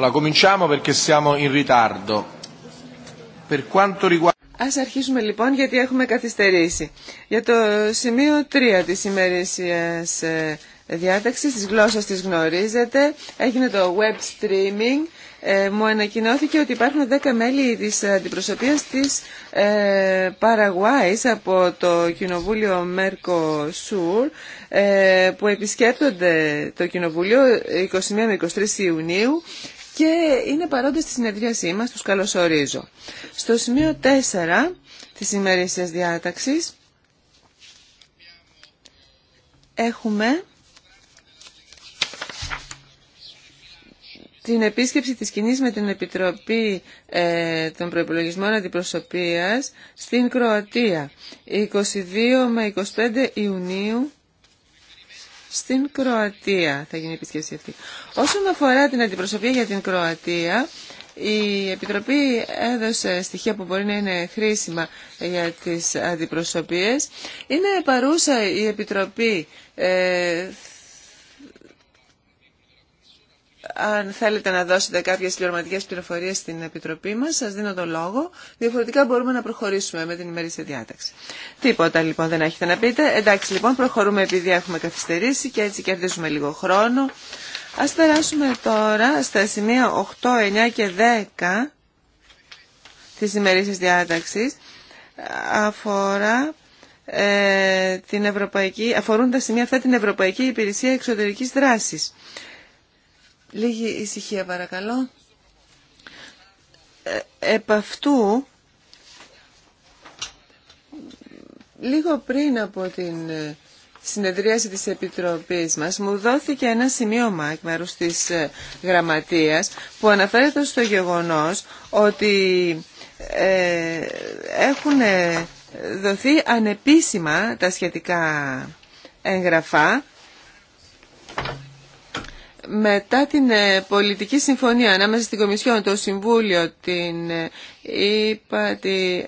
Allora, cominciamo Ας αρχίσουμε λοιπόν γιατί έχουμε καθυστερήσει. Για το σημείο 3 της ημερήσιας ε, διάταξης, της γλώσσας της γνωρίζετε, έγινε το web streaming. Ε, μου ανακοινώθηκε ότι υπάρχουν 10 μέλη της αντιπροσωπείας της ε, από το Κοινοβούλιο Μέρκο Σουρ ε, που επισκέπτονται το Κοινοβούλιο 21 με 23 Ιουνίου και είναι παρόντες στη συνεδρίασή μας, τους καλωσορίζω. Στο σημείο 4 της ημερήσιας διάταξης έχουμε την επίσκεψη της κοινή με την Επιτροπή ε, των Προϋπολογισμών Αντιπροσωπείας στην Κροατία, 22 με 25 Ιουνίου στην Κροατία θα γίνει η επισκέψη αυτή. Όσον αφορά την αντιπροσωπεία για την Κροατία, η Επιτροπή έδωσε στοιχεία που μπορεί να είναι χρήσιμα για τις αντιπροσωπείες. Είναι παρούσα η Επιτροπή. Ε, αν θέλετε να δώσετε κάποιες πληρωματικές πληροφορίες στην Επιτροπή μας, σας δίνω το λόγο. Διαφορετικά μπορούμε να προχωρήσουμε με την ημερήσια διάταξη. Τίποτα λοιπόν δεν έχετε να πείτε. Εντάξει λοιπόν, προχωρούμε επειδή έχουμε καθυστερήσει και έτσι κερδίζουμε λίγο χρόνο. Ας περάσουμε τώρα στα σημεία 8, 9 και 10 της ημερήσιας διάταξης. Αφορά ε, την Ευρωπαϊκή, αφορούν τα σημεία αυτά την Ευρωπαϊκή Υπηρεσία Εξωτερικής Δράσης. Λίγη ησυχία παρακαλώ. Ε, επ' αυτού, λίγο πριν από την ε, συνεδρίαση της Επιτροπής μας μου δόθηκε ένα σημείωμα εκ μέρους της ε, Γραμματείας που αναφέρεται στο γεγονός ότι ε, έχουν δοθεί ανεπίσημα τα σχετικά έγγραφα μετά την ε, πολιτική συμφωνία ανάμεσα στην Κομισιόν, το Συμβούλιο, την ε, είπα,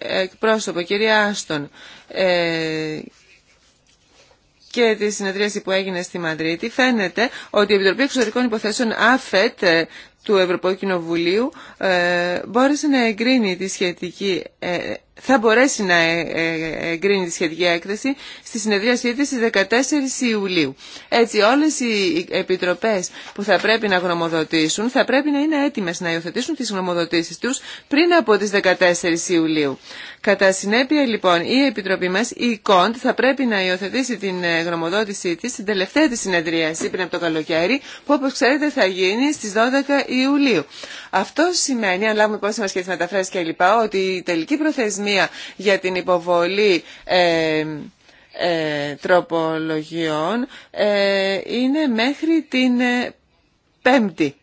εκπρόσωπο, κυρία Άστον, ε, και τη συνεδρίαση που έγινε στη Μαδρίτη, φαίνεται ότι η Επιτροπή Εξωτερικών Υποθέσεων ΑΦΕΤ του Ευρωπαϊκού Κοινοβουλίου ε, μπόρεσε να εγκρίνει τη σχετική ε, θα μπορέσει να ε, ε, εγκρίνει τη σχετική έκθεση στη συνεδρίασή της στις 14 Ιουλίου. Έτσι όλες οι επιτροπές που θα πρέπει να γνωμοδοτήσουν θα πρέπει να είναι έτοιμες να υιοθετήσουν τις γνωμοδοτήσεις τους πριν από τις 14 Ιουλίου. Κατά συνέπεια λοιπόν η Επιτροπή μας, η ΚΟΝΤ, θα πρέπει να υιοθετήσει την ε, γνωμοδότησή της στην τελευταία της συνεδρίαση πριν από το καλοκαίρι που όπως ξέρετε θα γίνει στις 12 Ιουλίου. Αυτό σημαίνει, αν λάβουμε υπόψη μας και τις μεταφράσεις κλπ, ότι η τελική προθεσμία για την υποβολή ε, ε, τροπολογιών ε, είναι μέχρι την Πέμπτη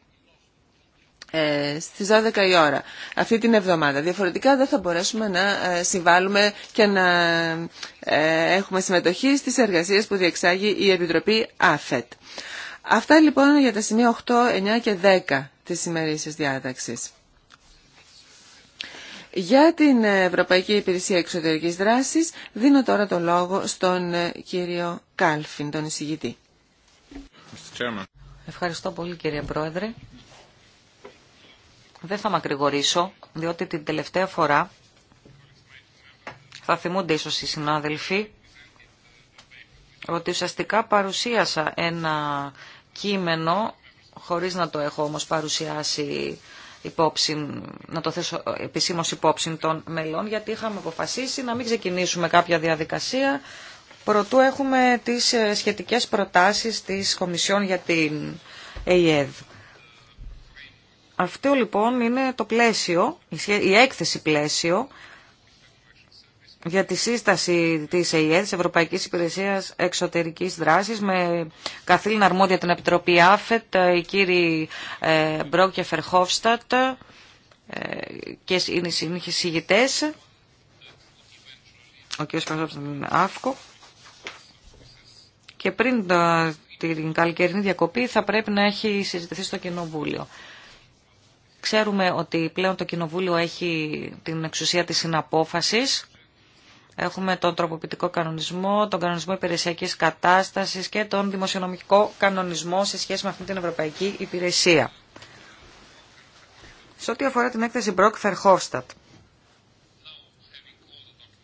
στις 12 η ώρα αυτή την εβδομάδα. Διαφορετικά δεν θα μπορέσουμε να συμβάλλουμε και να έχουμε συμμετοχή στις εργασίες που διεξάγει η Επιτροπή ΑΦΕΤ. Αυτά λοιπόν για τα σημεία 8, 9 και 10 της σημερινής διάταξης. Για την Ευρωπαϊκή Υπηρεσία Εξωτερικής Δράσης δίνω τώρα το λόγο στον ε, κύριο Κάλφιν, τον εισηγητή. Ευχαριστώ πολύ κύριε Πρόεδρε. Δεν θα μακρηγορήσω, διότι την τελευταία φορά θα θυμούνται ίσως οι συνάδελφοι ότι ουσιαστικά παρουσίασα ένα κείμενο χωρίς να το έχω όμως παρουσιάσει υπόψη, να το θέσω επισήμως υπόψη των μελών, γιατί είχαμε αποφασίσει να μην ξεκινήσουμε κάποια διαδικασία προτού έχουμε τις ε, σχετικές προτάσεις της Κομισιόν για την ΕΙΕΔ. Αυτό λοιπόν είναι το πλαίσιο, η έκθεση πλαίσιο για τη σύσταση της ΕΕ της Ευρωπαϊκής Υπηρεσίας Εξωτερικής Δράσης, με καθήλυνα αρμόδια την Επιτροπή ΑΦΕΤ, η ε, κύριοι ε, Μπρόκ και Φερχόφστατ ε, και είναι οι συνήθεις ηγητές, ο κύριος Φερχόφστατ είναι ΑΦΚΟ. Και πριν την καλοκαιρινή διακοπή θα πρέπει να έχει συζητηθεί στο Κοινοβούλιο. Ξέρουμε ότι πλέον το Κοινοβούλιο έχει την εξουσία της συναπόφασης Έχουμε τον τροποποιητικό κανονισμό, τον κανονισμό υπηρεσιακής κατάστασης και τον δημοσιονομικό κανονισμό σε σχέση με αυτή την Ευρωπαϊκή Υπηρεσία. Σε ό,τι αφορά την έκθεση Brock Brockfer-Hofstadt...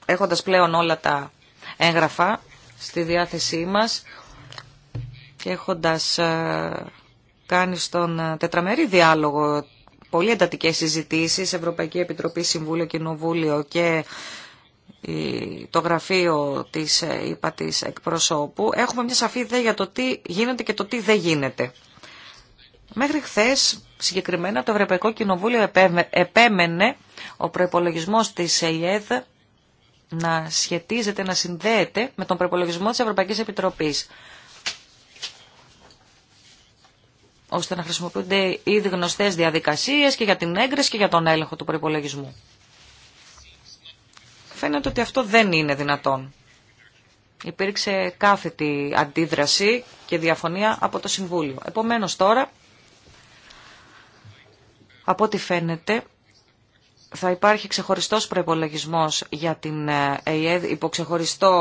έχοντας πλέον όλα τα έγγραφα στη διάθεσή μας και έχοντας ε, κάνει στον ε, τετραμερή διάλογο πολύ εντατικέ συζητήσεις, Ευρωπαϊκή Επιτροπή, Συμβούλιο, Κοινοβούλιο και το γραφείο της ε, είπα της εκπροσώπου έχουμε μια σαφή ιδέα για το τι γίνεται και το τι δεν γίνεται. Μέχρι χθε, συγκεκριμένα, το Ευρωπαϊκό Κοινοβούλιο επέμενε ο προϋπολογισμός της ΕΙΕΔ να σχετίζεται, να συνδέεται με τον προϋπολογισμό της Ευρωπαϊκής Επιτροπής ώστε να χρησιμοποιούνται ήδη γνωστές διαδικασίες και για την έγκριση και για τον έλεγχο του προπολογισμού φαίνεται ότι αυτό δεν είναι δυνατόν. Υπήρξε κάθετη αντίδραση και διαφωνία από το Συμβούλιο. Επομένως τώρα, από ό,τι φαίνεται, θα υπάρχει ξεχωριστός προϋπολογισμός για την ΕΕΔ υποξεχωριστό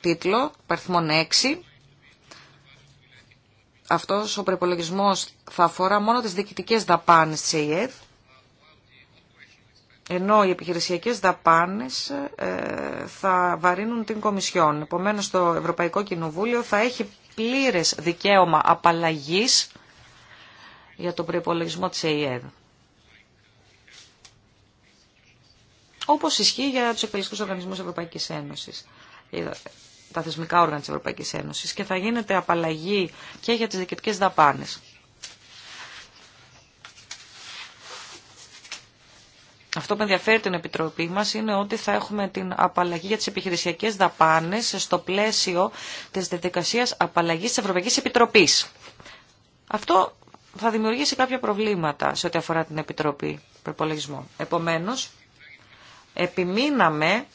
τίτλο, παρθμόν 6. Αυτός ο προϋπολογισμός θα αφορά μόνο τις διοικητικές δαπάνες της ΕΕΔ ενώ οι επιχειρησιακές δαπάνες ε, θα βαρύνουν την Κομισιόν. Επομένως το Ευρωπαϊκό Κοινοβούλιο θα έχει πλήρες δικαίωμα απαλλαγής για τον προϋπολογισμό της ΕΕΔ. Όπως ισχύει για τους εκπαιδευτικούς οργανισμούς Ευρωπαϊκής Ένωσης, ε, τα θεσμικά όργανα της Ευρωπαϊκής Ένωσης και θα γίνεται απαλλαγή και για τις διοικητικές δαπάνες. αυτό που ενδιαφέρει την Επιτροπή μας είναι ότι θα έχουμε την απαλλαγή για τις επιχειρησιακές δαπάνες στο πλαίσιο της διαδικασίας απαλλαγής της Ευρωπαϊκής Επιτροπής. Αυτό θα δημιουργήσει κάποια προβλήματα σε ό,τι αφορά την Επιτροπή Προπολογισμού. Επομένως, επιμείναμε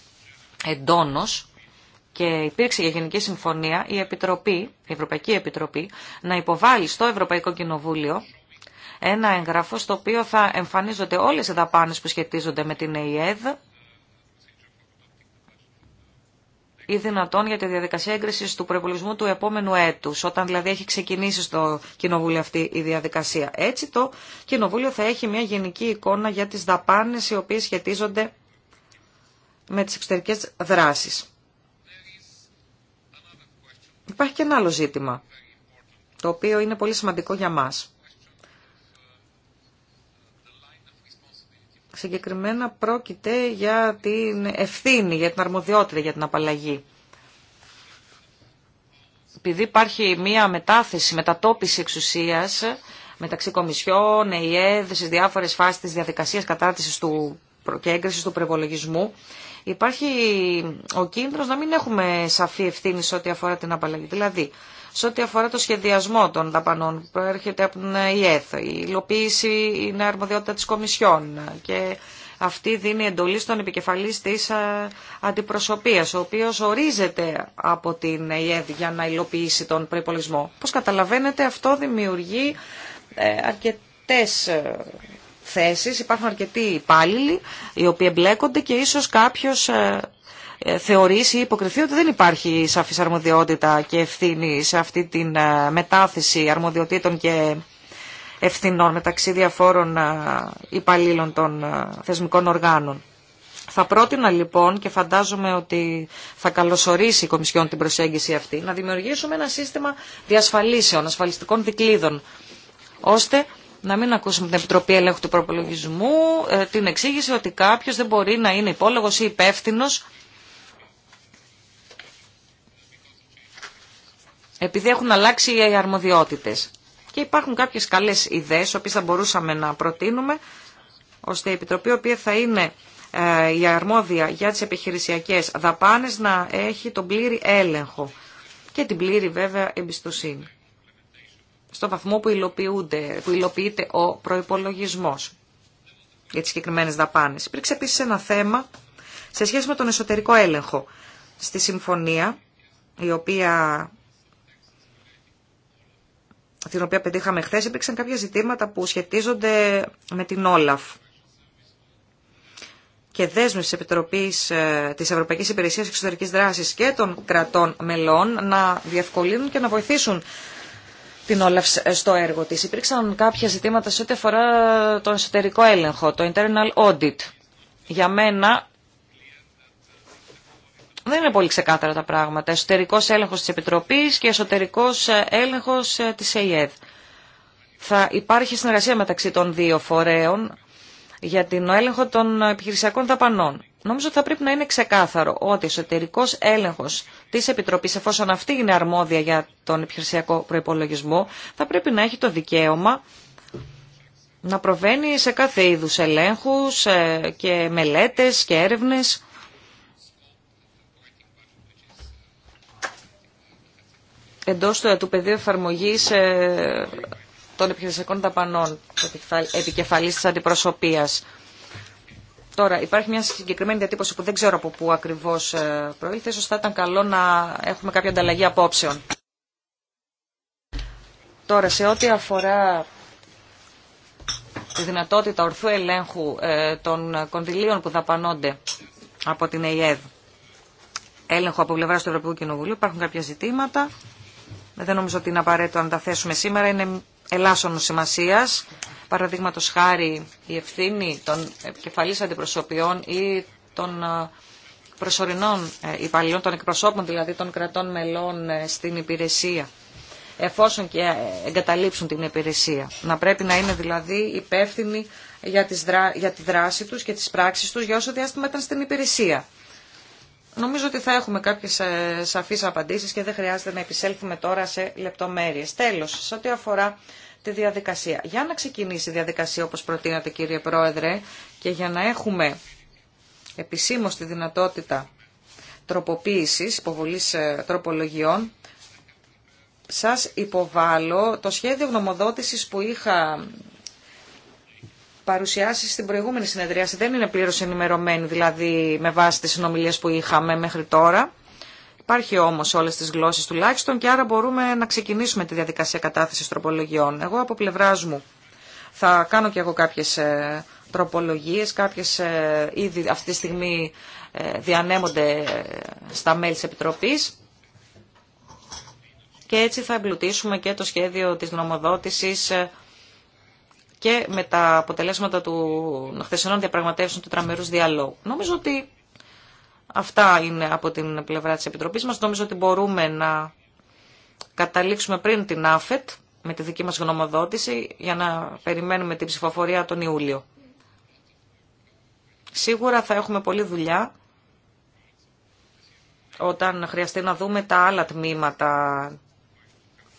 εντόνως και υπήρξε για Γενική Συμφωνία η, Επιτροπή, η Ευρωπαϊκή Επιτροπή να υποβάλει στο Ευρωπαϊκό Κοινοβούλιο ένα έγγραφο στο οποίο θα εμφανίζονται όλες οι δαπάνες που σχετίζονται με την ΕΙΕΔ ή δυνατόν για τη διαδικασία έγκριση του προπολογισμού του επόμενου έτου, όταν δηλαδή έχει ξεκινήσει στο Κοινοβούλιο αυτή η διαδικασία. Έτσι το Κοινοβούλιο θα έχει μια γενική εικόνα για τι δαπάνε οι οποίε σχετίζονται με τι εξωτερικέ δράσει. Υπάρχει και ένα άλλο ζήτημα, το οποίο είναι πολύ σημαντικό για μας. Συγκεκριμένα πρόκειται για την ευθύνη, για την αρμοδιότητα για την απαλλαγή. Επειδή υπάρχει μία μετάθεση, μετατόπιση εξουσίας μεταξύ κομισιών, ΕΙΕΔ, στις διάφορες φάσεις της διαδικασίας κατάρτισης του και έγκρισης του προπολογισμού, υπάρχει ο κίνδυνος να μην έχουμε σαφή ευθύνη σε ό,τι αφορά την απαλλαγή. Δηλαδή, σε ό,τι αφορά το σχεδιασμό των δαπανών που προέρχεται από την ΙΕΘ. Η υλοποίηση είναι αρμοδιότητα της Κομισιόν και αυτή δίνει εντολή στον επικεφαλής της ε, αντιπροσωπείας, ο οποίος ορίζεται από την ΙΕΔ για να υλοποιήσει τον προϋπολογισμό. Πώς καταλαβαίνετε αυτό δημιουργεί ε, αρκετές ε, θέσεις, υπάρχουν αρκετοί υπάλληλοι οι οποίοι εμπλέκονται και ίσως κάποιος ε, θεωρήσει ή υποκριθεί ότι δεν υπάρχει σαφής αρμοδιότητα και ευθύνη σε αυτή τη ε, μετάθεση αρμοδιοτήτων και ευθυνών μεταξύ διαφόρων ε, υπαλλήλων των θεσμικών οργάνων. Θα πρότεινα λοιπόν και φαντάζομαι ότι θα καλωσορίσει η υποκριθει οτι δεν υπαρχει σαφη αρμοδιοτητα και ευθυνη σε αυτη τη μεταθεση αρμοδιοτητων και ευθυνων μεταξυ διαφορων υπαλληλων των θεσμικων οργανων θα προτεινα λοιπον και φανταζομαι οτι θα καλωσορισει η κομισιον την προσέγγιση αυτή να δημιουργήσουμε ένα σύστημα διασφαλίσεων, ασφαλιστικών δικλείδων, ώστε να μην ακούσουμε την Επιτροπή Ελέγχου του Προπολογισμού την εξήγηση ότι κάποιο δεν μπορεί να είναι υπόλογο ή υπεύθυνο επειδή έχουν αλλάξει οι αρμοδιότητες. Και υπάρχουν κάποιες καλές ιδέες, οποίες θα μπορούσαμε να προτείνουμε, ώστε η Επιτροπή, η οποία θα είναι ε, η αρμόδια για τις επιχειρησιακές δαπάνες, να έχει τον πλήρη έλεγχο και την πλήρη βέβαια εμπιστοσύνη. Στο βαθμό που, που υλοποιείται ο προϋπολογισμός για τις συγκεκριμένες δαπάνες. Υπήρξε επίσης ένα θέμα σε σχέση με τον εσωτερικό έλεγχο στη συμφωνία, η οποία την οποία πετύχαμε χθε, υπήρξαν κάποια ζητήματα που σχετίζονται με την Όλαφ και δέσμευση Επιτροπής ε, της Ευρωπαϊκής Υπηρεσίας Εξωτερικής Δράσης και των κρατών μελών να διευκολύνουν και να βοηθήσουν την Όλαφ στο έργο της. Υπήρξαν κάποια ζητήματα σε ό,τι αφορά το εσωτερικό έλεγχο, το internal audit. Για μένα δεν είναι πολύ ξεκάθαρα τα πράγματα. Εσωτερικό έλεγχο τη Επιτροπή και εσωτερικό ε, έλεγχο ε, τη ΕΙΕΔ. Θα υπάρχει συνεργασία μεταξύ των δύο φορέων για την έλεγχο των επιχειρησιακών δαπανών. Νομίζω ότι θα πρέπει να είναι ξεκάθαρο ότι ο εσωτερικό έλεγχο τη Επιτροπή, εφόσον αυτή είναι αρμόδια για τον επιχειρησιακό προπολογισμό, θα πρέπει να έχει το δικαίωμα να προβαίνει σε κάθε είδου ελέγχους ε, και μελέτε και έρευνε. εντός ε, του πεδίου εφαρμογής ε, των επιχειρησιακών δαπανών επικεφαλής της αντιπροσωπείας. Τώρα, υπάρχει μια συγκεκριμένη διατύπωση που δεν ξέρω από πού ακριβώς ε, προήλθε. Ίσως θα ήταν καλό να έχουμε κάποια ανταλλαγή απόψεων. Τώρα, σε ό,τι αφορά τη δυνατότητα ορθού ελέγχου των κονδυλίων που δαπανώνται από την ΕΙΕΔ, έλεγχο από πλευρά του Ευρωπαϊκού Κοινοβουλίου, υπάρχουν κάποια ζητήματα δεν νομίζω ότι είναι απαραίτητο να τα θέσουμε σήμερα. Είναι ελάσσον σημασίας. Παραδείγματο χάρη η ευθύνη των επικεφαλής αντιπροσωπιών ή των ε, προσωρινών ε, υπαλλήλων, των εκπροσώπων δηλαδή των κρατών μελών ε, στην υπηρεσία εφόσον και εγκαταλείψουν την υπηρεσία. Να πρέπει να είναι δηλαδή υπεύθυνοι για, τη δράση τους και τις πράξεις τους για όσο διάστημα ήταν στην υπηρεσία. Νομίζω ότι θα έχουμε κάποιες ε, σαφείς απαντήσεις και δεν χρειάζεται να επισέλθουμε τώρα σε λεπτομέρειες. Τέλος, σε ό,τι αφορά τη διαδικασία. Για να ξεκινήσει η διαδικασία όπως προτείνατε κύριε Πρόεδρε και για να έχουμε επισήμως τη δυνατότητα τροποποίησης, υποβολής ε, τροπολογιών, σας υποβάλλω το σχέδιο γνωμοδότησης που είχα παρουσιάσει στην προηγούμενη συνεδρίαση δεν είναι πλήρως ενημερωμένη, δηλαδή με βάση τις συνομιλίε που είχαμε μέχρι τώρα. Υπάρχει όμω όλε τι γλώσσε τουλάχιστον και άρα μπορούμε να ξεκινήσουμε τη διαδικασία κατάθεση τροπολογιών. Εγώ από πλευρά μου θα κάνω και εγώ κάποιε τροπολογίε. Κάποιε ε, ήδη αυτή τη στιγμή ε, διανέμονται ε, στα μέλη τη Επιτροπή. Και έτσι θα εμπλουτίσουμε και το σχέδιο της νομοδότησης και με τα αποτελέσματα του χθεσινών διαπραγματεύσεων του τραμερού διαλόγου. Νομίζω ότι αυτά είναι από την πλευρά της Επιτροπής μας. Νομίζω ότι μπορούμε να καταλήξουμε πριν την ΑΦΕΤ με τη δική μας γνωμοδότηση για να περιμένουμε την ψηφοφορία τον Ιούλιο. Σίγουρα θα έχουμε πολλή δουλειά όταν χρειαστεί να δούμε τα άλλα τμήματα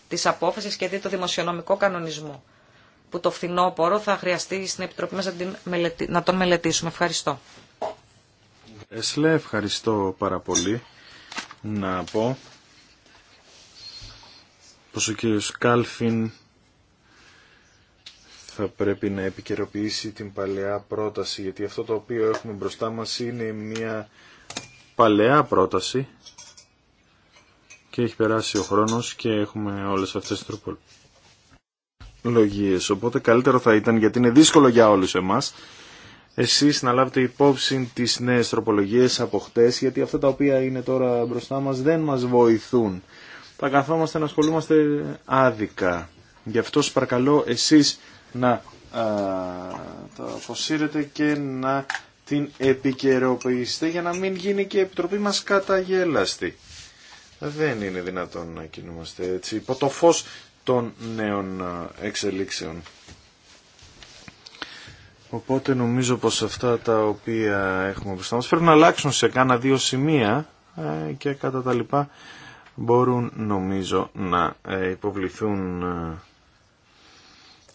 της απόφασης και δει το δημοσιονομικό κανονισμό που το φθινόπωρο θα χρειαστεί στην Επιτροπή μας να τον μελετήσουμε. Ευχαριστώ. Εσλέ, ευχαριστώ πάρα πολύ να πω πως ο κύριος Κάλφιν θα πρέπει να επικαιροποιήσει την παλαιά πρόταση γιατί αυτό το οποίο έχουμε μπροστά μας είναι μια παλαιά πρόταση και έχει περάσει ο χρόνος και έχουμε όλες αυτές τις τροπολίες λογίες. Οπότε καλύτερο θα ήταν, γιατί είναι δύσκολο για όλους εμάς, εσείς να λάβετε υπόψη τις νέες τροπολογίες από χτες, γιατί αυτά τα οποία είναι τώρα μπροστά μας δεν μας βοηθούν. Θα καθόμαστε να ασχολούμαστε άδικα. Γι' αυτό σας παρακαλώ εσείς να α, τα αποσύρετε και να την επικαιροποιήσετε για να μην γίνει και η Επιτροπή μας καταγέλαστη. Δεν είναι δυνατόν να κινούμαστε έτσι. Υπό το φως των νέων ε, εξελίξεων. Οπότε νομίζω πως αυτά τα οποία έχουμε μπροστά μας πρέπει να αλλάξουν σε κάνα δύο σημεία ε, και κατά τα λοιπά μπορούν νομίζω να ε, υποβληθούν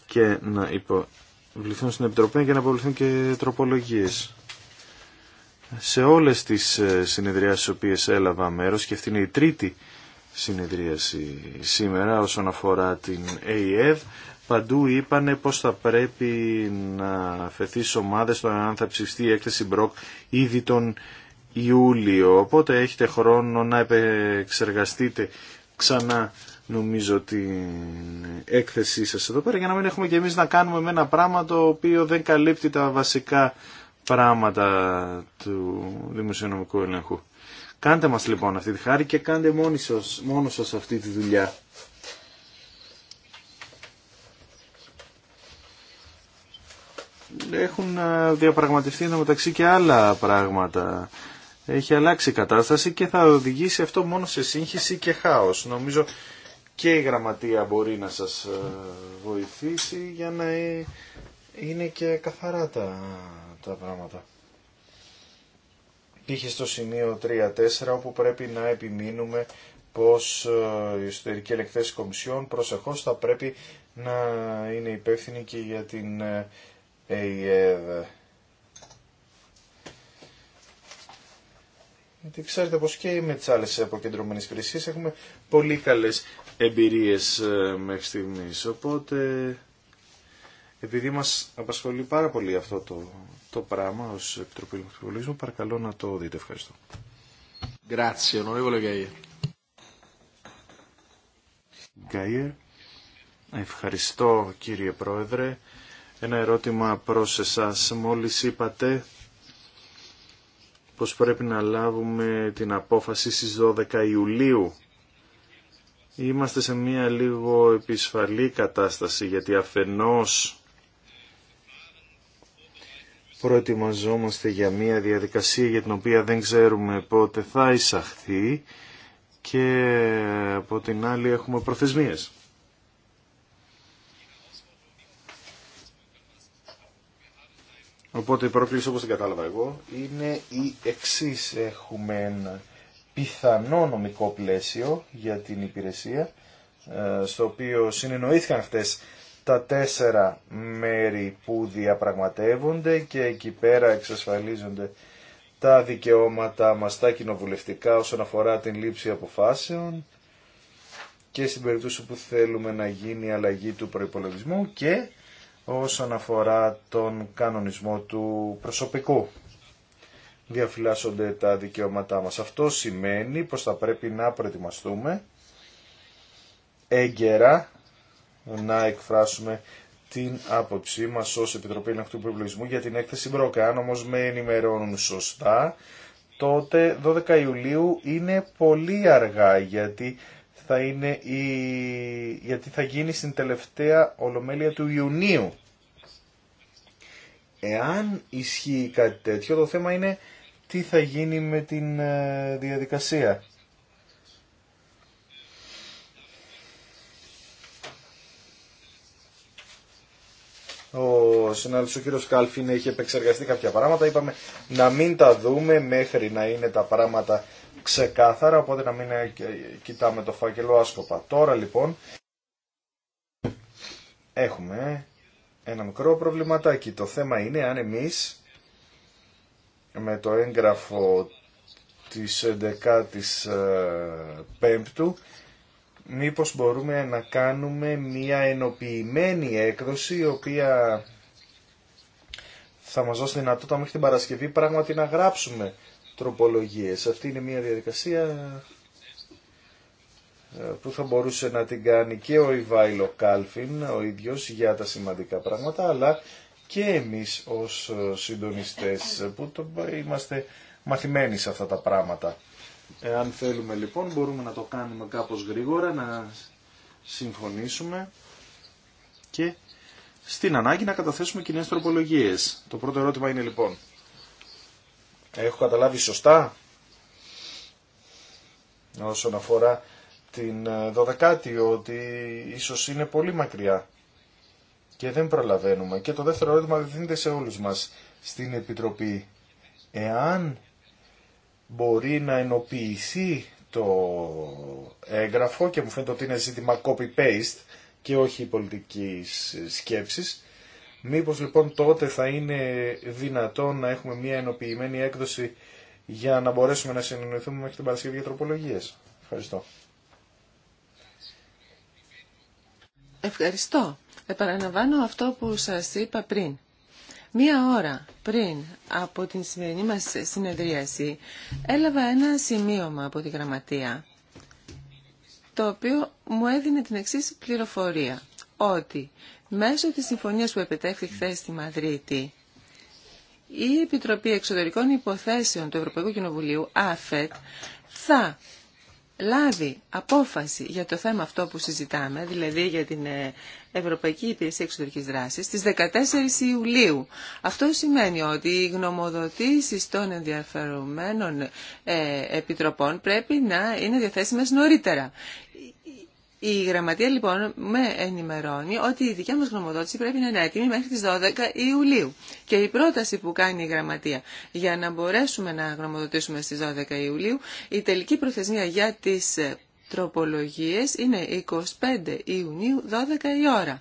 και να υποβληθούν στην Επιτροπή και να υποβληθούν και τροπολογίες. Σε όλες τις συνεδριάσεις οποίες έλαβα μέρος και αυτή είναι η τρίτη συνεδρίαση σήμερα όσον αφορά την ΑΕΔ. Παντού είπανε πως θα πρέπει να φεθεί στις ομάδες το αν θα ψηφιστεί η έκθεση Μπροκ ήδη τον Ιούλιο. Οπότε έχετε χρόνο να επεξεργαστείτε ξανά νομίζω την έκθεσή σας εδώ πέρα για να μην έχουμε και εμείς να κάνουμε με ένα πράγμα το οποίο δεν καλύπτει τα βασικά πράγματα του δημοσιονομικού ελέγχου. Κάντε μας λοιπόν αυτή τη χάρη και κάντε μόνοι σας, μόνος σας αυτή τη δουλειά. Έχουν διαπραγματευτεί ενω μεταξύ και άλλα πράγματα. Έχει αλλάξει η κατάσταση και θα οδηγήσει αυτό μόνο σε σύγχυση και χάος. Νομίζω και η γραμματεία μπορεί να σας βοηθήσει για να ε, είναι και καθαρά τα, τα πράγματα π.χ. στο σημείο 3-4 όπου πρέπει να επιμείνουμε πως ε, οι εσωτερικοί ελεκτές κομισιών προσεχώς θα πρέπει να είναι υπεύθυνοι και για την ΕΙΕΔ. Γιατί ξέρετε πως και με τις άλλες αποκεντρωμένες υπηρεσίες έχουμε πολύ καλές εμπειρίες ε, μέχρι στιγμής. Οπότε επειδή μας απασχολεί πάρα πολύ αυτό το, το πράγμα ως Επιτροπή Πολιτισμού, παρακαλώ να το δείτε. Ευχαριστώ. Grazie, onorevole Gaier. Gaier. Ευχαριστώ κύριε Πρόεδρε. Ένα ερώτημα προς εσάς. Μόλις είπατε πως πρέπει να λάβουμε την απόφαση στις 12 Ιουλίου. Είμαστε σε μια λίγο επισφαλή κατάσταση γιατί αφενός προετοιμαζόμαστε για μια διαδικασία για την οποία δεν ξέρουμε πότε θα εισαχθεί και από την άλλη έχουμε προθεσμίες. Οπότε η πρόκληση όπως την κατάλαβα εγώ είναι η εξής. Έχουμε ένα πιθανό νομικό πλαίσιο για την υπηρεσία ε, στο οποίο συνεννοήθηκαν χτες τα τέσσερα μέρη που διαπραγματεύονται και εκεί πέρα εξασφαλίζονται τα δικαιώματα μας τα κοινοβουλευτικά όσον αφορά την λήψη αποφάσεων και στην περίπτωση που θέλουμε να γίνει η αλλαγή του προϋπολογισμού και όσον αφορά τον κανονισμό του προσωπικού. Διαφυλάσσονται τα δικαιώματά μας. Αυτό σημαίνει πως θα πρέπει να προετοιμαστούμε έγκαιρα να εκφράσουμε την άποψή μα ω Επιτροπή Ελεγχτού Προεπλογισμού για την έκθεση Μπρόκα. Αν όμως με ενημερώνουν σωστά, τότε 12 Ιουλίου είναι πολύ αργά γιατί θα, είναι η... γιατί θα γίνει στην τελευταία Ολομέλεια του Ιουνίου. Εάν ισχύει κάτι τέτοιο, το θέμα είναι τι θα γίνει με την ε, διαδικασία. ο συνάδελφο ο κύριο Κάλφιν έχει επεξεργαστεί κάποια πράγματα. Είπαμε να μην τα δούμε μέχρι να είναι τα πράγματα ξεκάθαρα, οπότε να μην ε, κοιτάμε το φάκελο άσκοπα. Τώρα λοιπόν έχουμε ένα μικρό προβληματάκι. Το θέμα είναι αν εμείς με το έγγραφο της 11ης ε, Πέμπτου μήπως μπορούμε να κάνουμε μια ενοποιημένη έκδοση η οποία θα μας δώσει δυνατότητα μέχρι την Παρασκευή πράγματι να γράψουμε τροπολογίες. Αυτή είναι μια διαδικασία ε, που θα μπορούσε να την κάνει και ο Ιβάιλο Κάλφιν ο ίδιος για τα σημαντικά πράγματα αλλά και εμείς ως ε, συντονιστές που ε, είμαστε μαθημένοι σε αυτά τα πράγματα. Εάν θέλουμε λοιπόν μπορούμε να το κάνουμε κάπως γρήγορα, να συμφωνήσουμε και στην ανάγκη να καταθέσουμε κοινέ τροπολογίε. Το πρώτο ερώτημα είναι λοιπόν, έχω καταλάβει σωστά όσον αφορά την 12η ε, ότι ίσως είναι πολύ μακριά και δεν προλαβαίνουμε. Και το δεύτερο ερώτημα δίνεται σε όλους μας στην Επιτροπή. Εάν μπορεί να ενοποιηθεί το έγγραφο και μου φαίνεται ότι είναι ζήτημα copy-paste και όχι πολιτικής σκέψης. Μήπως λοιπόν τότε θα είναι δυνατόν να έχουμε μια ενοποιημένη έκδοση για να μπορέσουμε να συνεννοηθούμε μέχρι την Παρασκευή για τροπολογίες. Ευχαριστώ. Ευχαριστώ. Επαναλαμβάνω αυτό που σας είπα πριν. Μία ώρα πριν από την σημερινή μας συνεδρίαση έλαβα ένα σημείωμα από τη γραμματεία το οποίο μου έδινε την εξής πληροφορία ότι μέσω της συμφωνίας που επιτέχθη χθε στη Μαδρίτη η Επιτροπή Εξωτερικών Υποθέσεων του Ευρωπαϊκού Κοινοβουλίου, ΑΦΕΤ, θα λάβει απόφαση για το θέμα αυτό που συζητάμε, δηλαδή για την ε, Ευρωπαϊκή Υπηρεσία Εξωτερική Δράση στι 14 Ιουλίου. Αυτό σημαίνει ότι οι γνωμοδοτήσει των ενδιαφερομένων ε, επιτροπών πρέπει να είναι διαθέσιμε νωρίτερα. Η γραμματεία λοιπόν με ενημερώνει ότι η δικιά μας γνωμοδότηση πρέπει να είναι έτοιμη μέχρι τις 12 Ιουλίου. Και η πρόταση που κάνει η γραμματεία για να μπορέσουμε να γνωμοδοτήσουμε στις 12 Ιουλίου, η τελική προθεσμία για τις ε, τροπολογίες είναι 25 Ιουνίου 12 η ώρα.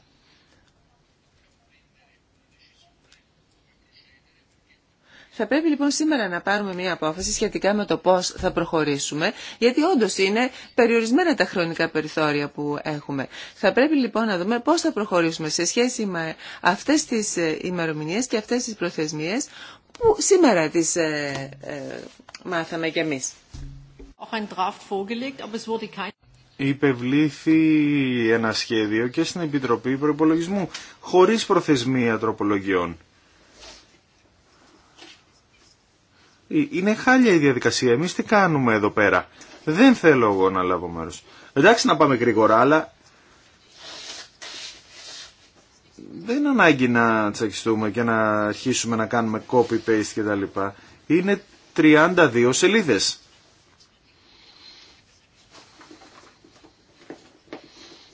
Θα πρέπει λοιπόν σήμερα να πάρουμε μια απόφαση σχετικά με το πώς θα προχωρήσουμε, γιατί όντως είναι περιορισμένα τα χρονικά περιθώρια που έχουμε. Θα πρέπει λοιπόν να δούμε πώς θα προχωρήσουμε σε σχέση με αυτές τις ε, ημερομηνίες και αυτές τις προθεσμίες που σήμερα τις ε, ε, μάθαμε κι εμείς. Υπευλήθη ένα σχέδιο και στην Επιτροπή Προπολογισμού, χωρίς προθεσμία τροπολογιών. Ε, είναι χάλια η διαδικασία. Εμείς τι κάνουμε εδώ πέρα. Δεν θέλω εγώ να λάβω μέρο. Εντάξει να πάμε γρήγορα, αλλά δεν ανάγκη να τσακιστούμε και να αρχίσουμε να κάνουμε copy-paste κτλ. Είναι 32 σελίδες.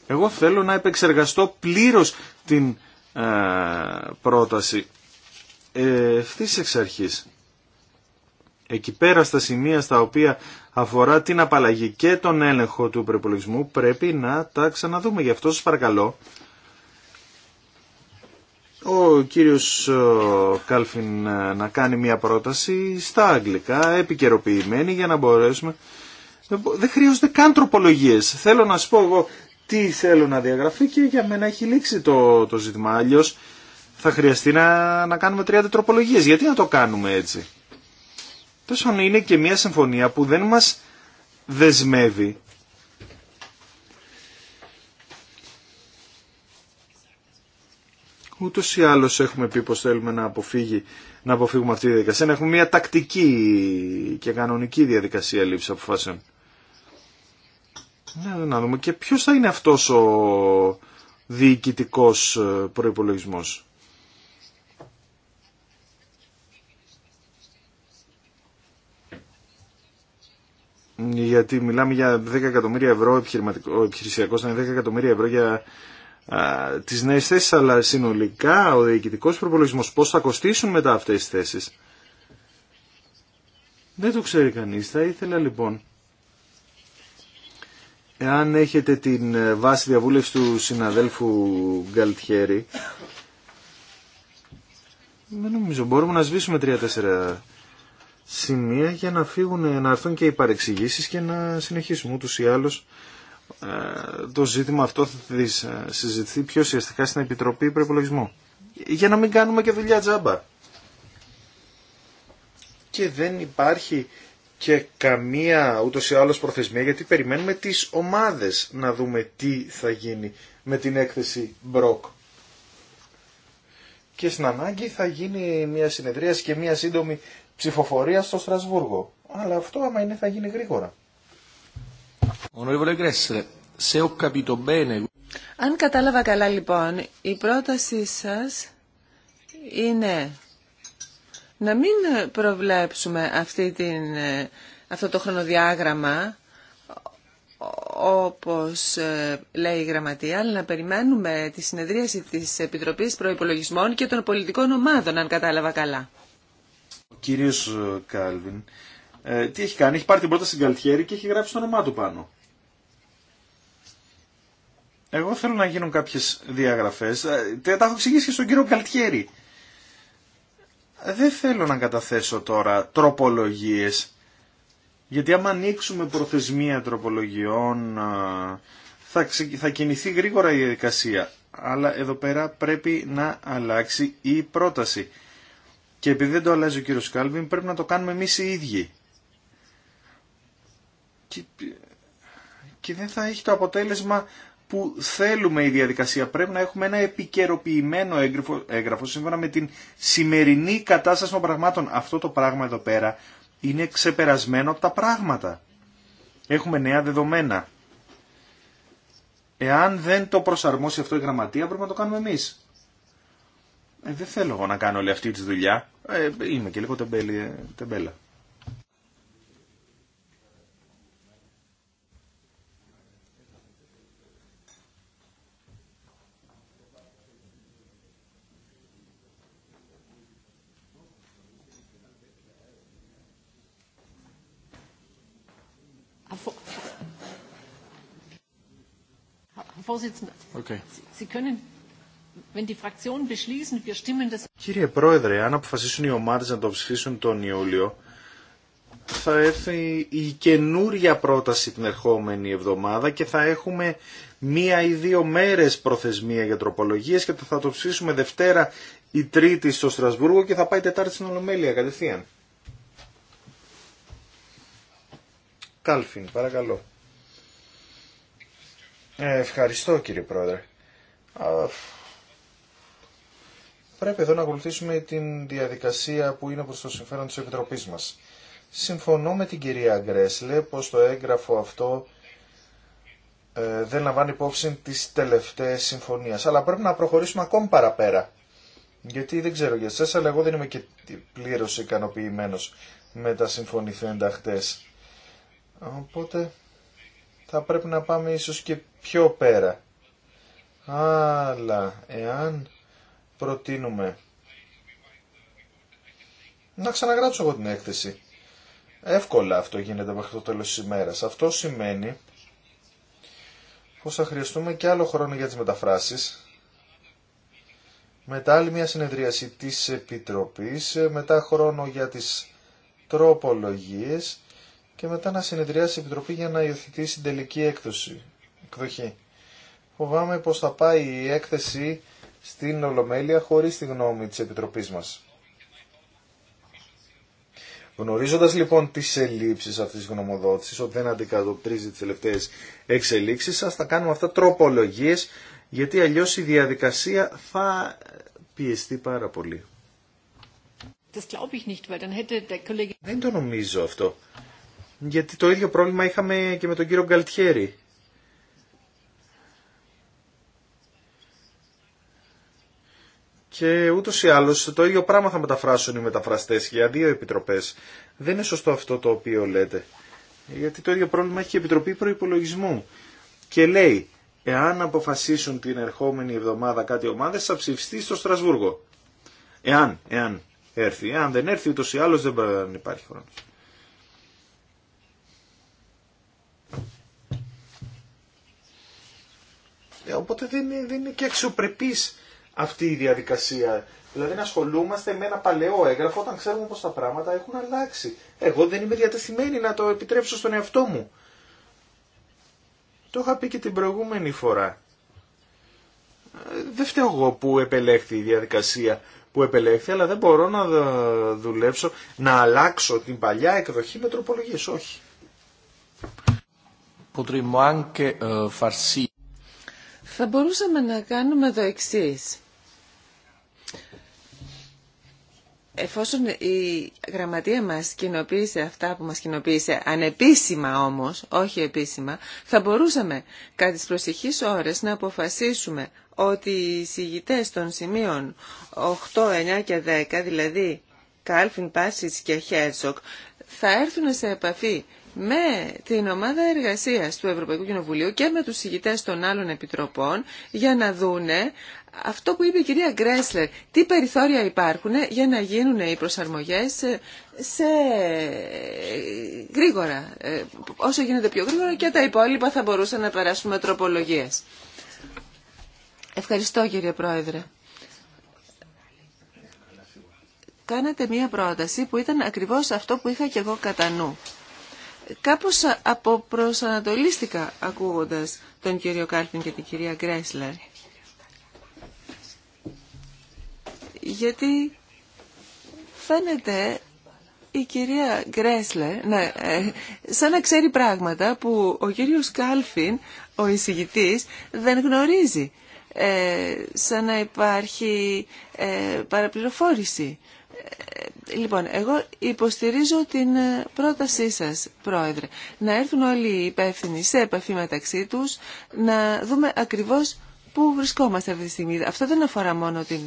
Εγώ θέλω να επεξεργαστώ πλήρως την ε, πρόταση ε, ευθύς εξ αρχής. Εκεί πέρα στα σημεία στα οποία αφορά την απαλλαγή και τον έλεγχο του προπολογισμού πρέπει να τα ξαναδούμε. Γι' αυτό σας παρακαλώ ο κύριος ε, Κάλφιν ε, να κάνει μια πρόταση στα αγγλικά, επικαιροποιημένη για να μπορέσουμε. Δεν χρειάζονται καν τροπολογίες. Θέλω να σου πω εγώ τι θέλω να διαγραφεί και για μένα έχει λήξει το, το ζήτημα. θα χρειαστεί να, να κάνουμε 30 τροπολογίες. Γιατί να το κάνουμε έτσι τόσο είναι και μια συμφωνία που δεν μας δεσμεύει. Ούτως ή άλλως έχουμε πει πως θέλουμε να, αποφύγει, να αποφύγουμε αυτή τη διαδικασία, να έχουμε μια τακτική και κανονική διαδικασία λήψη αποφάσεων. Να, να δούμε και ποιος θα είναι αυτός ο διοικητικός ε, προϋπολογισμός. γιατί μιλάμε για 10 εκατομμύρια ευρώ επιχειρηματικό, επιχειρησιακό, ήταν 10 εκατομμύρια ευρώ για τι τις θέσει, αλλά συνολικά ο διοικητικό προπολογισμό πώ θα κοστίσουν μετά αυτές τις θέσεις. Δεν το ξέρει κανείς. Θα ήθελα λοιπόν, εάν έχετε την ε, βάση διαβούλευση του συναδέλφου Γκαλτιέρη, δεν νομίζω, μπορούμε να σβήσουμε 3-4 σημεία για να φύγουν, να έρθουν και οι παρεξηγήσεις και να συνεχίσουμε ούτως ή άλλως ε, το ζήτημα αυτό θα ε, συζητηθεί πιο ουσιαστικά στην Επιτροπή Προπολογισμού. Για να μην κάνουμε και δουλειά τζάμπα. Και δεν υπάρχει και καμία ούτως ή άλλως προθεσμία γιατί περιμένουμε τις ομάδες να δούμε τι θα γίνει με την έκθεση Μπροκ και στην ανάγκη θα γίνει μια συνεδρίαση και μια σύντομη ψηφοφορία στο Στρασβούργο. Αλλά αυτό άμα είναι θα γίνει γρήγορα. Αν κατάλαβα καλά λοιπόν, η πρότασή σας είναι να μην προβλέψουμε αυτή την, ε, αυτό το χρονοδιάγραμμα όπως ε, λέει η Γραμματεία, αλλά να περιμένουμε τη συνεδρίαση της Επιτροπής Προϋπολογισμών και των πολιτικών ομάδων, αν κατάλαβα καλά. Ο κύριος ε, Κάλβιν, ε, τι έχει κάνει, έχει πάρει την πρώτα στην καλτιέρη και έχει γράψει το όνομά του πάνω. Εγώ θέλω να γίνουν κάποιες διαγραφές, τα έχω εξηγήσει και στον κύριο Καλτιέρη. Δεν θέλω να καταθέσω τώρα τροπολογίες γιατί άμα ανοίξουμε προθεσμία τροπολογιών θα, θα κινηθεί γρήγορα η διαδικασία. Αλλά εδώ πέρα πρέπει να αλλάξει η πρόταση. Και επειδή δεν το αλλάζει ο κύριος Κάλβιν πρέπει να το κάνουμε εμείς οι ίδιοι. Και, και δεν θα έχει το αποτέλεσμα που θέλουμε η διαδικασία. Πρέπει να έχουμε ένα επικαιροποιημένο έγγραφο, σύμφωνα με την σημερινή κατάσταση των πραγμάτων. Αυτό το πράγμα εδώ πέρα είναι ξεπερασμένο από τα πράγματα. Έχουμε νέα δεδομένα. Εάν δεν το προσαρμόσει αυτό η γραμματεία πρέπει να το κάνουμε εμείς. Ε, δεν θέλω εγώ να κάνω όλη αυτή τη δουλειά. Ε, είμαι και λίγο τεμπέλη, ε, τεμπέλα. Κύριε Πρόεδρε, αν αποφασίσουν οι ομάδες να το ψηφίσουν τον Ιούλιο, θα έρθει η καινούρια πρόταση την ερχόμενη εβδομάδα και θα έχουμε μία ή δύο μέρες προθεσμία για τροπολογίες και θα το ψήσουμε Δευτέρα ή Τρίτη στο Στρασβούργο και θα πάει Τετάρτη στην Ολομέλεια κατευθείαν. Κάλφιν, παρακαλώ. Ε, ευχαριστώ κύριε Πρόεδρε. Πρέπει εδώ να ακολουθήσουμε την διαδικασία που είναι προς το συμφέρον της Επιτροπής μας. Συμφωνώ με την κυρία Γκρέσλε πως το έγγραφο αυτό ε, δεν λαμβάνει υπόψη τις τελευταίες συμφωνίες. Αλλά πρέπει να προχωρήσουμε ακόμη παραπέρα. Γιατί δεν ξέρω για εσάς, αλλά εγώ δεν είμαι και πλήρως ικανοποιημένο με τα συμφωνηθέντα χτες. Οπότε θα πρέπει να πάμε ίσως και πιο πέρα. Αλλά εάν προτείνουμε να ξαναγράψω εγώ την έκθεση. Εύκολα αυτό γίνεται μέχρι το τέλος της ημέρας. Αυτό σημαίνει πως θα χρειαστούμε και άλλο χρόνο για τις μεταφράσεις. Μετά άλλη μια συνεδρίαση της Επιτροπής, μετά χρόνο για τις τροπολογίες και μετά να συνεδριάσει η Επιτροπή για να υιοθετήσει την τελική έκδοση εκδοχή. Φοβάμαι πως θα πάει η έκθεση στην Ολομέλεια χωρίς τη γνώμη της Επιτροπής μας. Γνωρίζοντα λοιπόν τις ελλείψεις αυτής της γνωμοδότησης, ότι δεν αντικατοπτρίζει τις τελευταίες εξελίξεις, σας, θα κάνουμε αυτά τροπολογίες γιατί αλλιώς η διαδικασία θα πιεστεί πάρα πολύ. Δεν το νομίζω αυτό. Γιατί το ίδιο πρόβλημα είχαμε και με τον κύριο Γκαλτιέρη. και ούτω ή άλλω το ίδιο πράγμα θα μεταφράσουν οι μεταφραστέ για δύο επιτροπέ. Δεν είναι σωστό αυτό το οποίο λέτε. Γιατί το ίδιο πρόβλημα έχει ή Επιτροπή Προπολογισμού. το ίδιο πράγμα θα μεταφράσουν οι μεταφραστέ για δύο επιτροπέ. Δεν είναι σωστό αυτό το οποίο λέτε. Γιατί το ίδιο πρόβλημα έχει η Επιτροπή προπολογισμού. Και λέει, εάν αποφασίσουν την ερχόμενη εβδομάδα κάτι ομάδες θα ψηφιστεί στο Στρασβούργο. Εάν, εάν έρθει. Εάν δεν έρθει ουτω ή αλλω δεν υπάρχει χρονο ε, Οπότε δεν είναι, δεν είναι και αξιοπρεπής αυτή η διαδικασία. Δηλαδή να ασχολούμαστε με ένα παλαιό έγγραφο όταν ξέρουμε πως τα πράγματα έχουν αλλάξει. Εγώ δεν είμαι διατεθειμένη να το επιτρέψω στον εαυτό μου. Το είχα πει και την προηγούμενη φορά. Δεν φταίω εγώ που επελέχθη η διαδικασία που επελέχθη, αλλά δεν μπορώ να δουλέψω, να αλλάξω την παλιά εκδοχή με τροπολογίες. Όχι. Ε, Θα μπορούσαμε να κάνουμε το εξής. Εφόσον η γραμματεία μας κοινοποίησε αυτά που μας κοινοποίησε, ανεπίσημα όμως, όχι επίσημα, θα μπορούσαμε κατά τις προσεχείς ώρες να αποφασίσουμε ότι οι συγητές των σημείων 8, 9 και 10, δηλαδή Κάλφιν, Πάσιτς και Χέρτσοκ, θα έρθουν σε επαφή με την ομάδα εργασίας του Ευρωπαϊκού Κοινοβουλίου και με τους συγητές των άλλων επιτροπών για να δούνε αυτό που είπε η κυρία Γκρέσλερ, τι περιθώρια υπάρχουν για να γίνουν οι προσαρμογές ε, σε ε, γρήγορα, ε, όσο γίνεται πιο γρήγορα και τα υπόλοιπα θα μπορούσαν να περάσουν με τροπολογίες. Ευχαριστώ κύριε Πρόεδρε. Κάνατε μία πρόταση που ήταν ακριβώς αυτό που είχα και εγώ κατά νου. Κάπως αποπροσανατολίστηκα ακούγοντας τον κύριο Κάρπιν και την κυρία Γκρέσλερ. γιατί φαίνεται η κυρία Γκρέσλε, ναι, ε, σαν να ξέρει πράγματα που ο κύριος Κάλφιν, ο εισηγητής, δεν γνωρίζει. Ε, σαν να υπάρχει ε, παραπληροφόρηση. Ε, λοιπόν, εγώ υποστηρίζω την πρότασή σας, Πρόεδρε, να έρθουν όλοι οι υπεύθυνοι σε επαφή μεταξύ τους, να δούμε ακριβώς πού βρισκόμαστε αυτή τη στιγμή. Αυτό δεν αφορά μόνο την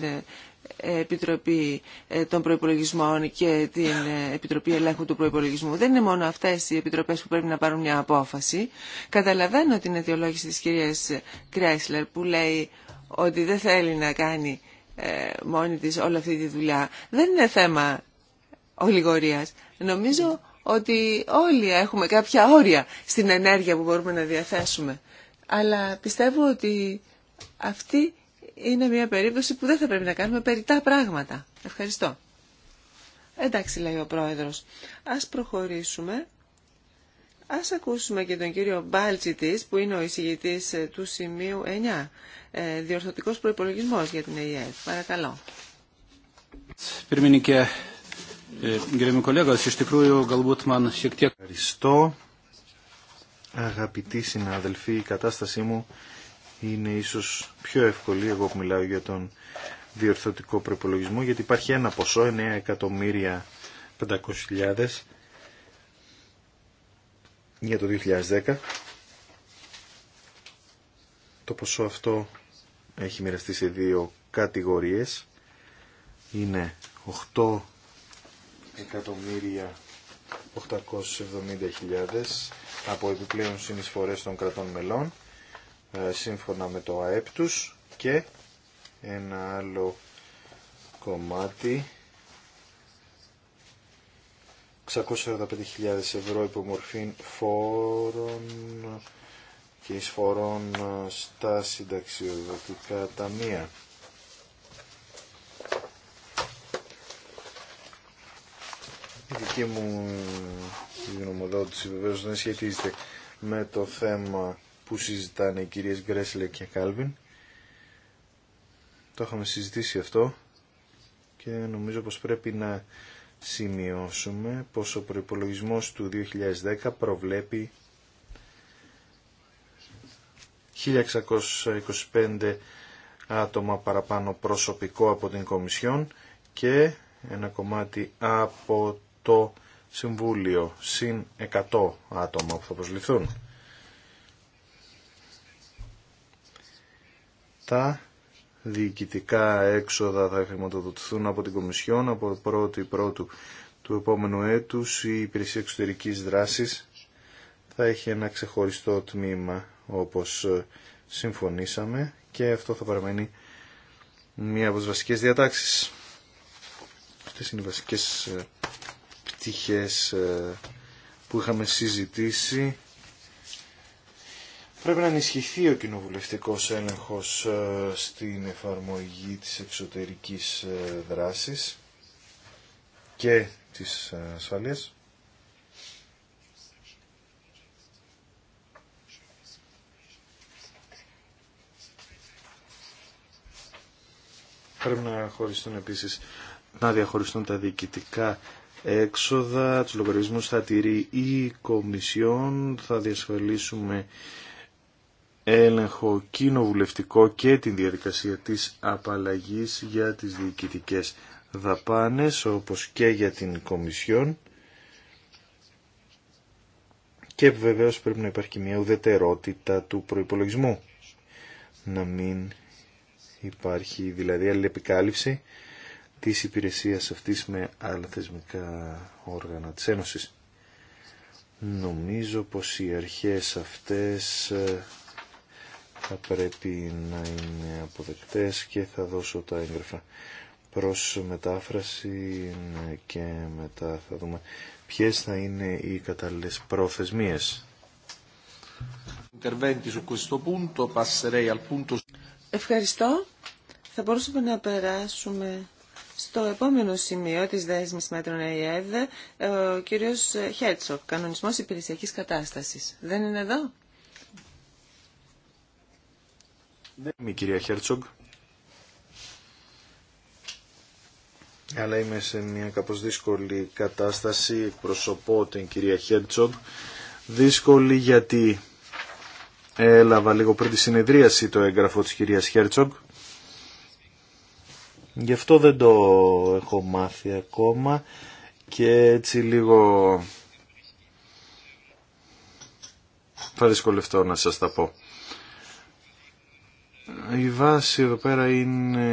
Επιτροπή ε, των προπολογισμών και την ε, Επιτροπή Ελέγχου του προπολογισμού. Δεν είναι μόνο αυτές οι επιτροπές που πρέπει να πάρουν μια απόφαση. Καταλαβαίνω την αιτιολόγηση της κυρίας Κρέσλερ που λέει ότι δεν θέλει να κάνει ε, μόνη της όλη αυτή τη δουλειά. Δεν είναι θέμα ολιγορίας. Νομίζω ότι όλοι έχουμε κάποια όρια στην ενέργεια που μπορούμε να διαθέσουμε. Αλλά πιστεύω ότι αυτή είναι μια περίπτωση που δεν θα πρέπει να κάνουμε περιτά πράγματα. Ευχαριστώ. Εντάξει, λέει ο πρόεδρος. Ας προχωρήσουμε. Ας ακούσουμε και τον κύριο Μπάλτσιτης, που είναι ο εισηγητής ε, του σημείου 9, ε, διορθωτικός προϋπολογισμός για την ΕΕ. Παρακαλώ. Ε, Ευχαριστώ. Αγαπητοί συναδελφοί, η κατάστασή μου είναι ίσως πιο εύκολη, εγώ που μιλάω για τον διορθωτικό προπολογισμό, γιατί υπάρχει ένα ποσό, 9 500.000 για το 2010. Το ποσό αυτό έχει μοιραστεί σε δύο κατηγορίες. Είναι 8 εκατομμύρια 870.000 από επιπλέον συνεισφορές των κρατών μελών ε, σύμφωνα με το ΑΕΠ τους και ένα άλλο κομμάτι 645.000 ευρώ υπομορφή φόρων και εισφορών ε, στα συνταξιοδοτικά ταμεία. Η δική μου γνωμοδότηση βεβαίως δεν σχετίζεται με το θέμα που συζητάνε οι κυρίες Γκρέσλε και Κάλβιν. Το είχαμε συζητήσει αυτό και νομίζω πως πρέπει να σημειώσουμε πως ο προϋπολογισμός του 2010 προβλέπει 1625 άτομα παραπάνω προσωπικό από την Κομισιόν και ένα κομμάτι από το Συμβούλιο συν 100 άτομα που θα προσληφθούν. Τα διοικητικά έξοδα θα χρηματοδοτηθούν από την Κομισιόν από 1η Πρώτου του επόμενου έτους. Η υπηρεσία εξωτερικής δράσης θα έχει ένα ξεχωριστό τμήμα όπως συμφωνήσαμε και αυτό θα παραμένει μία από τις βασικές διατάξεις. Αυτές είναι οι βασικές ε, πτυχές ε, που είχαμε συζητήσει Πρέπει να ενισχυθεί ο κοινοβουλευτικός έλεγχος ε, στην εφαρμογή της εξωτερικής ε, δράσης και της ε, ασφαλείας. Πρέπει να χωριστούν επίσης, να διαχωριστούν τα διοικητικά έξοδα, του λογαριασμούς θα τηρεί η Κομισιόν, θα διασφαλίσουμε έλεγχο κοινοβουλευτικό και την διαδικασία της απαλλαγής για τις διοικητικές δαπάνες όπως και για την Κομισιόν και βεβαίως πρέπει να υπάρχει μια ουδετερότητα του προϋπολογισμού να μην υπάρχει δηλαδή αλληλεπικάλυψη της υπηρεσίας αυτής με άλλα θεσμικά όργανα της Ένωσης. Νομίζω πως οι αρχές αυτές ε, θα πρέπει να είναι αποδεκτές και θα δώσω τα έγγραφα προς μετάφραση και μετά θα δούμε ποιες θα είναι οι κατάλληλες προθεσμίες. Ευχαριστώ. Θα μπορούσαμε να περάσουμε στο επόμενο σημείο της δέσμης μέτρων ΕΕΔ, ο κύριος Χέρτσοκ, κανονισμός υπηρεσιακής κατάστασης. Δεν είναι εδώ? Είμαι η κυρία Χέρτσογκ. Αλλά είμαι σε μια κάπως δύσκολη κατάσταση. Εκπροσωπώ την κυρία Χέρτσογκ. Δύσκολη γιατί έλαβα λίγο πριν τη συνεδρίαση το έγγραφο της κυρίας Χέρτσογκ. Γι' αυτό δεν το έχω μάθει ακόμα και έτσι λίγο θα δυσκολευτώ να σας τα πω. Η βάση εδώ πέρα είναι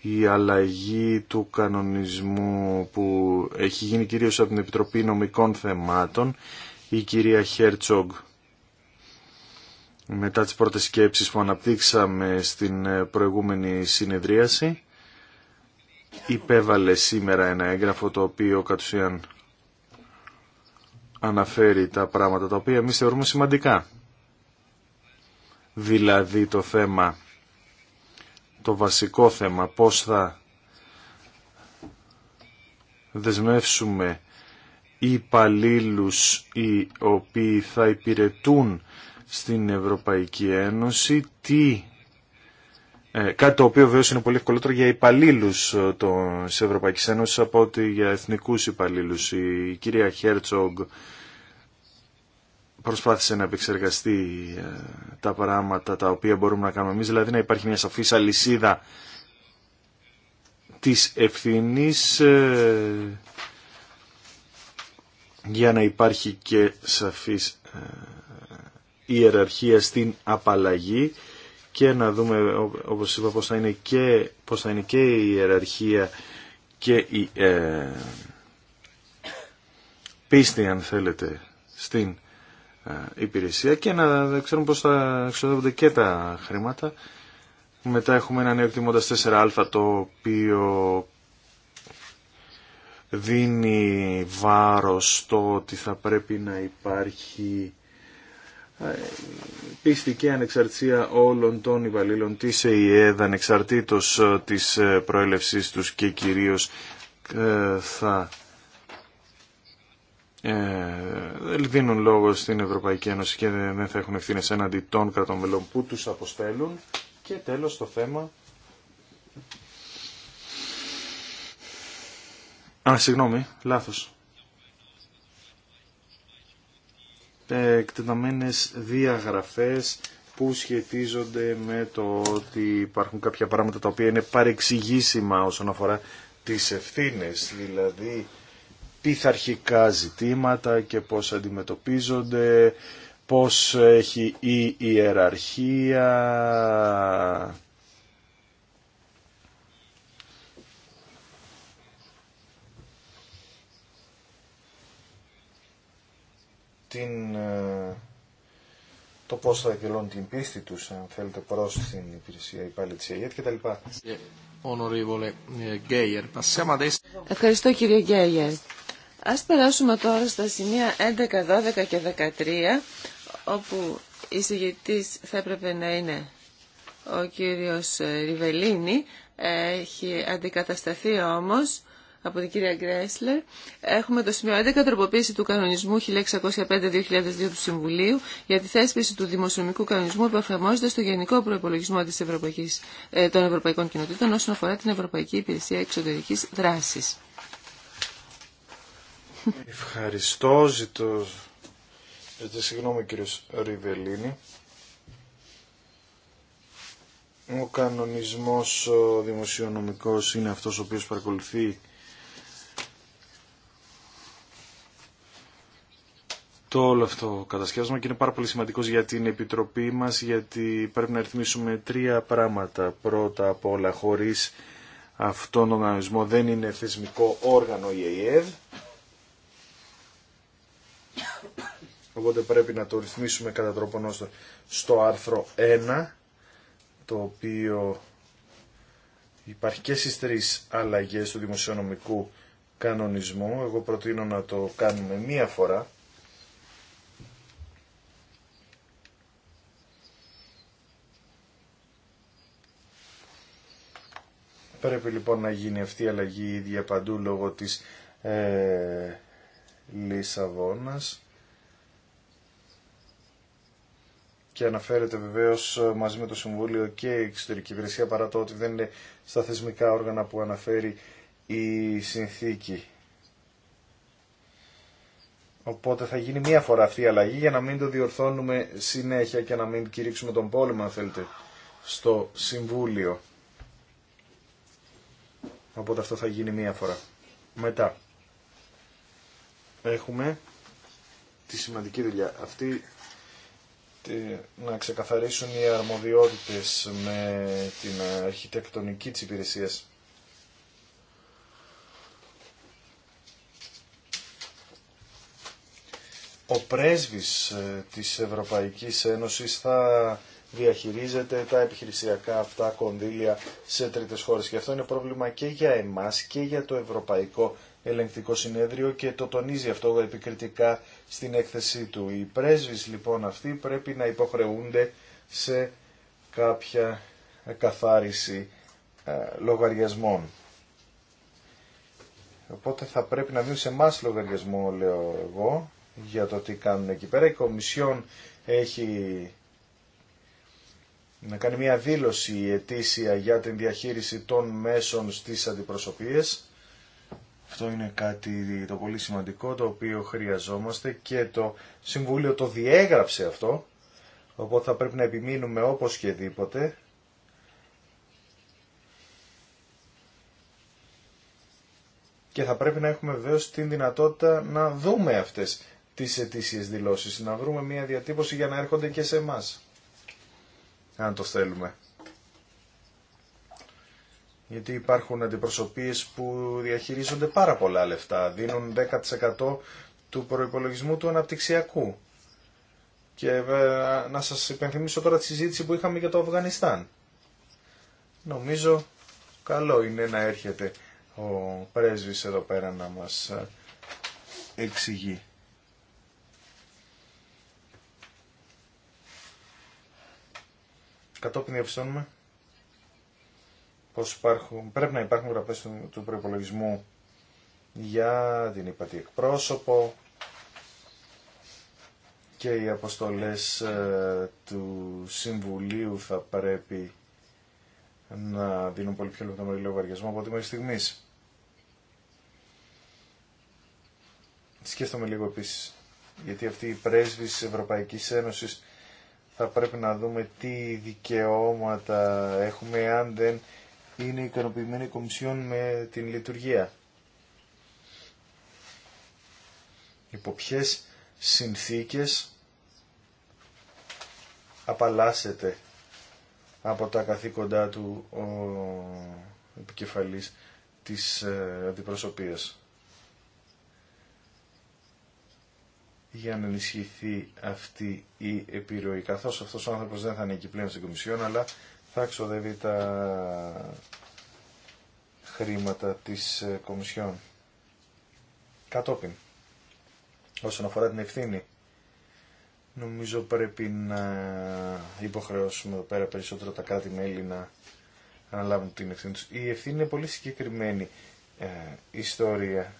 η αλλαγή του κανονισμού που έχει γίνει κυρίως από την Επιτροπή Νομικών Θεμάτων. Η κυρία Χέρτσογκ μετά τις πρώτες σκέψεις που αναπτύξαμε στην προηγούμενη συνεδρίαση υπέβαλε σήμερα ένα έγγραφο το οποίο κατ' αναφέρει τα πράγματα τα οποία εμείς θεωρούμε σημαντικά δηλαδή το θέμα, το βασικό θέμα, πώς θα δεσμεύσουμε υπαλλήλου οι οποίοι θα υπηρετούν στην Ευρωπαϊκή Ένωση, τι ε, κάτι το οποίο βέβαια είναι πολύ ευκολότερο για υπαλλήλου ε, τη Ευρωπαϊκή Ένωση από ότι για εθνικού υπαλλήλου. Η κυρία Χέρτσογκ προσπάθησε να επεξεργαστεί ε, τα πράγματα τα οποία μπορούμε να κάνουμε εμείς, δηλαδή να υπάρχει μια σαφής αλυσίδα της ευθύνης ε, για να υπάρχει και σαφής ε, ιεραρχία στην απαλλαγή και να δούμε όπως είπα πώς θα είναι και, πώς και η ιεραρχία και η πίστη αν θέλετε στην ε, υπηρεσία και να ξέρουν πώς θα εξοδεύονται και τα χρήματα. Μετά έχουμε ένα νέο εκτιμώντας 4α το οποίο δίνει βάρος στο ότι θα πρέπει να υπάρχει ε, πίστη ανεξαρτησία όλων των υπαλλήλων της ΕΙΕΔ ανεξαρτήτως ε, της προέλευσής τους και κυρίως θα ε, δίνουν λόγο στην Ευρωπαϊκή Ένωση και δεν θα έχουν ευθύνε έναντι των κρατών μελών που τους αποστέλουν. Και τέλος το θέμα... Α, συγγνώμη, λάθος. Εκτεταμένες διαγραφές που σχετίζονται με το ότι υπάρχουν κάποια πράγματα τα οποία είναι παρεξηγήσιμα όσον αφορά τις ευθύνες, δηλαδή πειθαρχικά ζητήματα και πώς αντιμετωπίζονται, πώς έχει η ιεραρχία... Την, ε, το πώς θα εκδηλώνουν την πίστη τους, αν θέλετε, προς την υπηρεσία υπάλληλη της ΑΕΤ κτλ. Ευχαριστώ κύριε Γκέιερ. Ας περάσουμε τώρα στα σημεία 11, 12 και 13, όπου η συγγετής θα έπρεπε να είναι ο κύριος Ριβελίνη, έχει αντικατασταθεί όμως από την κυρία Γκρέσλερ. Έχουμε το σημείο 11, τροποποίηση του κανονισμού 1605-2002 του Συμβουλίου για τη θέσπιση του δημοσιονομικού κανονισμού που εφαρμόζεται στο Γενικό Προπολογισμό της Ευρωπαϊκής, ε, των Ευρωπαϊκών Κοινοτήτων όσον αφορά την Ευρωπαϊκή Υπηρεσία Εξωτερικής Δράσης. Ευχαριστώ, ζητώ. Συγγνώμη κύριο Ριβελίνη. Ο κανονισμός ο δημοσιονομικός είναι αυτός ο οποίος παρακολουθεί το όλο αυτό κατασκεύασμα και είναι πάρα πολύ σημαντικός για την Επιτροπή μας γιατί πρέπει να ρυθμίσουμε τρία πράγματα. Πρώτα απ' όλα χωρίς αυτόν τον κανονισμό δεν είναι θεσμικό όργανο η ΕΕΔ Οπότε πρέπει να το ρυθμίσουμε κατά τρόπο νόστο στο άρθρο 1, το οποίο υπάρχει και στις τρεις αλλαγές του δημοσιονομικού κανονισμού. Εγώ προτείνω να το κάνουμε μία φορά. Πρέπει λοιπόν να γίνει αυτή η αλλαγή η ίδια παντού λόγω της ε, Λισαβόνας και αναφέρεται βεβαίως ε, μαζί με το Συμβούλιο και η Εξωτερική Υπηρεσία παρά το ότι δεν είναι στα θεσμικά όργανα που αναφέρει η συνθήκη. Οπότε θα γίνει μία φορά αυτή η αλλαγή για να μην το διορθώνουμε συνέχεια και να μην κηρύξουμε τον πόλεμο, αν θέλετε, στο Συμβούλιο. Οπότε αυτό θα γίνει μία φορά. Μετά έχουμε τη σημαντική δουλειά αυτή να ξεκαθαρίσουν οι αρμοδιότητες με την αρχιτεκτονική της υπηρεσίας. Ο πρέσβης ε, της Ευρωπαϊκής Ένωσης θα διαχειρίζεται τα επιχειρησιακά αυτά κονδύλια σε τρίτες χώρες. Και αυτό είναι πρόβλημα και για εμάς και για το Ευρωπαϊκό ελεγκτικό συνέδριο και το τονίζει αυτό επικριτικά στην έκθεσή του. Οι πρέσβεις λοιπόν αυτοί πρέπει να υποχρεούνται σε κάποια καθάριση ε, λογαριασμών. Οπότε θα πρέπει να δίνουν σε εμά λογαριασμό, λέω εγώ, για το τι κάνουν εκεί πέρα. Η Κομισιόν έχει να κάνει μια δήλωση ετήσια για την διαχείριση των μέσων στις αντιπροσωπείες αυτό είναι κάτι το πολύ σημαντικό το οποίο χρειαζόμαστε και το Συμβούλιο το διέγραψε αυτό, οπότε θα πρέπει να επιμείνουμε όπως και δίποτε. Και θα πρέπει να έχουμε βεβαίω την δυνατότητα να δούμε αυτές τις αιτήσιες δηλώσεις, να βρούμε μια διατύπωση για να έρχονται και σε εμά αν το θέλουμε γιατί υπάρχουν αντιπροσωπείες που διαχειρίζονται πάρα πολλά λεφτά, δίνουν 10% του προϋπολογισμού του αναπτυξιακού. Και ε, να σας υπενθυμίσω τώρα τη συζήτηση που είχαμε για το Αφγανιστάν. Νομίζω καλό είναι να έρχεται ο πρέσβης εδώ πέρα να μας ε, εξηγεί. Κατόπιν διαπιστώνουμε πως υπάρχουν, πρέπει να υπάρχουν γραφές του, του προπολογισμού για την υπατή εκπρόσωπο και οι αποστολές ε, του Συμβουλίου θα πρέπει να δίνουν πολύ πιο λεπτομερή λογαριασμό από ό,τι μέχρι στιγμής. Σκέφτομαι λίγο επίσης, γιατί αυτή η πρέσβη της Ευρωπαϊκής Ένωσης θα πρέπει να δούμε τι δικαιώματα έχουμε αν δεν είναι ικανοποιημένη η Κομισιόν με την λειτουργία. Υπό ποιες συνθήκες απαλλάσσεται από τα καθήκοντά του ο επικεφαλής της ε, αντιπροσωπείας. για να ενισχυθεί αυτή η επιρροή. Καθώς αυτός ο άνθρωπος δεν θα είναι εκεί πλέον στην Κομισιόν, αλλά θα ξοδεύει τα χρήματα της ε, Κομισιόν. Κατόπιν, όσον αφορά την ευθύνη, νομίζω πρέπει να υποχρεώσουμε εδώ πέρα περισσότερο τα κάτι μελη να αναλάβουν την ευθύνη τους. Η ευθύνη είναι πολύ συγκεκριμένη ε, ιστορία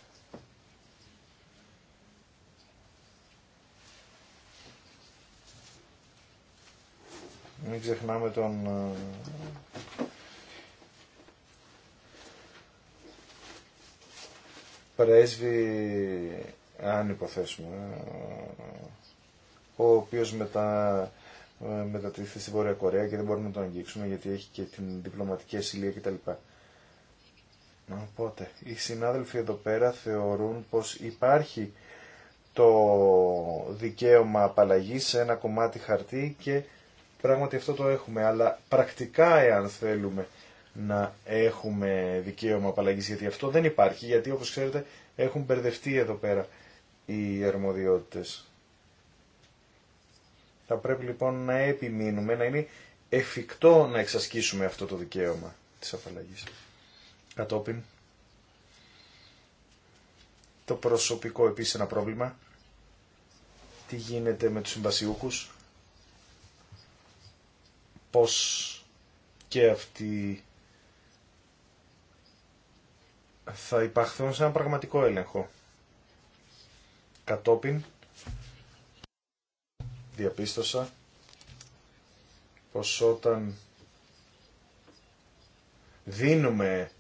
Μην ξεχνάμε τον ε, πρέσβη, αν υποθέσουμε, ο οποίος μετά ε, μετατρήθηκε στη Βόρεια Κορέα και δεν μπορούμε να τον αγγίξουμε γιατί έχει και την διπλωματική ασυλία κτλ. Οπότε, οι συνάδελφοι εδώ πέρα θεωρούν πως υπάρχει το δικαίωμα απαλλαγή σε ένα κομμάτι χαρτί και Πράγματι αυτό το έχουμε, αλλά πρακτικά εάν θέλουμε να έχουμε δικαίωμα απαλλαγής, γιατί αυτό δεν υπάρχει, γιατί όπως ξέρετε έχουν μπερδευτεί εδώ πέρα οι αρμοδιότητες. Θα πρέπει λοιπόν να επιμείνουμε, να είναι εφικτό να εξασκήσουμε αυτό το δικαίωμα της απαλλαγής. Κατόπιν, το προσωπικό επίσης ένα πρόβλημα. Τι γίνεται με τους συμβασιούχους πως και αυτοί θα υπαχθούν σε ένα πραγματικό έλεγχο. Κατόπιν διαπίστωσα πως όταν δίνουμε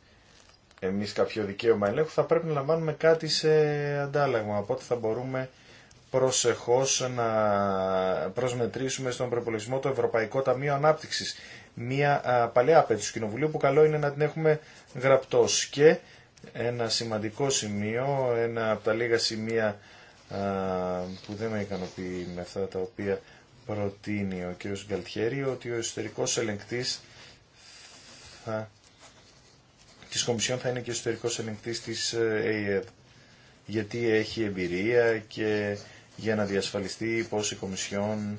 εμείς κάποιο δικαίωμα ελέγχου θα πρέπει να λαμβάνουμε κάτι σε αντάλλαγμα οπότε θα μπορούμε Προσεχώ να προσμετρήσουμε στον προπολογισμό το Ευρωπαϊκό Ταμείο Ανάπτυξης. Μια παλια απέτηση του Κοινοβουλίου που καλό είναι να την έχουμε γραπτός. Και ένα σημαντικό σημείο, ένα από τα λίγα σημεία που δεν με ικανοποιεί με αυτά τα οποία προτείνει ο κ. Γκαλτιέρη, ότι ο εσωτερικό ελεγκτής θα... της Κομισιόν θα είναι και εσωτερικός ελεγκτής της ε, ΑΕΔ γιατί έχει εμπειρία και για να διασφαλιστεί πως η Κομισιόν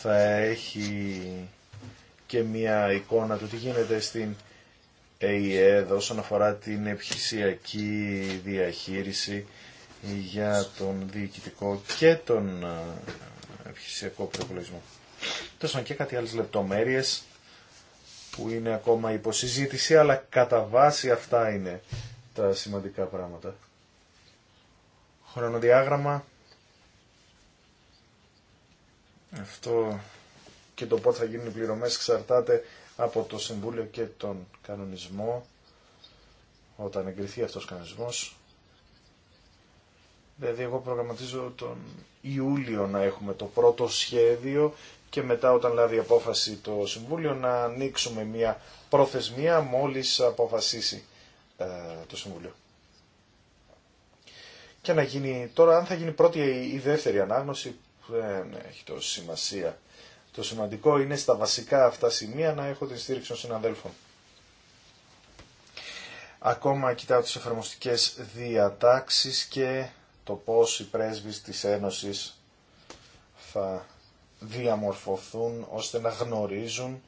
θα έχει και μια εικόνα του τι γίνεται στην ΕΙΕΔ όσον αφορά την επιχειρησιακή διαχείριση για τον διοικητικό και τον ε, επιχειρησιακό προπολογισμό. Τόσο και κάτι άλλες λεπτομέρειες που είναι ακόμα υποσυζήτηση, αλλά κατά βάση αυτά είναι τα σημαντικά πράγματα. Χρονοδιάγραμμα αυτό και το πότε θα γίνουν οι πληρωμές εξαρτάται από το Συμβούλιο και τον κανονισμό όταν εγκριθεί αυτός ο κανονισμός. Δηλαδή εγώ προγραμματίζω τον Ιούλιο να έχουμε το πρώτο σχέδιο και μετά όταν λάβει απόφαση το Συμβούλιο να ανοίξουμε μια προθεσμία μόλις αποφασίσει ε, το Συμβούλιο. Και να γίνει, τώρα αν θα γίνει πρώτη ή δεύτερη ανάγνωση δεν έχει τόση σημασία. Το σημαντικό είναι στα βασικά αυτά σημεία να έχω την στήριξη των συναδέλφων. Ακόμα κοιτάω τις εφαρμοστικές διατάξεις και το πώς οι πρέσβεις της Ένωσης θα διαμορφωθούν ώστε να γνωρίζουν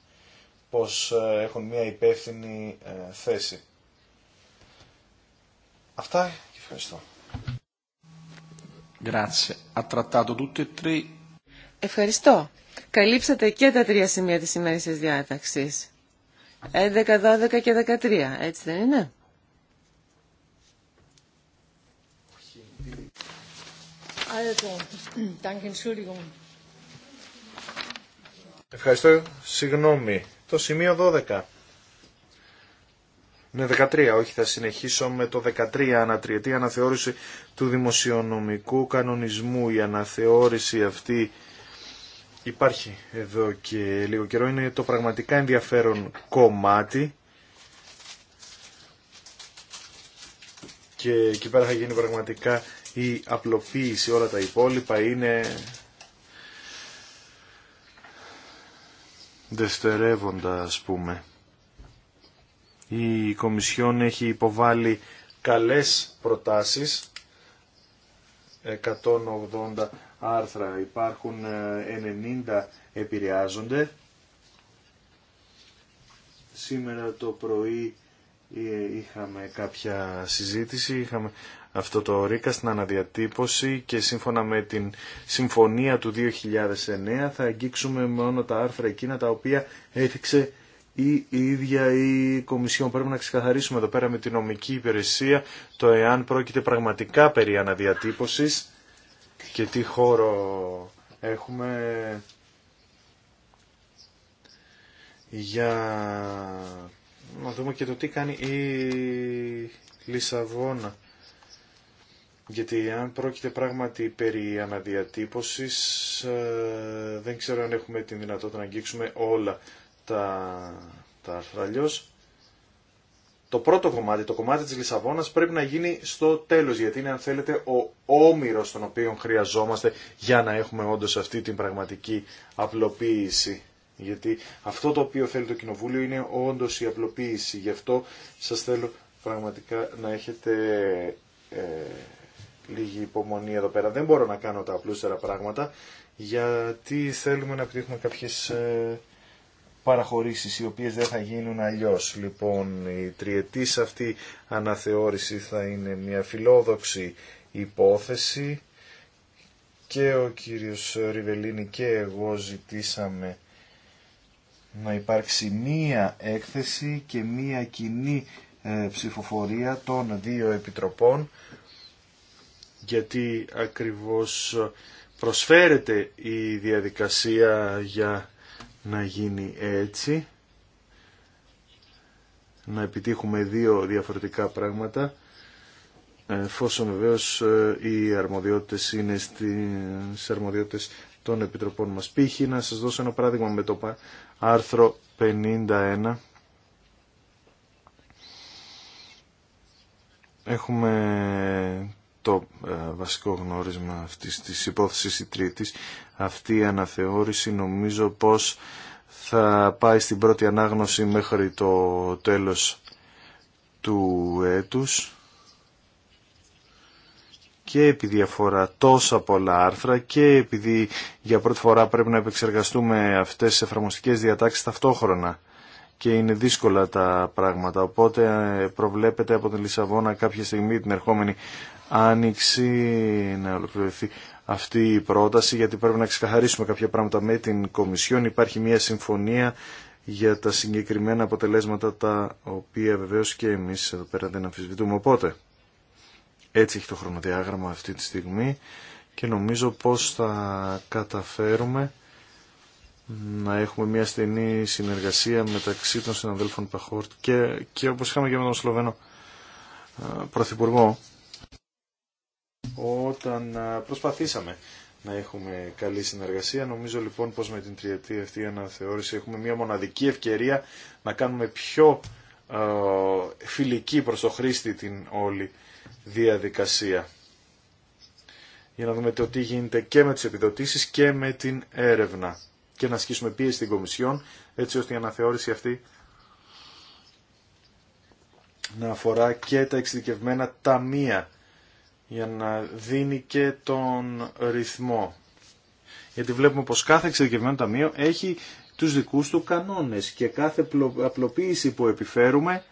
πως ε, έχουν μια υπεύθυνη ε, θέση. Αυτά και ευχαριστώ. E Ευχαριστώ. Καλύψατε και τα τρία σημεία της ημέρησης διάταξης. 11, 12 και 13, έτσι δεν είναι. Ευχαριστώ. Συγγνώμη. Το σημείο 12. Ναι, 13, όχι, θα συνεχίσω με το 13 ανατριετή αναθεώρηση του δημοσιονομικού κανονισμού. Η αναθεώρηση αυτή υπάρχει εδώ και λίγο καιρό. Είναι το πραγματικά ενδιαφέρον κομμάτι. Και εκεί πέρα θα γίνει πραγματικά η απλοποίηση. Όλα τα υπόλοιπα είναι δευτερεύοντα, ας πούμε. Η Κομισιόν έχει υποβάλει καλές προτάσεις, 180 άρθρα υπάρχουν, 90 ε, επηρεάζονται. Σήμερα το πρωί ε, είχαμε κάποια συζήτηση, είχαμε αυτό το ρίκα στην αναδιατύπωση και σύμφωνα με την συμφωνία του 2009 θα αγγίξουμε μόνο τα άρθρα εκείνα τα οποία έφυξε η ίδια η Κομισιόν. Πρέπει να ξεκαθαρίσουμε εδώ πέρα με την νομική υπηρεσία το εάν πρόκειται πραγματικά περί αναδιατύπωσης και τι χώρο έχουμε για να δούμε και το τι κάνει η Λισαβόνα. Γιατί αν πρόκειται πράγματι περί αναδιατύπωσης, ε, δεν ξέρω αν έχουμε την δυνατότητα να αγγίξουμε όλα τα, τα το πρώτο κομμάτι, το κομμάτι της Λισαβόνα πρέπει να γίνει στο τέλος γιατί είναι αν θέλετε ο όμοιρο τον οποίο χρειαζόμαστε για να έχουμε όντως αυτή την πραγματική απλοποίηση. Γιατί αυτό το οποίο θέλει το Κοινοβούλιο είναι όντως η απλοποίηση. Γι' αυτό σας θέλω πραγματικά να έχετε ε, λίγη υπομονή εδώ πέρα. Δεν μπορώ να κάνω τα απλούστερα πράγματα γιατί θέλουμε να επιτύχουμε κάποιες... Ε, παραχωρήσεις οι οποίες δεν θα γίνουν αλλιώς. Λοιπόν, η τριετής αυτή αναθεώρηση θα είναι μια φιλόδοξη υπόθεση και ο κύριος Ριβελίνη και εγώ ζητήσαμε να υπάρξει μία έκθεση και μία κοινή ε, ψηφοφορία των δύο επιτροπών γιατί ακριβώς προσφέρεται η διαδικασία για να γίνει έτσι, να επιτύχουμε δύο διαφορετικά πράγματα, εφόσον βεβαίως ε, οι αρμοδιότητες είναι στις αρμοδιότητες των επιτροπών μας. Πύχη, να σας δώσω ένα παράδειγμα με το άρθρο 51. Έχουμε το ε, βασικό γνώρισμα αυτής της υπόθεσης η τρίτης. Αυτή η αναθεώρηση νομίζω πως θα πάει στην πρώτη ανάγνωση μέχρι το τέλος του έτους και επειδή αφορά τόσα πολλά άρθρα και επειδή για πρώτη φορά πρέπει να επεξεργαστούμε αυτές τις εφαρμοστικές διατάξεις ταυτόχρονα και είναι δύσκολα τα πράγματα. Οπότε ε, προβλέπεται από την Λισαβόνα κάποια στιγμή την ερχόμενη Άνοιξη να ολοκληρωθεί αυτή η πρόταση γιατί πρέπει να ξεκαθαρίσουμε κάποια πράγματα με την Κομισιόν. Υπάρχει μια συμφωνία για τα συγκεκριμένα αποτελέσματα τα οποία βεβαίω και εμείς εδώ πέρα δεν αμφισβητούμε. Οπότε έτσι έχει το χρονοδιάγραμμα αυτή τη στιγμή και νομίζω πως θα καταφέρουμε να έχουμε μια στενή συνεργασία μεταξύ των συναδέλφων Παχόρτ και, και όπως είχαμε και με τον Σλοβαίνο ε, Πρωθυπουργό όταν προσπαθήσαμε να έχουμε καλή συνεργασία. Νομίζω λοιπόν πως με την τριετή αυτή αναθεώρηση έχουμε μια μοναδική ευκαιρία να κάνουμε πιο φιλική προς το χρήστη την όλη διαδικασία. Για να δούμε το τι γίνεται και με τις επιδοτήσεις και με την έρευνα και να ασκήσουμε πίεση στην Κομισιόν έτσι ώστε η αναθεώρηση αυτή να αφορά και τα εξειδικευμένα ταμεία για να δίνει και τον ρυθμό. Γιατί βλέπουμε πως κάθε εξειδικευμένο ταμείο έχει τους δικούς του κανόνες και κάθε απλοποίηση που επιφέρουμε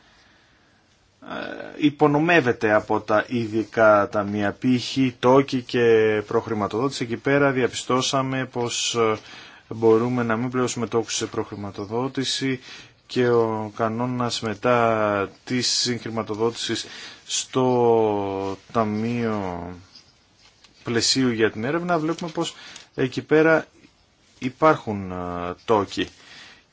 ε, υπονομεύεται από τα ειδικά ταμεία π.χ. τόκι και προχρηματοδότηση εκεί πέρα διαπιστώσαμε πως ε, μπορούμε να μην πληρώσουμε τόκους σε προχρηματοδότηση και ο κανόνας μετά της συγχρηματοδότησης στο Ταμείο Πλαισίου για την έρευνα βλέπουμε πως εκεί πέρα υπάρχουν τόκοι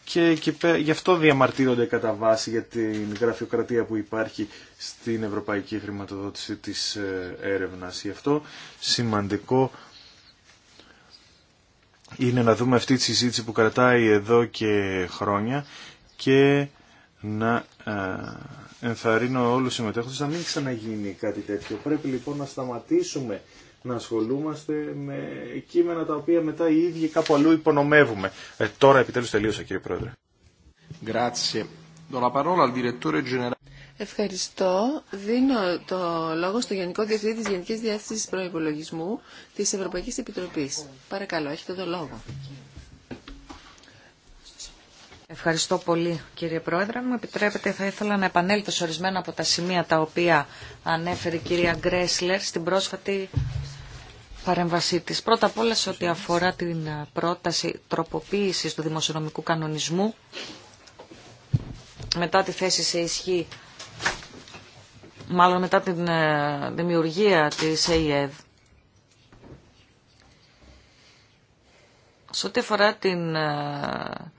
και εκεί γι' αυτό διαμαρτύρονται κατά βάση για την γραφειοκρατία που υπάρχει στην ευρωπαϊκή χρηματοδότηση της ε, έρευνας. Γι' αυτό σημαντικό είναι να δούμε αυτή τη συζήτηση που κρατάει εδώ και χρόνια και να ε, ενθαρρύνω όλους οι συμμετέχοντες να μην ξαναγίνει κάτι τέτοιο. Πρέπει λοιπόν να σταματήσουμε να ασχολούμαστε με κείμενα τα οποία μετά οι ίδιοι κάπου αλλού υπονομεύουμε. Ε, τώρα επιτέλους τελείωσα κύριε Πρόεδρε. Ευχαριστώ. Δίνω το λόγο στο Γενικό Διευθυντή της Γενικής Διεύθυνσης Προϋπολογισμού της Ευρωπαϊκής Επιτροπής. Παρακαλώ, έχετε το λόγο. Ευχαριστώ πολύ κύριε Πρόεδρε. Μου επιτρέπετε θα ήθελα να επανέλθω σε ορισμένα από τα σημεία τα οποία ανέφερε η κυρία Γκρέσλερ στην πρόσφατη παρέμβασή της. Πρώτα απ' όλα σε ό,τι αφορά την πρόταση τροποποίησης του δημοσιονομικού κανονισμού μετά τη θέση σε ισχύ, μάλλον μετά την ε, δημιουργία της ΕΙΕΔ. Σε ό,τι αφορά την ε,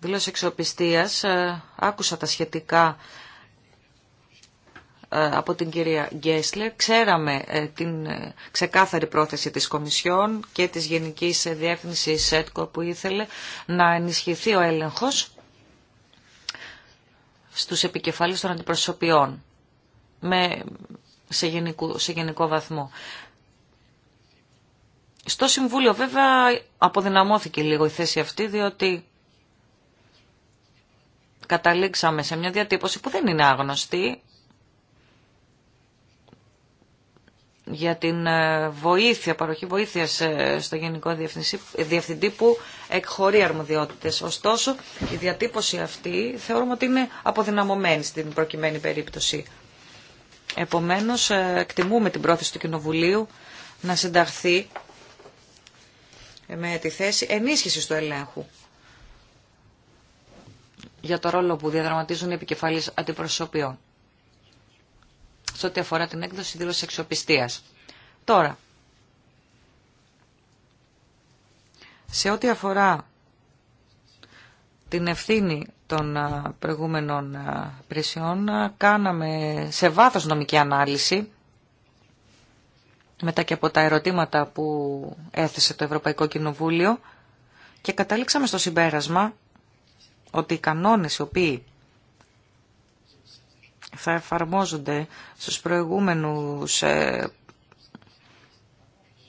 δήλωση εξοπιστίας. Ε, άκουσα τα σχετικά ε, από την κυρία Γκέσλερ. Ξέραμε ε, την ξεκάθαρη πρόθεση της Κομισιόν και της Γενικής Διεύθυνσης ΣΕΤΚΟ που ήθελε να ενισχυθεί ο έλεγχος στους επικεφαλής των αντιπροσωπιών με, σε, σε γενικό βαθμό. Στο Συμβούλιο βέβαια αποδυναμώθηκε λίγο η θέση αυτή διότι καταλήξαμε σε μια διατύπωση που δεν είναι άγνωστη για την ε, βοήθεια, παροχή βοήθειας ε, στο Γενικό Διευθυντή που εκχωρεί αρμοδιότητες. Ωστόσο, η διατύπωση αυτή θεωρούμε ότι είναι αποδυναμωμένη στην προκειμένη περίπτωση. Επομένως, ε, εκτιμούμε την πρόθεση του Κοινοβουλίου να συνταχθεί με τη θέση ενίσχυσης του ελέγχου για το ρόλο που διαδραματίζουν οι επικεφαλείς αντιπροσωπιών. Σε ό,τι αφορά την έκδοση δήλωση αξιοπιστίας. Τώρα, σε ό,τι αφορά την ευθύνη των προηγούμενων πρεσιών, κάναμε σε βάθος νομική ανάλυση μετά και από τα ερωτήματα που έθεσε το Ευρωπαϊκό Κοινοβούλιο και καταλήξαμε στο συμπέρασμα ότι οι κανόνες οι οποίοι θα εφαρμόζονται στους προηγούμενους ε,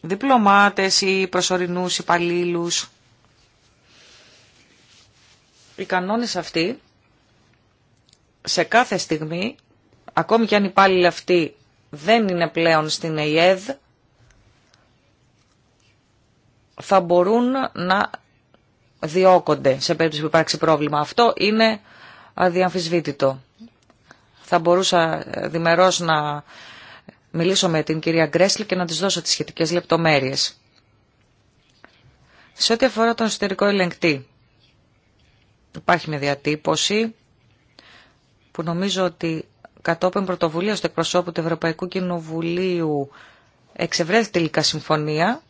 διπλωμάτες ή προσωρινούς υπαλλήλου. Οι κανόνες αυτοί σε κάθε στιγμή, ακόμη και αν οι υπάλληλοι αυτοί δεν είναι πλέον στην ΕΙΕΔ, θα μπορούν να διώκονται σε περίπτωση που υπάρξει πρόβλημα. Αυτό είναι αδιαμφισβήτητο. Θα μπορούσα ε, διμερώς να μιλήσω με την κυρία Γκρέσλη και να της δώσω τις σχετικές λεπτομέρειες. Σε ό,τι αφορά τον εσωτερικό ελεγκτή, υπάρχει μια διατύπωση που νομίζω ότι κατόπιν πρωτοβουλία του εκπροσώπου του Ευρωπαϊκού Κοινοβουλίου εξευρέθη τελικά συμφωνία.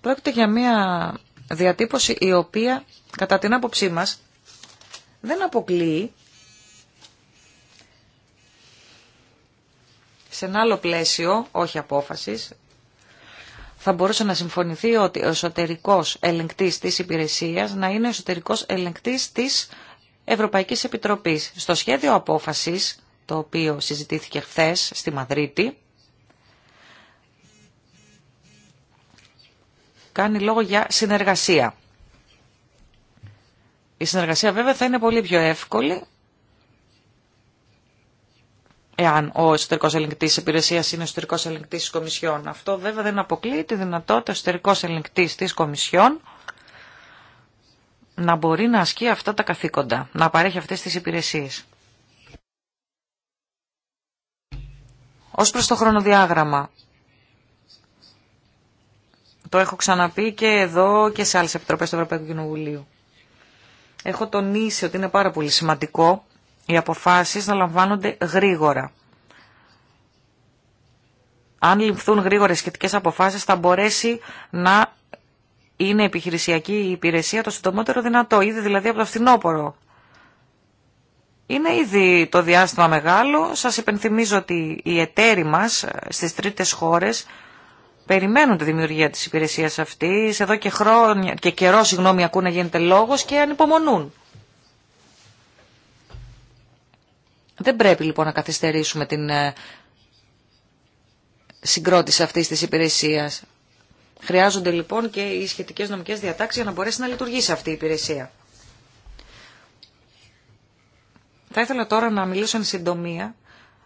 Πρόκειται για μια διατύπωση η οποία κατά την άποψή μας δεν αποκλείει σε ένα άλλο πλαίσιο, όχι απόφασης, θα μπορούσε να συμφωνηθεί ότι ο εσωτερικός ελεγκτής της υπηρεσίας να είναι ο εσωτερικός ελεγκτής της Ευρωπαϊκής Επιτροπής. Στο σχέδιο απόφασης, το οποίο συζητήθηκε χθε στη Μαδρίτη, κάνει λόγο για συνεργασία. Η συνεργασία βέβαια θα είναι πολύ πιο εύκολη εάν ο εσωτερικός ελεγκτής υπηρεσίας είναι ο εσωτερικός ελεγκτής της Κομισιόν. Αυτό βέβαια δεν αποκλείει τη δυνατότητα ο εσωτερικός ελεγκτής της Κομισιόν να μπορεί να ασκεί αυτά τα καθήκοντα, να παρέχει αυτές τις υπηρεσίες. Ως προς το χρονοδιάγραμμα, το έχω ξαναπεί και εδώ και σε άλλες επιτροπές του Ευρωπαϊκού Κοινοβουλίου. Έχω τονίσει ότι είναι πάρα πολύ σημαντικό οι αποφάσεις να λαμβάνονται γρήγορα. Αν ληφθούν γρήγορε σχετικέ αποφάσεις θα μπορέσει να είναι επιχειρησιακή η υπηρεσία το συντομότερο δυνατό, ήδη δηλαδή από το φθινόπωρο. Είναι ήδη το διάστημα μεγάλο. Σας υπενθυμίζω ότι οι εταίροι μας ε, στις τρίτες χώρες περιμένουν τη δημιουργία της υπηρεσίας αυτής. Εδώ και, χρόνια, και καιρό συγγνώμη, ακούνε να γίνεται λόγος και ανυπομονούν. Δεν πρέπει λοιπόν να καθυστερήσουμε την ε, συγκρότηση αυτής της υπηρεσίας. Χρειάζονται λοιπόν και οι σχετικές νομικές διατάξεις για να μπορέσει να λειτουργήσει αυτή η υπηρεσία. Θα ήθελα τώρα να μιλήσω εν συντομία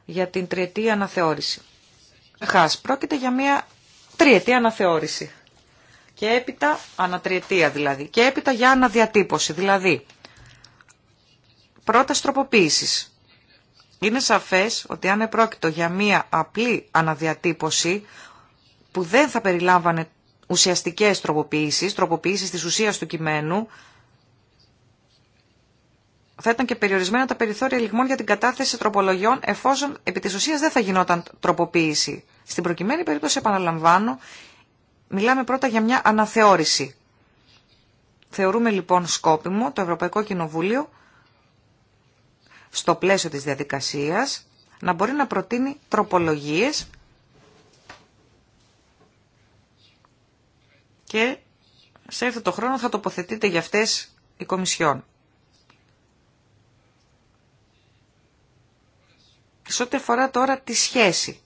για την τριετή αναθεώρηση. Χάς, πρόκειται για μια τριετή αναθεώρηση. Και έπειτα, ανατριετία δηλαδή, και έπειτα για αναδιατύπωση, δηλαδή πρώτα τροποποίησης. Είναι σαφές ότι αν επρόκειτο για μία απλή αναδιατύπωση που δεν θα περιλάμβανε ουσιαστικές τροποποιήσεις, τροποποιήσεις της ουσίας του κειμένου, θα ήταν και περιορισμένα τα περιθώρια λιγμών για την κατάθεση τροπολογιών εφόσον επί της ουσίας δεν θα γινόταν τροποποίηση. Στην προκειμένη περίπτωση, επαναλαμβάνω, μιλάμε πρώτα για μια αναθεώρηση. Θεωρούμε λοιπόν σκόπιμο το Ευρωπαϊκό Κοινοβούλιο στο πλαίσιο της διαδικασίας να μπορεί να προτείνει τροπολογίες και σε αυτό το χρόνο θα τοποθετείται για αυτές οι Κομισιόν. Σε ό,τι αφορά τώρα τη σχέση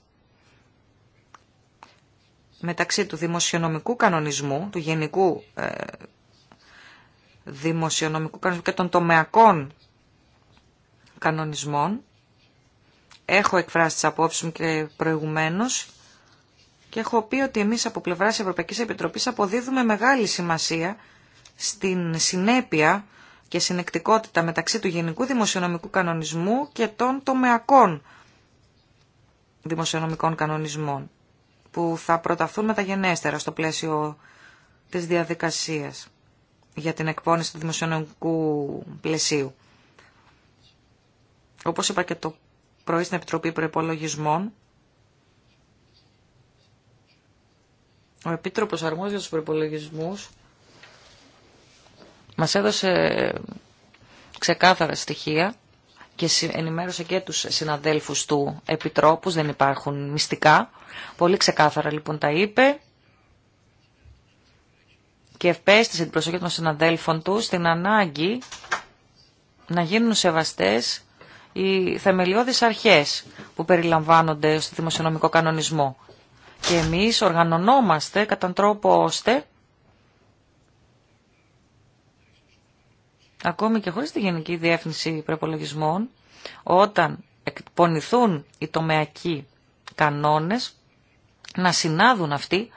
μεταξύ του δημοσιονομικού κανονισμού, του γενικού ε, δημοσιονομικού κανονισμού και των τομεακών κανονισμών. Έχω εκφράσει τις απόψεις μου και προηγουμένως και έχω πει ότι εμείς από πλευράς Ευρωπαϊκής Επιτροπής αποδίδουμε μεγάλη σημασία στην συνέπεια και συνεκτικότητα μεταξύ του Γενικού Δημοσιονομικού Κανονισμού και των τομεακών δημοσιονομικών κανονισμών που θα προταθούν μεταγενέστερα στο πλαίσιο της διαδικασίας για την εκπόνηση του δημοσιονομικού πλαισίου. Όπως είπα και το πρωί στην Επιτροπή Προϋπολογισμών, ο Επίτροπος Αρμόδιος για Προϋπολογισμούς μας έδωσε ξεκάθαρα στοιχεία και ενημέρωσε και τους συναδέλφους του επιτρόπους, δεν υπάρχουν μυστικά. Πολύ ξεκάθαρα λοιπόν τα είπε και ευπέστησε την προσοχή των συναδέλφων του στην ανάγκη να γίνουν σεβαστές οι θεμελιώδεις αρχές που περιλαμβάνονται στο δημοσιονομικό κανονισμό. Και εμείς οργανωνόμαστε κατά τρόπο ώστε ακόμη και χωρίς τη Γενική Διεύθυνση Προπολογισμών, όταν εκπονηθούν οι τομεακοί κανόνες, να συνάδουν αυτοί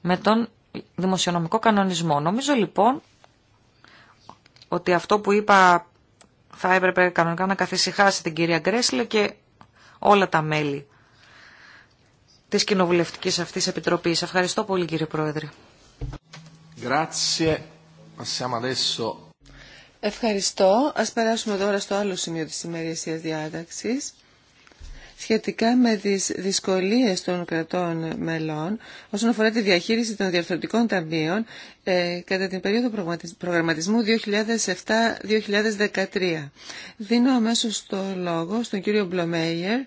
με τον δημοσιονομικό κανονισμό. Νομίζω λοιπόν ότι αυτό που είπα θα έπρεπε κανονικά να καθησυχάσει την κυρία Γκρέσλε και όλα τα μέλη της κοινοβουλευτικής αυτής επιτροπής. Ευχαριστώ πολύ κύριε Πρόεδρε. Grazie. Ευχαριστώ. Ας περάσουμε τώρα στο άλλο σημείο της ημερήσιας διάταξης σχετικά με τις δυσκολίες των κρατών μελών όσον αφορά τη διαχείριση των διαρθρωτικών ταμείων ε, κατά την περίοδο προγραμματισμού 2007-2013. Δίνω αμέσως το λόγο στον κύριο Μπλομέιερ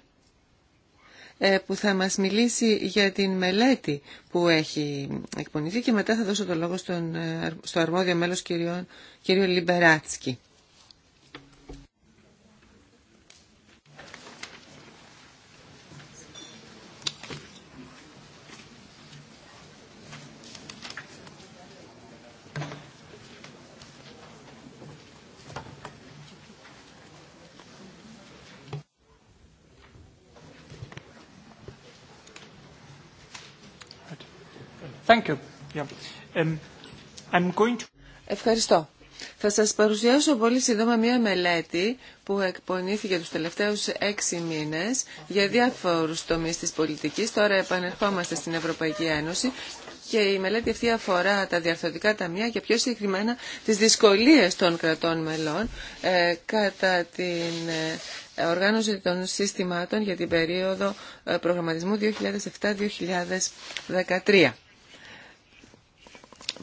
ε, που θα μας μιλήσει για την μελέτη που έχει εκπονηθεί και μετά θα δώσω το λόγο στον, ε, στο αρμόδιο μέλος κύριο, κύριο Λιμπεράτσκι. Um, Ευχαριστώ. Θα σας παρουσιάσω πολύ σύντομα μία μελέτη που εκπονήθηκε τους τελευταίους έξι μήνες για διάφορους τομείς της πολιτικής. Τώρα επανερχόμαστε στην Ευρωπαϊκή Ένωση και η μελέτη αυτή αφορά τα διαρθρωτικά ταμεία και πιο συγκεκριμένα τις δυσκολίες των κρατών μελών ε, κατά την ε, οργάνωση των συστημάτων για την περίοδο ε, προγραμματισμού 2007-2013.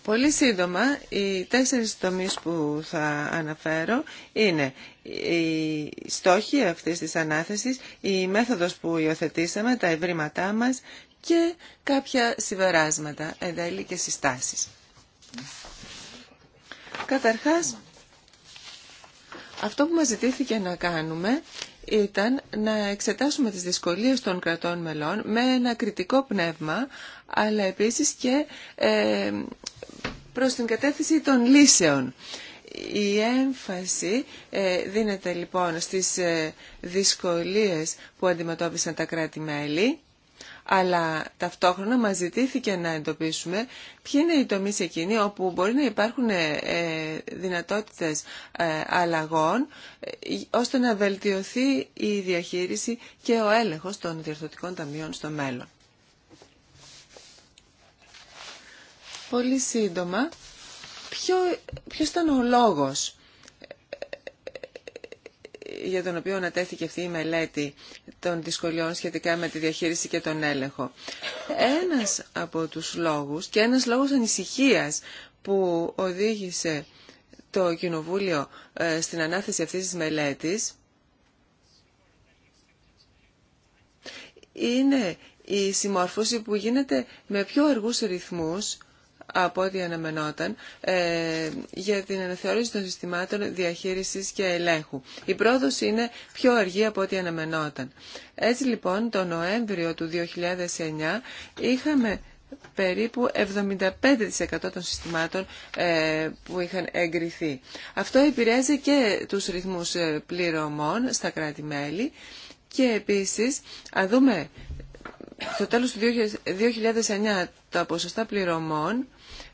Πολύ σύντομα, οι τέσσερις τομείς που θα αναφέρω είναι οι στόχοι αυτής της ανάθεσης, η μέθοδος που υιοθετήσαμε, τα ευρήματά μας και κάποια συμπεράσματα, εντέλει και συστάσεις. Καταρχάς, αυτό που μας ζητήθηκε να κάνουμε ήταν να εξετάσουμε τις δυσκολίες των κρατών μελών με ένα κριτικό πνεύμα, αλλά επίσης και ε, προς την κατεύθυνση των λύσεων. Η έμφαση ε, δίνεται λοιπόν στις ε, δυσκολίες που αντιμετώπισαν τα κράτη-μέλη αλλά ταυτόχρονα μας ζητήθηκε να εντοπίσουμε ποιοι είναι οι τομείς εκείνοι όπου μπορεί να υπάρχουν ε, δυνατότητες ε, αλλαγών ε, ώστε να βελτιωθεί η διαχείριση και ο έλεγχος των διορθωτικών ταμείων στο μέλλον. Πολύ σύντομα, ποιο, ποιος ήταν ο λόγος για τον οποίο ανατέθηκε αυτή η μελέτη των δυσκολιών σχετικά με τη διαχείριση και τον έλεγχο. Ένας από τους λόγους και ένας λόγος ανησυχίας που οδήγησε το Κοινοβούλιο ε, στην ανάθεση αυτής της μελέτης είναι η συμμορφώση που γίνεται με πιο αργούς ρυθμούς από ό,τι αναμενόταν ε, για την αναθεώρηση των συστημάτων διαχείρισης και ελέγχου. Η πρόοδος είναι πιο αργή από ό,τι αναμενόταν. Έτσι λοιπόν το Νοέμβριο του 2009 είχαμε περίπου 75% των συστημάτων ε, που είχαν εγκριθεί. Αυτό επηρέαζε και τους ρυθμούς ε, πληρωμών στα κράτη-μέλη και επίσης, αν δούμε στο τέλος του 2009 τα ποσοστά πληρωμών,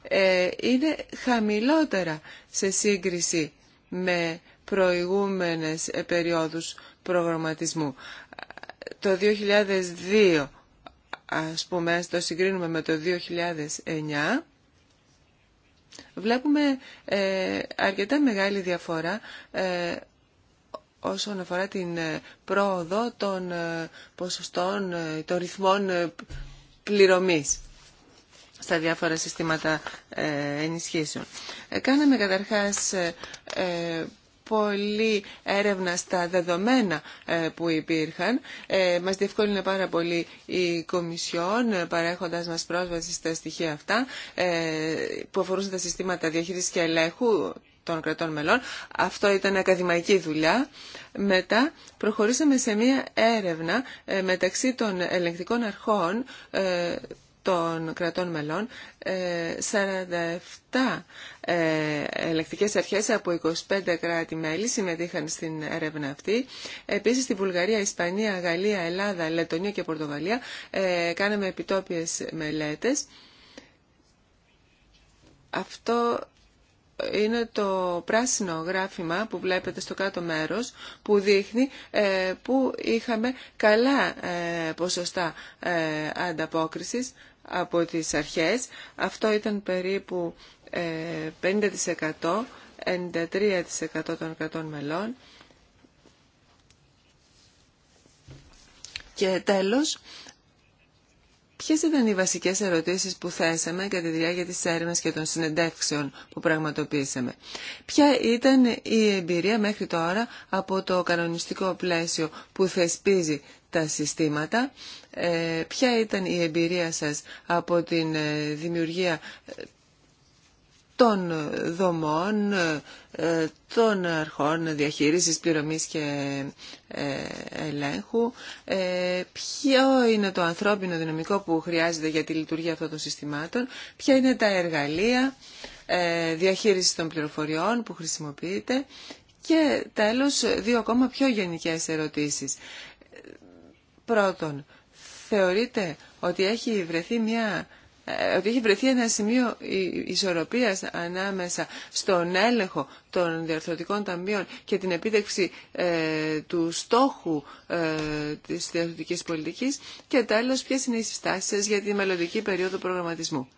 ε, είναι χαμηλότερα σε σύγκριση με προηγούμενες ε, περιόδους προγραμματισμού. Το 2002, ας πούμε, το συγκρίνουμε με το 2009, βλέπουμε ε, αρκετά μεγάλη διαφορά όσον αφορά την πρόοδο των ποσοστών, των ρυθμών πληρωμής στα διάφορα συστήματα ε, ενισχύσεων. Ε, κάναμε καταρχάς ε, πολύ έρευνα στα δεδομένα που υπήρχαν. Μας διευκόλυνε πάρα πολύ η Κομισιόν παρέχοντας μας πρόσβαση στα στοιχεία αυτά που αφορούσαν τα συστήματα διαχείρισης και ελέγχου των κρατών μελών. Αυτό ήταν ακαδημαϊκή δουλειά. Μετά προχωρήσαμε σε μία έρευνα μεταξύ των ελεγκτικών αρχών των κρατών μελών, 47 ε, ε, ελεκτικές αρχές από 25 κράτη-μέλη συμμετείχαν στην έρευνα αυτή. Επίσης, στη Βουλγαρία, Ισπανία, Γαλλία, Ελλάδα, Λετωνία και Πορτογαλία ε, κάναμε επιτόπιες μελέτες. Αυτό είναι το πράσινο γράφημα που βλέπετε στο κάτω μέρος που δείχνει που είχαμε καλά ποσοστά ανταπόκρισης από τις αρχές. Αυτό ήταν περίπου 50%, ε, 93% των 100 μελών. Και τέλος, ποιες ήταν οι βασικές ερωτήσεις που θέσαμε κατά τη διάρκεια της έρευνας και των συνεντεύξεων που πραγματοποίησαμε. Ποια ήταν η εμπειρία μέχρι τώρα από το κανονιστικό πλαίσιο που θεσπίζει τα συστήματα. Ε, ποια ήταν η εμπειρία σας από την ε, δημιουργία ε, των δομών, των αρχών διαχείρισης, πληρωμής και ελέγχου. Ποιο είναι το ανθρώπινο δυναμικό που χρειάζεται για τη λειτουργία αυτών των συστημάτων. Ποια είναι τα εργαλεία διαχείρισης των πληροφοριών που χρησιμοποιείται. Και τέλος, δύο ακόμα πιο γενικές ερωτήσεις. Πρώτον, θεωρείτε ότι έχει βρεθεί μια ε, ότι έχει βρεθεί ένα σημείο ισορροπίας ανάμεσα στον έλεγχο των διαρθρωτικών ταμείων και την επίτευξη ε, του στόχου ε, της διαρθρωτικής πολιτικής και τέλος ποιες είναι οι συστάσεις για τη μελλοντική περίοδο προγραμματισμού.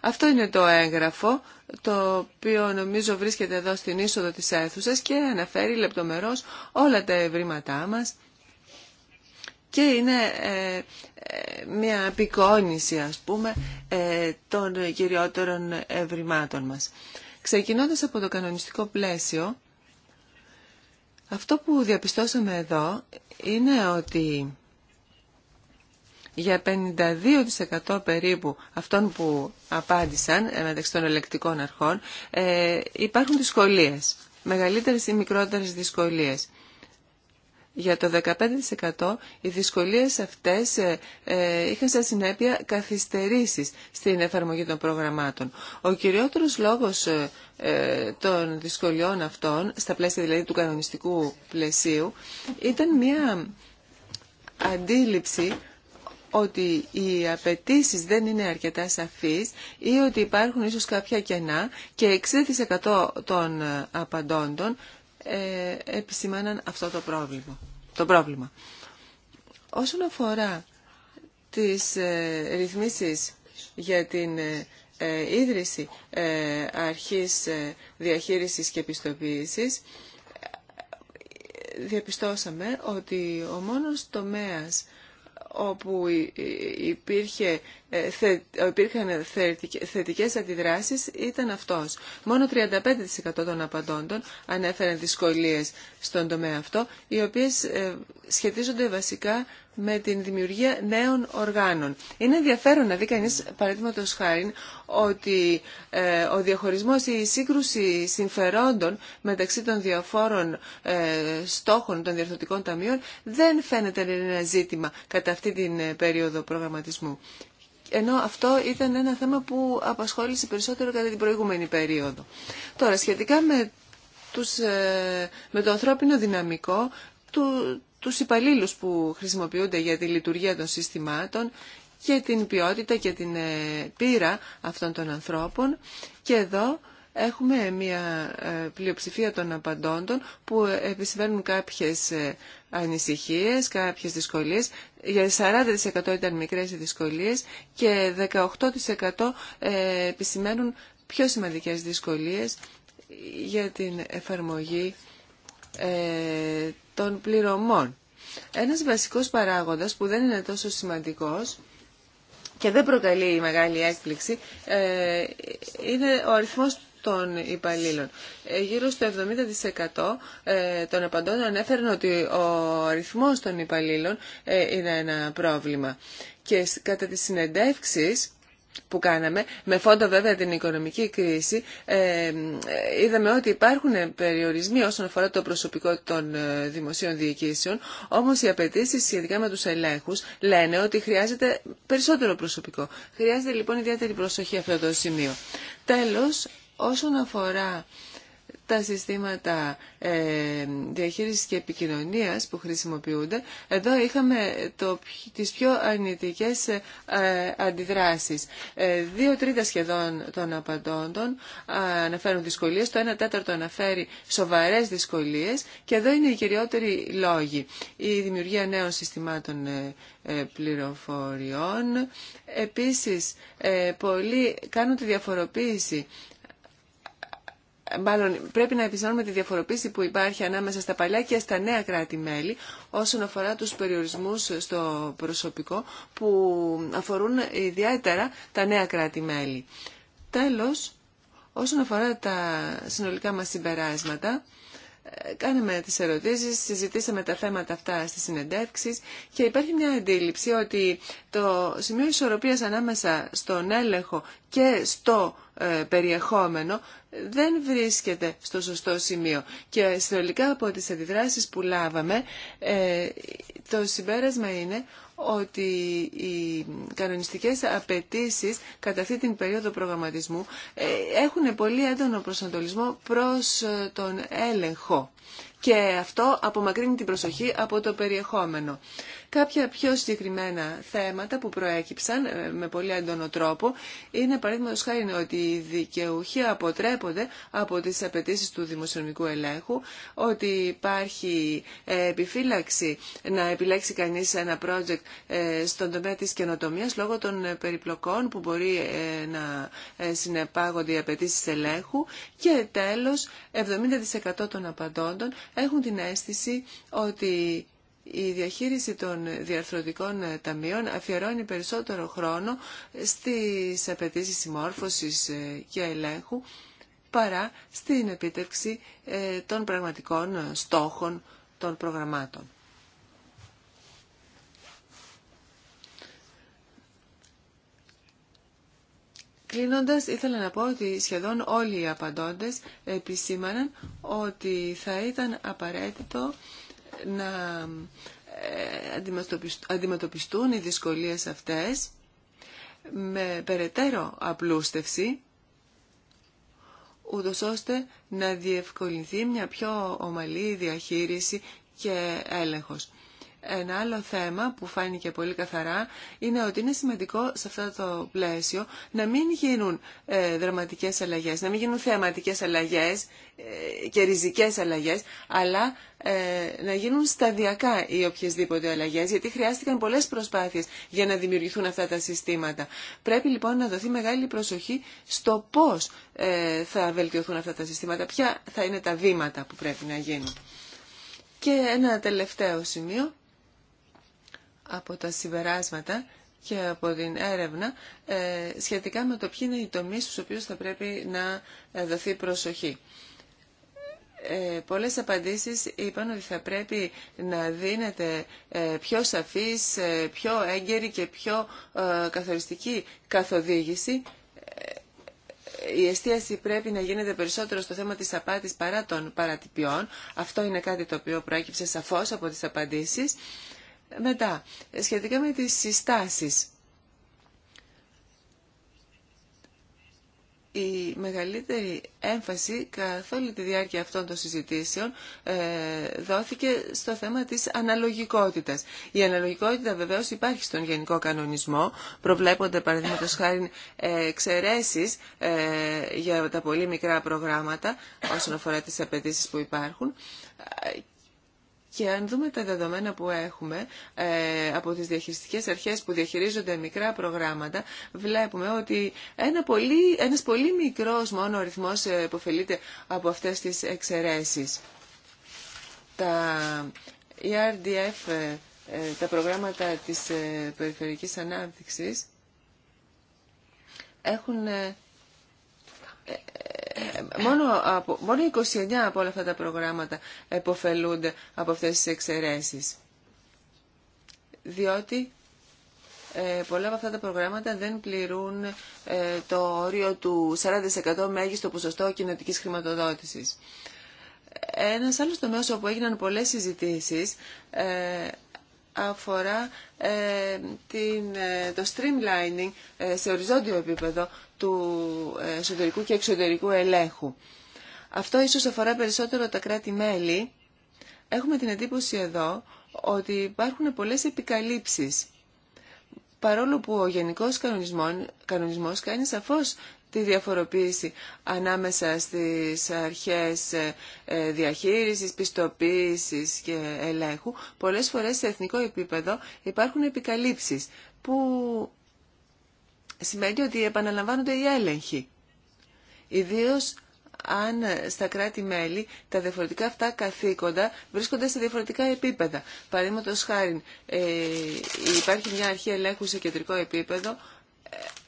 Αυτό είναι το έγγραφο, το οποίο νομίζω βρίσκεται εδώ στην είσοδο της αίθουσας και αναφέρει λεπτομερώς όλα τα ευρήματά μας και είναι ε, ε, μια απεικόνηση ας πούμε ε, των κυριότερων ευρημάτων μας. Ξεκινώντας από το κανονιστικό πλαίσιο, αυτό που διαπιστώσαμε εδώ είναι ότι για 52% περίπου αυτών που απάντησαν μεταξύ των ελεκτικών αρχών υπάρχουν δυσκολίες, μεγαλύτερες ή μικρότερες δυσκολίες. Για το 15% οι δυσκολίες αυτές ε, ε, είχαν σαν συνέπεια καθυστερήσεις στην εφαρμογή των προγραμμάτων. Ο κυριότερος λόγος ε, των δυσκολιών αυτών, στα πλαίσια δηλαδή του κανονιστικού πλαισίου, ήταν μια αντίληψη ότι οι απαιτήσει δεν είναι αρκετά σαφείς ή ότι υπάρχουν ίσως κάποια κενά και 60% των απαντώντων ε, επισημάναν αυτό το πρόβλημα το πρόβλημα. Όσον αφορά τις ε, ρυθμίσεις για την ε, ε, ίδρυση αρχής διαχείρισης και επιστοποίησης, διαπιστώσαμε ότι ο μόνος τομέας όπου υπήρχε, ε, υπήρχαν θετικές αντιδράσεις ήταν αυτός. Μόνο 35% των απαντώντων ανέφεραν δυσκολίες στον τομέα αυτό, οι οποίες ε, σχετίζονται βασικά με την δημιουργία νέων οργάνων. Είναι ενδιαφέρον να δει κανείς, παραδείγματο χάρη, ότι ε, ο διαχωρισμός ή η σύγκρουση συμφερόντων μεταξύ των διαφόρων ε, στόχων των διορθωτικών ταμείων δεν φαίνεται να είναι ένα ζήτημα κατά αυτή την ε, περίοδο προγραμματισμού. Ενώ αυτό ήταν ένα θέμα που απασχόλησε περισσότερο κατά την προηγούμενη περίοδο. Τώρα, σχετικά με, τους, με το ανθρώπινο δυναμικό του, τους υπαλλήλους που χρησιμοποιούνται για τη λειτουργία των συστημάτων και την ποιότητα και την ε, πείρα αυτών των ανθρώπων. Και εδώ έχουμε μια ε, πλειοψηφία των απαντώντων που επισημαίνουν κάποιες ε, ανησυχίες, κάποιες δυσκολίες. Για 40% ήταν μικρές οι δυσκολίες και 18% επισημαίνουν πιο σημαντικές δυσκολίες για την εφαρμογή ε, των πληρωμών. Ένας βασικός παράγοντας που δεν είναι τόσο σημαντικός και δεν προκαλεί μεγάλη έκπληξη ε, είναι ο αριθμός των υπαλλήλων. Ε, γύρω στο 70% των απαντών ανέφεραν ότι ο αριθμός των υπαλλήλων είναι ένα πρόβλημα. Και κατά τις συνεντεύξεις που κάναμε, με φόντο βέβαια την οικονομική κρίση, ε, ε, είδαμε ότι υπάρχουν περιορισμοί όσον αφορά το προσωπικό των ε, δημοσίων διοικήσεων, όμως οι απαιτήσει σχετικά με τους ελέγχους λένε ότι χρειάζεται περισσότερο προσωπικό. Χρειάζεται λοιπόν ιδιαίτερη προσοχή αυτό το σημείο. Τέλος, όσον αφορά τα συστήματα ε, διαχείρισης και επικοινωνίας που χρησιμοποιούνται, εδώ είχαμε το, τις πιο αρνητικές ε, αντιδράσεις. Ε, δύο τρίτα σχεδόν των απαντώντων αναφέρουν δυσκολίες, το ένα τέταρτο αναφέρει σοβαρές δυσκολίες και εδώ είναι οι κυριότεροι λόγοι. Η δημιουργία νέων συστημάτων πληροφοριών. Επίσης, πολλοί κάνουν τη διαφοροποίηση μάλλον πρέπει να επισημάνουμε τη διαφοροποίηση που υπάρχει ανάμεσα στα παλιά και στα νέα κράτη-μέλη όσον αφορά τους περιορισμούς στο προσωπικό που αφορούν ιδιαίτερα τα νέα κράτη-μέλη. Τέλος, όσον αφορά τα συνολικά μας συμπεράσματα, ε, κάναμε τις ερωτήσεις, συζητήσαμε τα θέματα αυτά στις συνεντεύξεις και υπάρχει μια αντίληψη ότι το σημείο ισορροπίας ανάμεσα στον έλεγχο και στο ε, περιεχόμενο δεν βρίσκεται στο σωστό σημείο. Και συνολικά από τις αντιδράσεις που λάβαμε, ε, το συμπέρασμα είναι ότι οι κανονιστικές απαιτήσει κατά αυτή την περίοδο προγραμματισμού ε, έχουν πολύ έντονο προσανατολισμό προς τον έλεγχο και αυτό απομακρύνει την προσοχή από το περιεχόμενο. Κάποια πιο συγκεκριμένα θέματα που προέκυψαν ε, με πολύ έντονο τρόπο είναι παραδείγματο χάρη ότι οι δικαιούχοι αποτρέπονται από τι απαιτήσει του δημοσιονομικού ελέγχου, ότι υπάρχει ε, επιφύλαξη να επιλέξει κανεί ένα project ε, στον τομέα τη καινοτομία λόγω των περιπλοκών που μπορεί να συνεπάγονται οι απαιτήσει ελέγχου και τέλο 70% των απαντώντων έχουν την αίσθηση ότι η διαχείριση των διαρθρωτικών ε, ταμείων αφιερώνει περισσότερο χρόνο στις απαιτήσει συμμόρφωσης ε, και ελέγχου παρά στην επίτευξη ε, των πραγματικών στόχων των προγραμμάτων. Κλείνοντας, ήθελα να πω ότι σχεδόν όλοι οι απαντώντες επισήμαναν ότι θα ήταν απαραίτητο να ε, αντιμετωπιστούν οι δυσκολίες αυτές με περαιτέρω απλούστευση, ούτως ώστε να διευκολυνθεί μια πιο ομαλή διαχείριση και έλεγχος. Ένα άλλο θέμα που φάνηκε πολύ καθαρά είναι ότι είναι σημαντικό σε αυτό το πλαίσιο να μην γίνουν ε, δραματικές αλλαγές, να μην γίνουν θεαματικές αλλαγές ε, και ριζικές αλλαγές, αλλά ε, να γίνουν σταδιακά οι οποιασδήποτε αλλαγές, γιατί χρειάστηκαν πολλές προσπάθειες για να δημιουργηθούν αυτά τα συστήματα. Πρέπει λοιπόν να δοθεί μεγάλη προσοχή στο πώς θα βελτιωθούν αυτά τα συστήματα, ποια θα είναι τα βήματα που πρέπει να γίνουν. Και ένα τελευταίο σημείο από τα συμπεράσματα και από την έρευνα ε, σχετικά με το ποιοι είναι οι τομείς στους οποίους θα πρέπει να ε, δοθεί προσοχή. Ε, πολλές απαντήσεις είπαν ότι θα πρέπει να δίνεται ε, πιο σαφής, πιο έγκαιρη και πιο καθοριστική καθοδήγηση. Η εστίαση πρέπει να γίνεται περισσότερο στο θέμα της απάτης παρά των παρατυπιών. Αυτό είναι κάτι το οποίο προέκυψε σαφώς από τις απαντήσεις. Μετά, σχετικά με τις συστάσεις. η μεγαλύτερη έμφαση καθ' όλη τη διάρκεια αυτών των συζητήσεων ε, δόθηκε στο θέμα της αναλογικότητας. Η αναλογικότητα βεβαίως υπάρχει στον γενικό κανονισμό. Προβλέπονται παραδείγματο χάρη εξαιρέσει ε, για τα πολύ μικρά προγράμματα όσον αφορά τις απαιτήσει που υπάρχουν και αν δούμε τα δεδομένα που έχουμε ε, από τις διαχειριστικές αρχές που διαχειρίζονται μικρά προγράμματα, βλέπουμε ότι ένα πολύ, ένας πολύ μικρός μόνο αριθμός ε, υποφελείται από αυτές τις εξαιρέσεις. Τα ERDF, ε, τα προγράμματα της περιφερειακής ανάπτυξης, έχουν μόνο, από, μόνο 29 από όλα αυτά τα προγράμματα εποφελούνται από αυτές τις εξαιρέσεις. Διότι ε, πολλά από αυτά τα προγράμματα δεν πληρούν ε, το όριο του 40% μέγιστο ποσοστό κοινωτική χρηματοδότησης. Ένας άλλος τομέας όπου έγιναν πολλές συζητήσεις ε, αφορά ε, την, ε, το streamlining ε, σε οριζόντιο επίπεδο του εσωτερικού και εξωτερικού ελέγχου. Αυτό ίσως αφορά περισσότερο τα κράτη-μέλη. Έχουμε την εντύπωση εδώ ότι υπάρχουν πολλές επικαλύψεις. Παρόλο που ο Γενικός Κανονισμός, κανονισμός κάνει σαφώς τη διαφοροποίηση ανάμεσα στις αρχές ε, ε, διαχείρισης, πιστοποίησης και ελέγχου. Πολλές φορές σε εθνικό επίπεδο υπάρχουν επικαλύψεις που σημαίνει ότι επαναλαμβάνονται οι έλεγχοι. Ιδίως αν στα κράτη-μέλη τα διαφορετικά αυτά καθήκοντα βρίσκονται σε διαφορετικά επίπεδα. Παραδείγματο χάρη, ε, υπάρχει μια αρχή ελέγχου σε κεντρικό επίπεδο,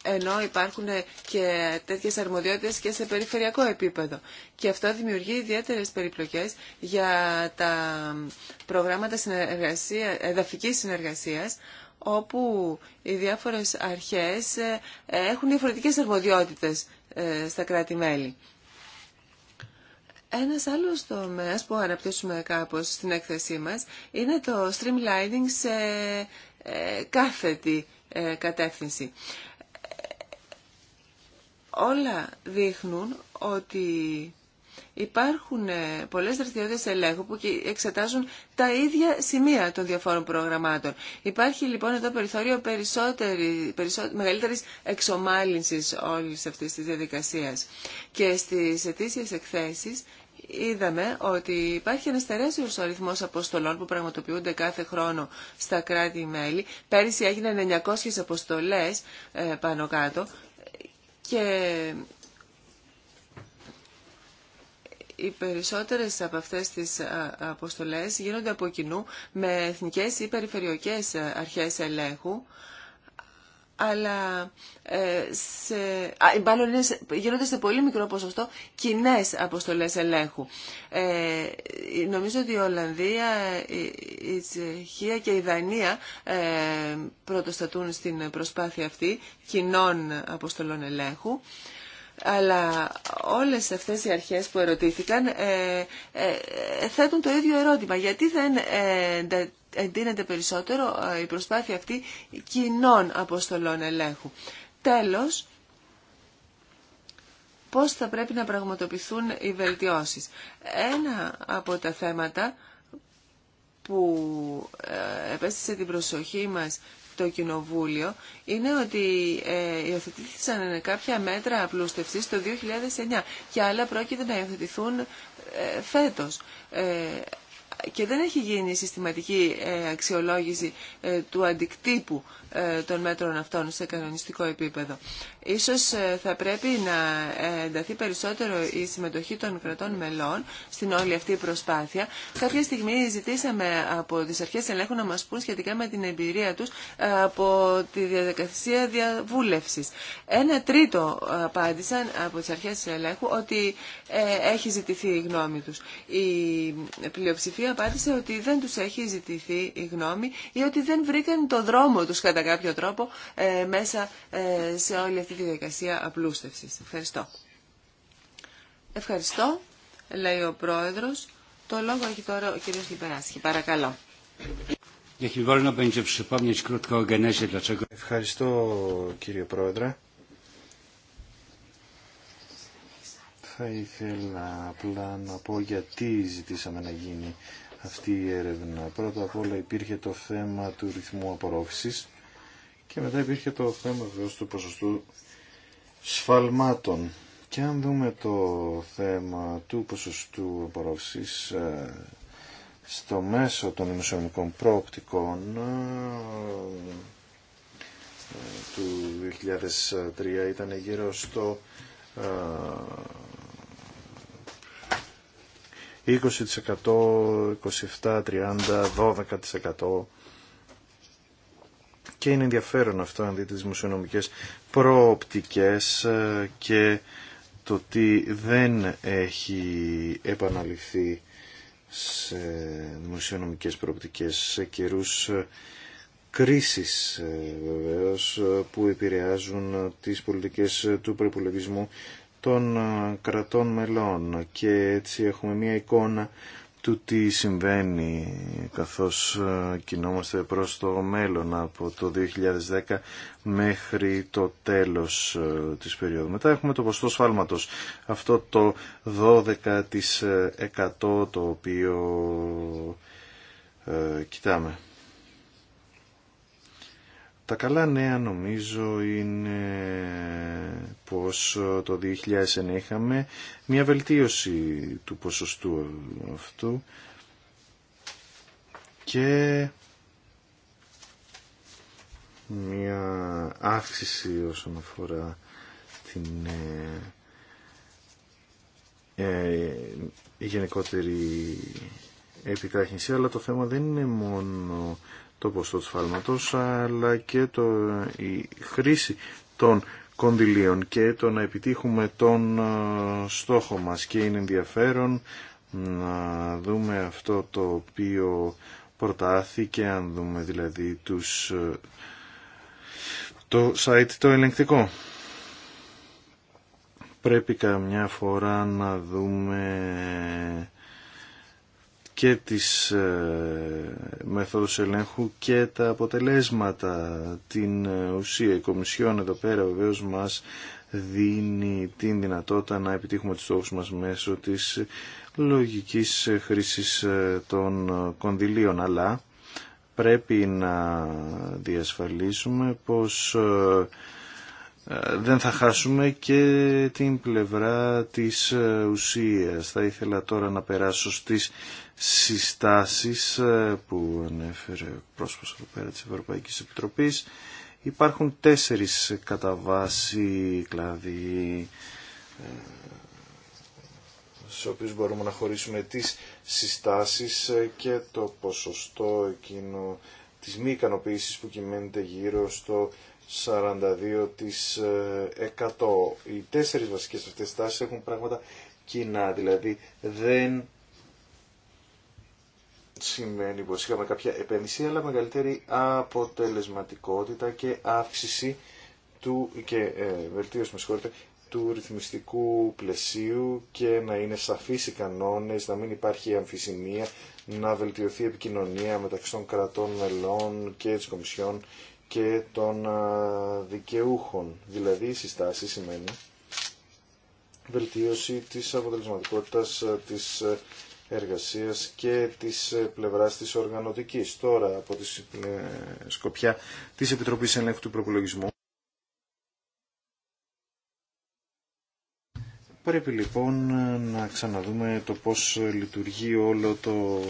ενώ υπάρχουν και τέτοιες αρμοδιότητες και σε περιφερειακό επίπεδο. Και αυτό δημιουργεί ιδιαίτερες περιπλοκές για τα προγράμματα συνεργασία, εδαφικής συνεργασίας, όπου οι διάφορες αρχές ε, έχουν διαφορετικές αρμοδιότητες ε, στα κράτη-μέλη. Ένας άλλος τομέας που αναπτύσσουμε κάπως στην έκθεσή μας είναι το streamlining σε ε, κάθετη κατεύθυνση όλα δείχνουν ότι υπάρχουν ε, πολλές δραστηριότητες ελέγχου που εξετάζουν τα ίδια σημεία των διαφόρων προγραμμάτων. Υπάρχει λοιπόν εδώ περιθώριο περισσότερη, περισσότερη, μεγαλύτερης εξομάλυνσης όλης αυτής της διαδικασίας. Και στις ετήσιες εκθέσεις είδαμε ότι υπάρχει ένας τεράστιος αριθμός αποστολών που πραγματοποιούνται κάθε χρόνο στα κράτη-μέλη. Πέρυσι έγιναν 900 αποστολές ε, πάνω κάτω και οι περισσότερες από αυτές τις ε, αποστολές γίνονται από κοινού με εθνικές ή περιφερειακές ε, αρχές ελέγχου αλλά ε, σε, α, μάλλον είναι, γίνονται σε πολύ μικρό ποσοστό κοινέ αποστολές ελέγχου. Ε, νομίζω ότι η Ολλανδία, ε, η, Τσεχία και η Δανία πρωτοστατούν στην προσπάθεια αυτή κοινών αποστολών ελέγχου. Αλλά όλες αυτές οι αρχές που ερωτήθηκαν θέτουν το ίδιο ερώτημα. Γιατί δεν εντείνεται περισσότερο ε, η προσπάθεια αυτή κοινών αποστολών ελέγχου. Τέλος, πώς θα πρέπει να πραγματοποιηθούν οι βελτιώσεις. Ένα από τα θέματα που ε, επέστησε την προσοχή μας το Κοινοβούλιο είναι ότι ε, υιοθετήθησαν κάποια μέτρα απλούστευσης το 2009 και άλλα πρόκειται να υιοθετηθούν ε, φέτος. Ε, και δεν έχει γίνει συστηματική ε, αξιολόγηση ε, του αντικτύπου ε, των μέτρων αυτών σε κανονιστικό επίπεδο. Ίσως ε, θα πρέπει να ε, ενταθεί περισσότερο η συμμετοχή των κρατών μελών στην όλη αυτή η προσπάθεια. Κάποια στιγμή ζητήσαμε από τις αρχές ελέγχου να μας πούν σχετικά με την εμπειρία τους ε, από τη διαδικασία διαβούλευσης. Ένα τρίτο απάντησαν από τις αρχές ελέγχου ότι έχει ζητηθεί η γνώμη τους. Η πλειοψηφία απάντησε ότι δεν τους έχει ζητηθεί η γνώμη ή ότι δεν βρήκαν το δρόμο τους κατά κάποιο τρόπο μέσα σε όλη αυτή τη διαδικασία απλούστευσης. Ευχαριστώ. Ευχαριστώ, λέει ο Πρόεδρος. Το λόγο έχει τώρα ο κύριο Λιπεράσχη. Παρακαλώ. Ευχαριστώ κύριε Πρόεδρε. Θα ήθελα απλά να πω γιατί ζητήσαμε να γίνει αυτή η έρευνα. Πρώτα απ' όλα υπήρχε το θέμα του ρυθμού απορρόφησης και μετά υπήρχε το θέμα βεβαίω του ποσοστού σφαλμάτων. Και αν δούμε το θέμα του ποσοστού απορρόφησης ε, στο μέσο των δημοσιονομικών προοπτικών ε, του 2003 ήταν γύρω στο 20%, 27%, 30%, 12%. Και είναι ενδιαφέρον αυτό αν δείτε τις δημοσιονομικές προοπτικές ε, και το τι δεν έχει επαναληφθεί σε δημοσιονομικές προοπτικές σε καιρούς ε, κρίσεις ε, βεβαίως που επηρεάζουν τις πολιτικές του προπολογισμού των κρατών μελών και έτσι έχουμε μια εικόνα του τι συμβαίνει καθώς ε, κινόμαστε προς το μέλλον από το 2010 μέχρι το τέλος ε, της περίοδου. Μετά έχουμε το ποστό σφάλματος, αυτό το 12% το οποίο ε, κοιτάμε. Τα καλά νέα νομίζω είναι πως ε, το 2009 είχαμε μια βελτίωση του ποσοστού αυτού και μια αύξηση όσον αφορά την ε, ε, η γενικότερη επιτάχυνση, αλλά το θέμα δεν είναι μόνο το ποστό του φάλματος αλλά και το, η χρήση των κονδυλίων και το να επιτύχουμε τον ε, στόχο μας και είναι ενδιαφέρον να δούμε αυτό το οποίο προτάθηκε αν δούμε δηλαδή τους, ε, το site το ελεγκτικό πρέπει καμιά φορά να δούμε και τις ε, μεθόδους ελέγχου και τα αποτελέσματα. Την ε, ουσία η Κομισιόν εδώ πέρα βεβαίως μας δίνει την δυνατότητα να επιτύχουμε τους στόχους μας μέσω της λογικής χρήσης ε, των κονδυλίων. Αλλά πρέπει να διασφαλίσουμε πως ε, δεν θα χάσουμε και την πλευρά της ε, ουσίας. Θα ήθελα τώρα να περάσω στις συστάσεις ε, που ανέφερε ο πρόσωπος εδώ πέρα της Ευρωπαϊκής Επιτροπής. Υπάρχουν τέσσερις κατά βάση κλαδί σε οποίους μπορούμε να χωρίσουμε τις συστάσεις και το ποσοστό εκείνο της μη ικανοποίησης που κυμαίνεται γύρω στο 42%. Ε, οι τέσσερις βασικές αυτές τάσεις έχουν πράγματα κοινά, δηλαδή δεν σημαίνει πως είχαμε κάποια επένδυση, αλλά μεγαλύτερη αποτελεσματικότητα και αύξηση του, και ε, του ρυθμιστικού πλαισίου και να είναι σαφείς οι κανόνες, να μην υπάρχει αμφισημία, να βελτιωθεί η επικοινωνία μεταξύ των κρατών μελών και της Κομισιόν και των δικαιούχων. Δηλαδή η συστάση σημαίνει βελτίωση της αποτελεσματικότητας της εργασίας και της πλευράς της οργανωτικής. Τώρα από τη ε, σκοπιά της Επιτροπής Ελέγχου του Προπολογισμού Πρέπει λοιπόν να ξαναδούμε το πώς λειτουργεί όλο το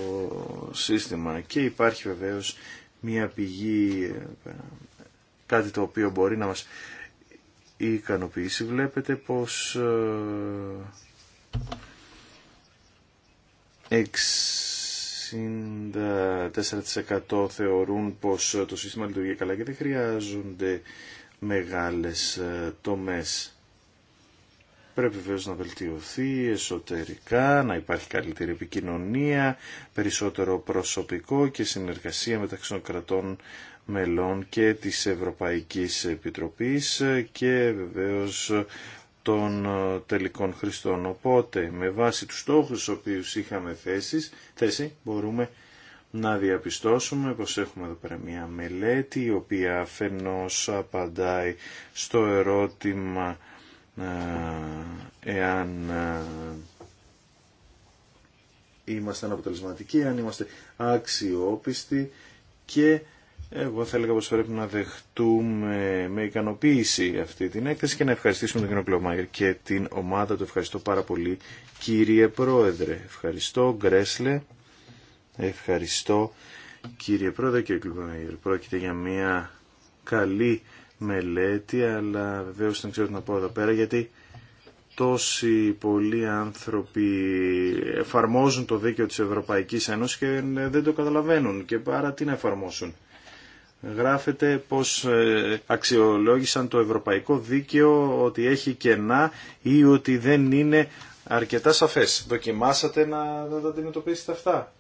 σύστημα και υπάρχει βεβαίως μια πηγή, κάτι το οποίο μπορεί να μας ικανοποιήσει. Βλέπετε πως 64% ε, θεωρούν πως ε, το σύστημα λειτουργεί καλά και δεν χρειάζονται μεγάλες ε, τομές. Πρέπει βέβαια να βελτιωθεί εσωτερικά, να υπάρχει καλύτερη επικοινωνία, περισσότερο προσωπικό και συνεργασία μεταξύ των κρατών μελών και της Ευρωπαϊκής Επιτροπής και βεβαίως των ε, τελικών χρηστών. Οπότε, με βάση τους στόχους τους οποίους είχαμε θέσεις, θέση, μπορούμε να διαπιστώσουμε πως έχουμε εδώ πέρα μια μελέτη η οποία αφενός απαντάει στο ερώτημα ε, εάν ε, είμαστε αναποτελεσματικοί, αν είμαστε αξιόπιστοι και εγώ θα έλεγα πως πρέπει να δεχτούμε με ικανοποίηση αυτή την έκθεση και να ευχαριστήσουμε τον κύριο Κλωμάγερ και την ομάδα του. Ευχαριστώ πάρα πολύ κύριε Πρόεδρε. Ευχαριστώ Γκρέσλε. Ευχαριστώ κύριε Πρόεδρε κύριε Κλωμάγερ. Πρόκειται για μια καλή μελέτη, αλλά βεβαίως δεν ξέρω τι να πω εδώ πέρα, γιατί τόσοι πολλοί άνθρωποι εφαρμόζουν το δίκαιο της Ευρωπαϊκής Ένωσης και δεν το καταλαβαίνουν και άρα τι να εφαρμόσουν. Γράφεται πως ε, αξιολόγησαν το ευρωπαϊκό δίκαιο ότι έχει κενά ή ότι δεν είναι αρκετά σαφές. Δοκιμάσατε να τα αντιμετωπίσετε αυτά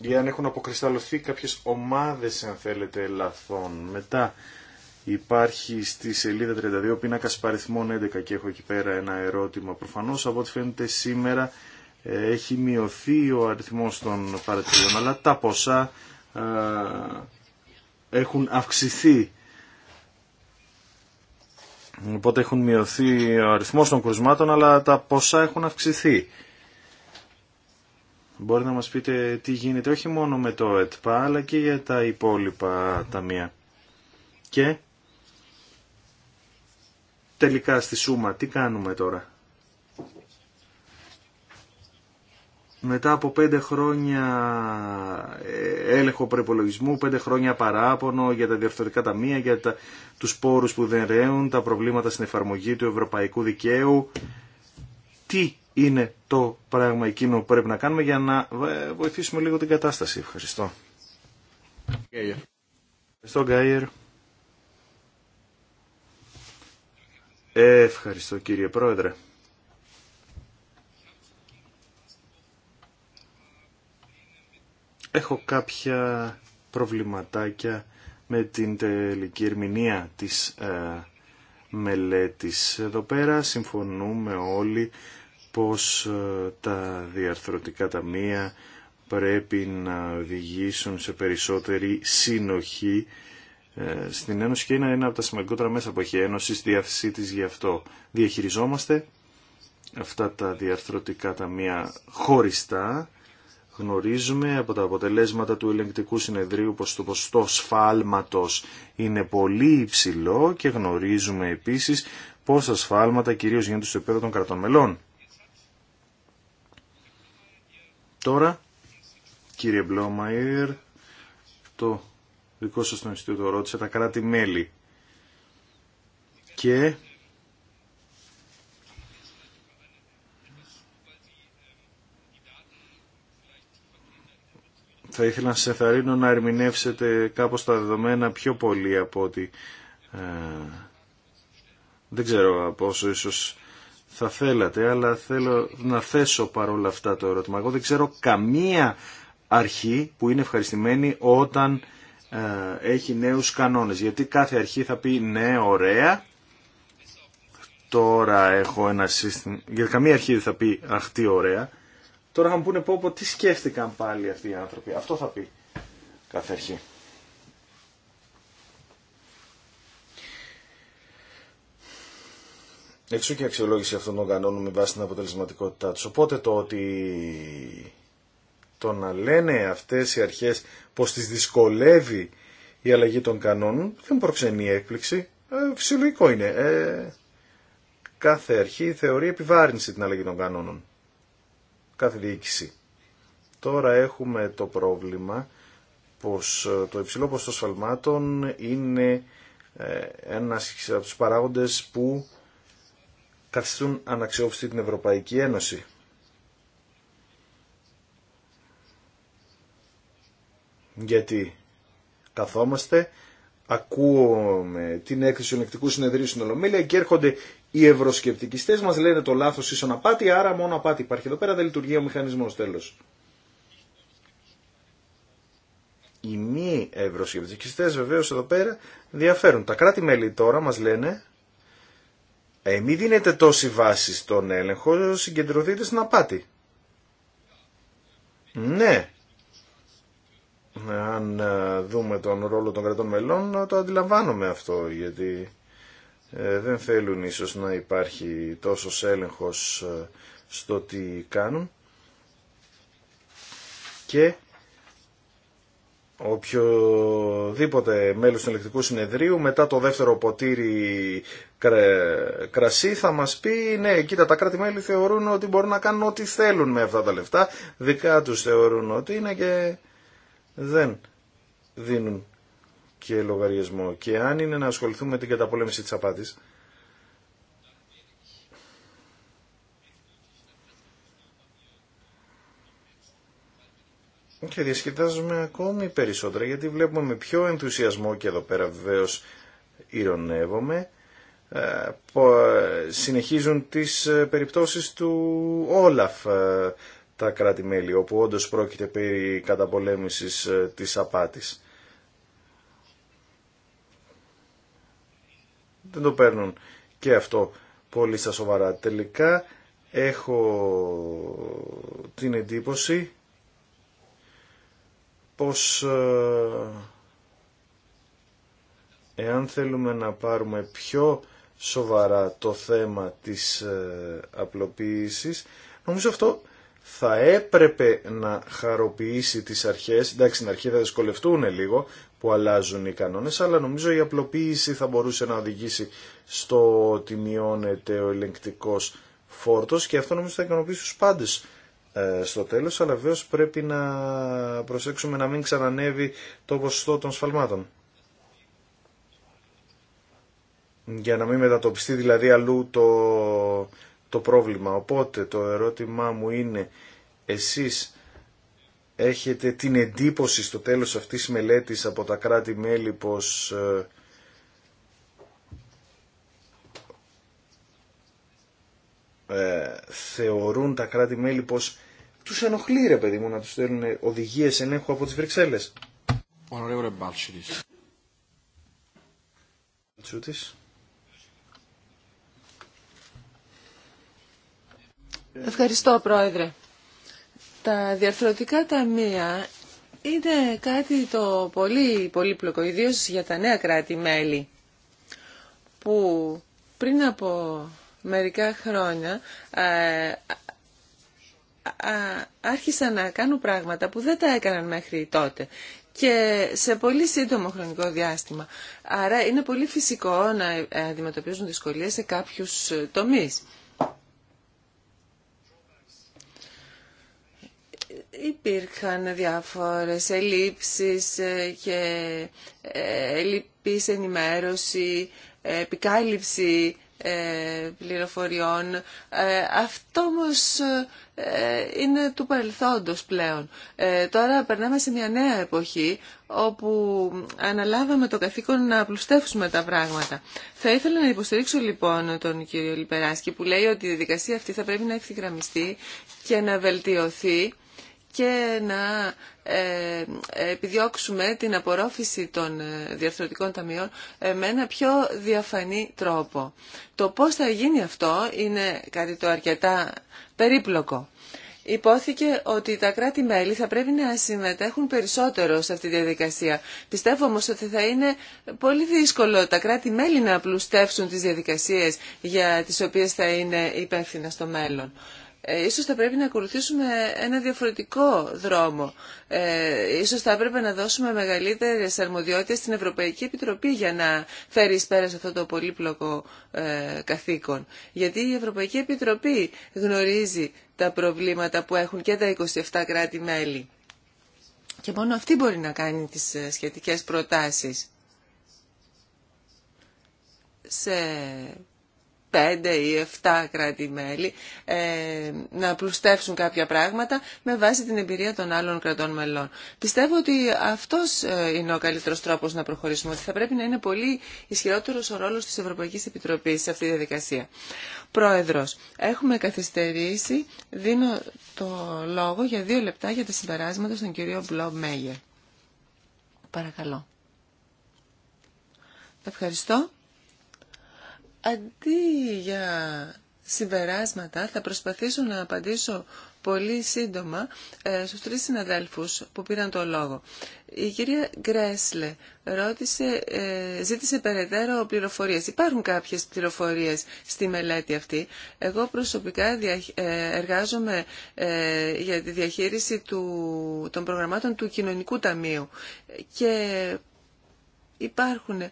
ή αν έχουν αποκρισταλωθεί κάποιες ομάδες, αν θέλετε, λαθών. Μετά υπάρχει στη σελίδα 32 πίνακας παριθμών 11 και έχω εκεί πέρα ένα ερώτημα. Προφανώς από ό,τι φαίνεται σήμερα ε, έχει μειωθεί ο αριθμός των παρατηρητών, αλλά τα ποσά ε, έχουν αυξηθεί. Οπότε έχουν μειωθεί ο αριθμός των κρουσμάτων, αλλά τα ποσά έχουν αυξηθεί. Μπορείτε να μας πείτε τι γίνεται όχι μόνο με το ΕΤΠΑ αλλά και για τα υπόλοιπα ταμεία. Και τελικά στη Σούμα τι κάνουμε τώρα. Μετά από πέντε χρόνια ε, έλεγχο προπολογισμού, πέντε χρόνια παράπονο για τα διορθωτικά ταμεία, για τα, τους πόρους που δεν ρέουν, τα προβλήματα στην εφαρμογή του ευρωπαϊκού δικαίου. Τι είναι το πράγμα εκείνο που πρέπει να κάνουμε για να ε, βοηθήσουμε λίγο την κατάσταση. Ευχαριστώ. Ευχαριστώ Γκάιερ. Ευχαριστώ κύριε Πρόεδρε. Έχω κάποια προβληματάκια με την τελική ερμηνεία της ε, μελέτης. Εδώ πέρα συμφωνούμε όλοι πως ε, τα διαρθρωτικά ταμεία πρέπει να οδηγήσουν σε περισσότερη συνοχή ε, στην Ένωση και είναι ένα από τα σημαντικότερα μέσα που έχει η Ένωση στη διάθεσή της γι' αυτό. Διαχειριζόμαστε αυτά τα διαρθρωτικά ταμεία χωριστά. Γνωρίζουμε από τα αποτελέσματα του ελεγκτικού συνεδρίου πως το ποστό σφάλματος είναι πολύ υψηλό και γνωρίζουμε επίσης πόσα σφάλματα κυρίως γίνονται στο επίπεδο των κρατών μελών. Τώρα, κύριε Μπλόμαϊρ, το δικό σας το Ινστιτούτο ρώτησε τα κράτη-μέλη και θα ήθελα να σε να ερμηνεύσετε κάπως τα δεδομένα πιο πολύ από ότι ε, δεν ξέρω από ίσως θα θέλατε, αλλά θέλω να θέσω παρόλα αυτά το ερώτημα. Εγώ δεν ξέρω καμία αρχή που είναι ευχαριστημένη όταν ε, έχει νέους κανόνες. Γιατί κάθε αρχή θα πει ναι, ωραία, τώρα έχω ένα σύστημα. Γιατί καμία αρχή δεν θα πει αχ, τι ωραία. Τώρα θα μου πούνε πω, πω τι σκέφτηκαν πάλι αυτοί οι άνθρωποι. Αυτό θα πει κάθε αρχή. Εξού και αξιολόγηση αυτών των κανόνων με βάση την αποτελεσματικότητά του. Οπότε το ότι το να λένε αυτές οι αρχές πω τι δυσκολεύει η αλλαγή των κανόνων δεν προξενεί έκπληξη. Ε, φυσιολογικό είναι. Ε, κάθε αρχή θεωρεί επιβάρυνση την αλλαγή των κανόνων. Κάθε διοίκηση. Τώρα έχουμε το πρόβλημα πως ε, το υψηλό ποσοστό σφαλμάτων είναι ε, ένας από τους παράγοντες που καθιστούν αναξιόπιστη την Ευρωπαϊκή Ένωση. Γιατί καθόμαστε, ακούμε την έκθεση του ελεκτικού συνεδρίου στην Ολομέλεια και έρχονται οι ευρωσκεπτικιστέ μας λένε το λάθος ίσον απάτη, άρα μόνο απάτη υπάρχει. Εδώ πέρα δεν λειτουργεί ο μηχανισμός τέλος. Οι μη ευρωσκεπτικιστές βεβαίω εδώ πέρα διαφέρουν. Τα κράτη-μέλη τώρα μα λένε ε, δίνετε τόση βάση στον έλεγχο, συγκεντρωθείτε στην απάτη. Ναι. Αν ε, δούμε τον ρόλο των κρατών μελών, το αντιλαμβάνομαι αυτό, γιατί ε, δεν θέλουν ίσως να υπάρχει τόσος έλεγχος ε, στο τι κάνουν. Και οποιοδήποτε μέλος του ελεκτικού συνεδρίου μετά το δεύτερο ποτήρι κρασί θα μας πει ναι κοίτα τα κράτη-μέλη θεωρούν ότι μπορούν να κάνουν ό,τι θέλουν με αυτά τα λεφτά δικά τους θεωρούν ότι είναι και δεν δίνουν και λογαριασμό και αν είναι να ασχοληθούμε με την καταπολέμηση της απάτης Και διασκεδάζουμε ακόμη περισσότερα γιατί βλέπουμε με πιο ενθουσιασμό και εδώ πέρα βεβαίω ηρωνεύομαι ε, ε, συνεχίζουν τις ε, περιπτώσεις του Όλαφ τα κράτη-μέλη όπου όντως πρόκειται περί καταπολέμησης της απάτης. Δεν το παίρνουν και αυτό πολύ στα σοβαρά. Τελικά έχω την εντύπωση πως ε, εάν θέλουμε να πάρουμε πιο σοβαρά το θέμα της ε, απλοποίησης, νομίζω αυτό θα έπρεπε να χαροποιήσει τις αρχές, εντάξει στην αρχή θα δυσκολευτούν λίγο που αλλάζουν οι κανόνες, αλλά νομίζω η απλοποίηση θα μπορούσε να οδηγήσει στο ότι μειώνεται ο ελεγκτικός φόρτος και αυτό νομίζω θα ικανοποιήσει τους πάντες ε, στο τέλος, αλλά βεβαίω πρέπει να προσέξουμε να μην ξανανεύει το ποσοστό των σφαλμάτων. Για να μην μετατοπιστεί δηλαδή αλλού το, το πρόβλημα. Οπότε το ερώτημά μου είναι εσείς έχετε την εντύπωση στο τέλος αυτής της μελέτης από τα κράτη-μέλη πως ε, ε, θεωρούν τα κράτη-μέλη πως τους ενοχλεί ρε παιδί μου να τους στέλνουν οδηγίες ενέχου από τις Βρυξέλλες. Ευχαριστώ Πρόεδρε. Τα διαρθρωτικά ταμεία είναι κάτι το πολύ πολύπλοκο, ιδίω για τα νέα κράτη-μέλη, που πριν από μερικά χρόνια ε, άρχισαν να κάνουν πράγματα που δεν τα έκαναν μέχρι τότε και σε πολύ σύντομο χρονικό διάστημα. Άρα είναι πολύ φυσικό να ε, αντιμετωπίζουν δυσκολίες σε κάποιους ε, τομείς. Υπήρχαν διάφορες ελλείψεις ε, και ελλειπής ενημέρωση, επικάλυψη ε, πληροφοριών. Ε, αυτό όμως ε, είναι του παρελθόντος πλέον. Τώρα περνάμε σε μια νέα εποχή όπου αναλάβαμε το καθήκον να απλουστεύσουμε τα πράγματα. Θα ήθελα να υποστηρίξω λοιπόν τον κύριο Λιπεράσκη που λέει ότι η διαδικασία αυτή θα πρέπει να ευθυγραμμιστεί και να βελτιωθεί και να ε, επιδιώξουμε την απορρόφηση των ε, διαρθρωτικών ταμείων ε, με ένα πιο διαφανή τρόπο. Το πώς θα γίνει αυτό είναι κάτι το αρκετά περίπλοκο. Υπόθηκε ότι τα κράτη-μέλη θα πρέπει να συμμετέχουν περισσότερο σε αυτή τη διαδικασία. Πιστεύω όμως ότι θα είναι πολύ δύσκολο τα κράτη-μέλη να απλουστεύσουν τις διαδικασίες για τις οποίες θα είναι υπεύθυνα στο μέλλον. Ε, ίσως θα πρέπει να ακολουθήσουμε ένα διαφορετικό δρόμο. Ε, ίσως θα έπρεπε να δώσουμε μεγαλύτερες αρμοδιότητες στην Ευρωπαϊκή Επιτροπή για να φέρει εις πέρα σε αυτό το πολύπλοκο ε, καθήκον. Γιατί η Ευρωπαϊκή Επιτροπή γνωρίζει τα προβλήματα που έχουν και τα 27 κράτη-μέλη. Και μόνο αυτή μπορεί να κάνει τις ε, σχετικές προτάσεις πέντε ή 7 κράτη-μέλη ε, να πλουστεύσουν κάποια πράγματα με βάση την εμπειρία των άλλων κρατών μελών. Πιστεύω ότι αυτός ε, είναι ο καλύτερος τρόπος να προχωρήσουμε, ότι θα πρέπει να είναι πολύ ισχυρότερος ο ρόλος της Ευρωπαϊκής Επιτροπής σε αυτή τη διαδικασία. Πρόεδρος, έχουμε καθυστερήσει. Δίνω το λόγο για δύο λεπτά για τα συμπεράσματα στον κύριο Μπλο Μέγερ. Παρακαλώ. Ευχαριστώ. Αντί για συμπεράσματα θα προσπαθήσω να απαντήσω πολύ σύντομα ε, στους τρεις συναδέλφους που πήραν το λόγο. Η κυρία Γκρέσλε ρώτησε, ε, ζήτησε περαιτέρω πληροφορίες. Υπάρχουν κάποιες πληροφορίες στη μελέτη αυτή. Εγώ προσωπικά ε, εργάζομαι για τη διαχείριση του, των προγραμμάτων του Κοινωνικού Ταμείου και υπάρχουν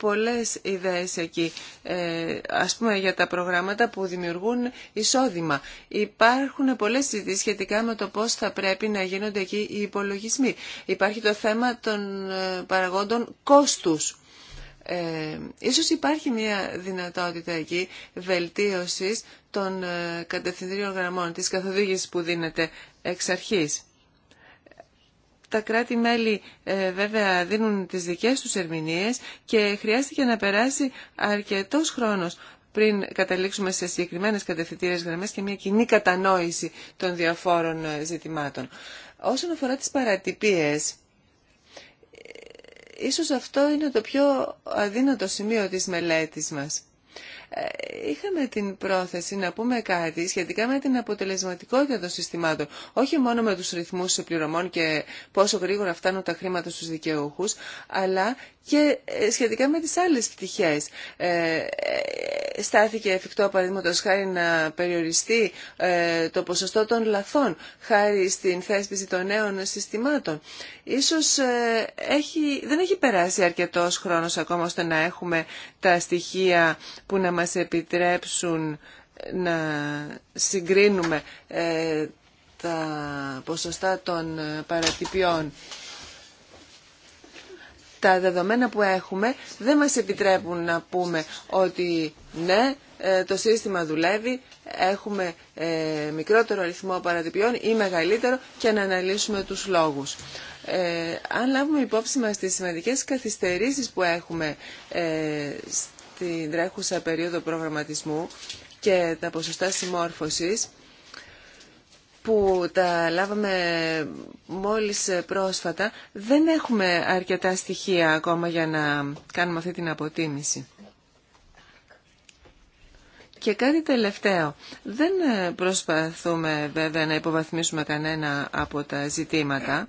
πολλές ιδέες εκεί, ε, ας πούμε για τα προγράμματα που δημιουργούν εισόδημα. Υπάρχουν πολλές συζητήσεις σχετικά με το πώς θα πρέπει να γίνονται εκεί οι υπολογισμοί. Υπάρχει το θέμα των ε, παραγόντων κόστους. Ε, ίσως υπάρχει μια δυνατότητα εκεί βελτίωσης των ε, κατευθυντήριων γραμμών της καθοδήγησης που δίνεται εξ αρχής. Τα κράτη-μέλη ε, βέβαια δίνουν τις δικές τους ερμηνείες και χρειάστηκε να περάσει αρκετός χρόνος πριν καταλήξουμε σε συγκεκριμένες κατευθυντήρες γραμμές και μια κοινή κατανόηση των διαφόρων ε, ζητημάτων. Όσον αφορά τις παρατυπίες, ε, ίσως αυτό είναι το πιο αδύνατο σημείο της μελέτης μας. Ε, είχαμε την πρόθεση να πούμε κάτι σχετικά με την αποτελεσματικότητα των συστημάτων. Όχι μόνο με τους ρυθμούς πληρωμών και πόσο γρήγορα φτάνουν τα χρήματα στους δικαιούχους, αλλά και ε, σχετικά με τις άλλες πτυχές. Ε, ε στάθηκε εφικτό, παραδείγματο χάρη να περιοριστεί το ποσοστό των λαθών, χάρη στην θέσπιση των νέων συστημάτων. Ίσως έχει, δεν έχει περάσει αρκετός χρόνος ακόμα ώστε να έχουμε τα στοιχεία που να μας επιτρέψουν να συγκρίνουμε ε, τα ποσοστά των παρατυπιών. Τα δεδομένα που έχουμε δεν μας επιτρέπουν να πούμε ότι ναι, ε, το σύστημα δουλεύει, έχουμε ε, μικρότερο αριθμό παρατυπιών ή μεγαλύτερο και να αναλύσουμε τους λόγους. αν λάβουμε υπόψη μας τις σημαντικές καθυστερήσεις που έχουμε την τρέχουσα περίοδο προγραμματισμού και τα ποσοστά συμμόρφωσης που τα λάβαμε μόλις πρόσφατα, δεν έχουμε αρκετά στοιχεία ακόμα για να κάνουμε αυτή την αποτίμηση. Και κάτι τελευταίο. Δεν προσπαθούμε βέβαια να υποβαθμίσουμε κανένα από τα ζητήματα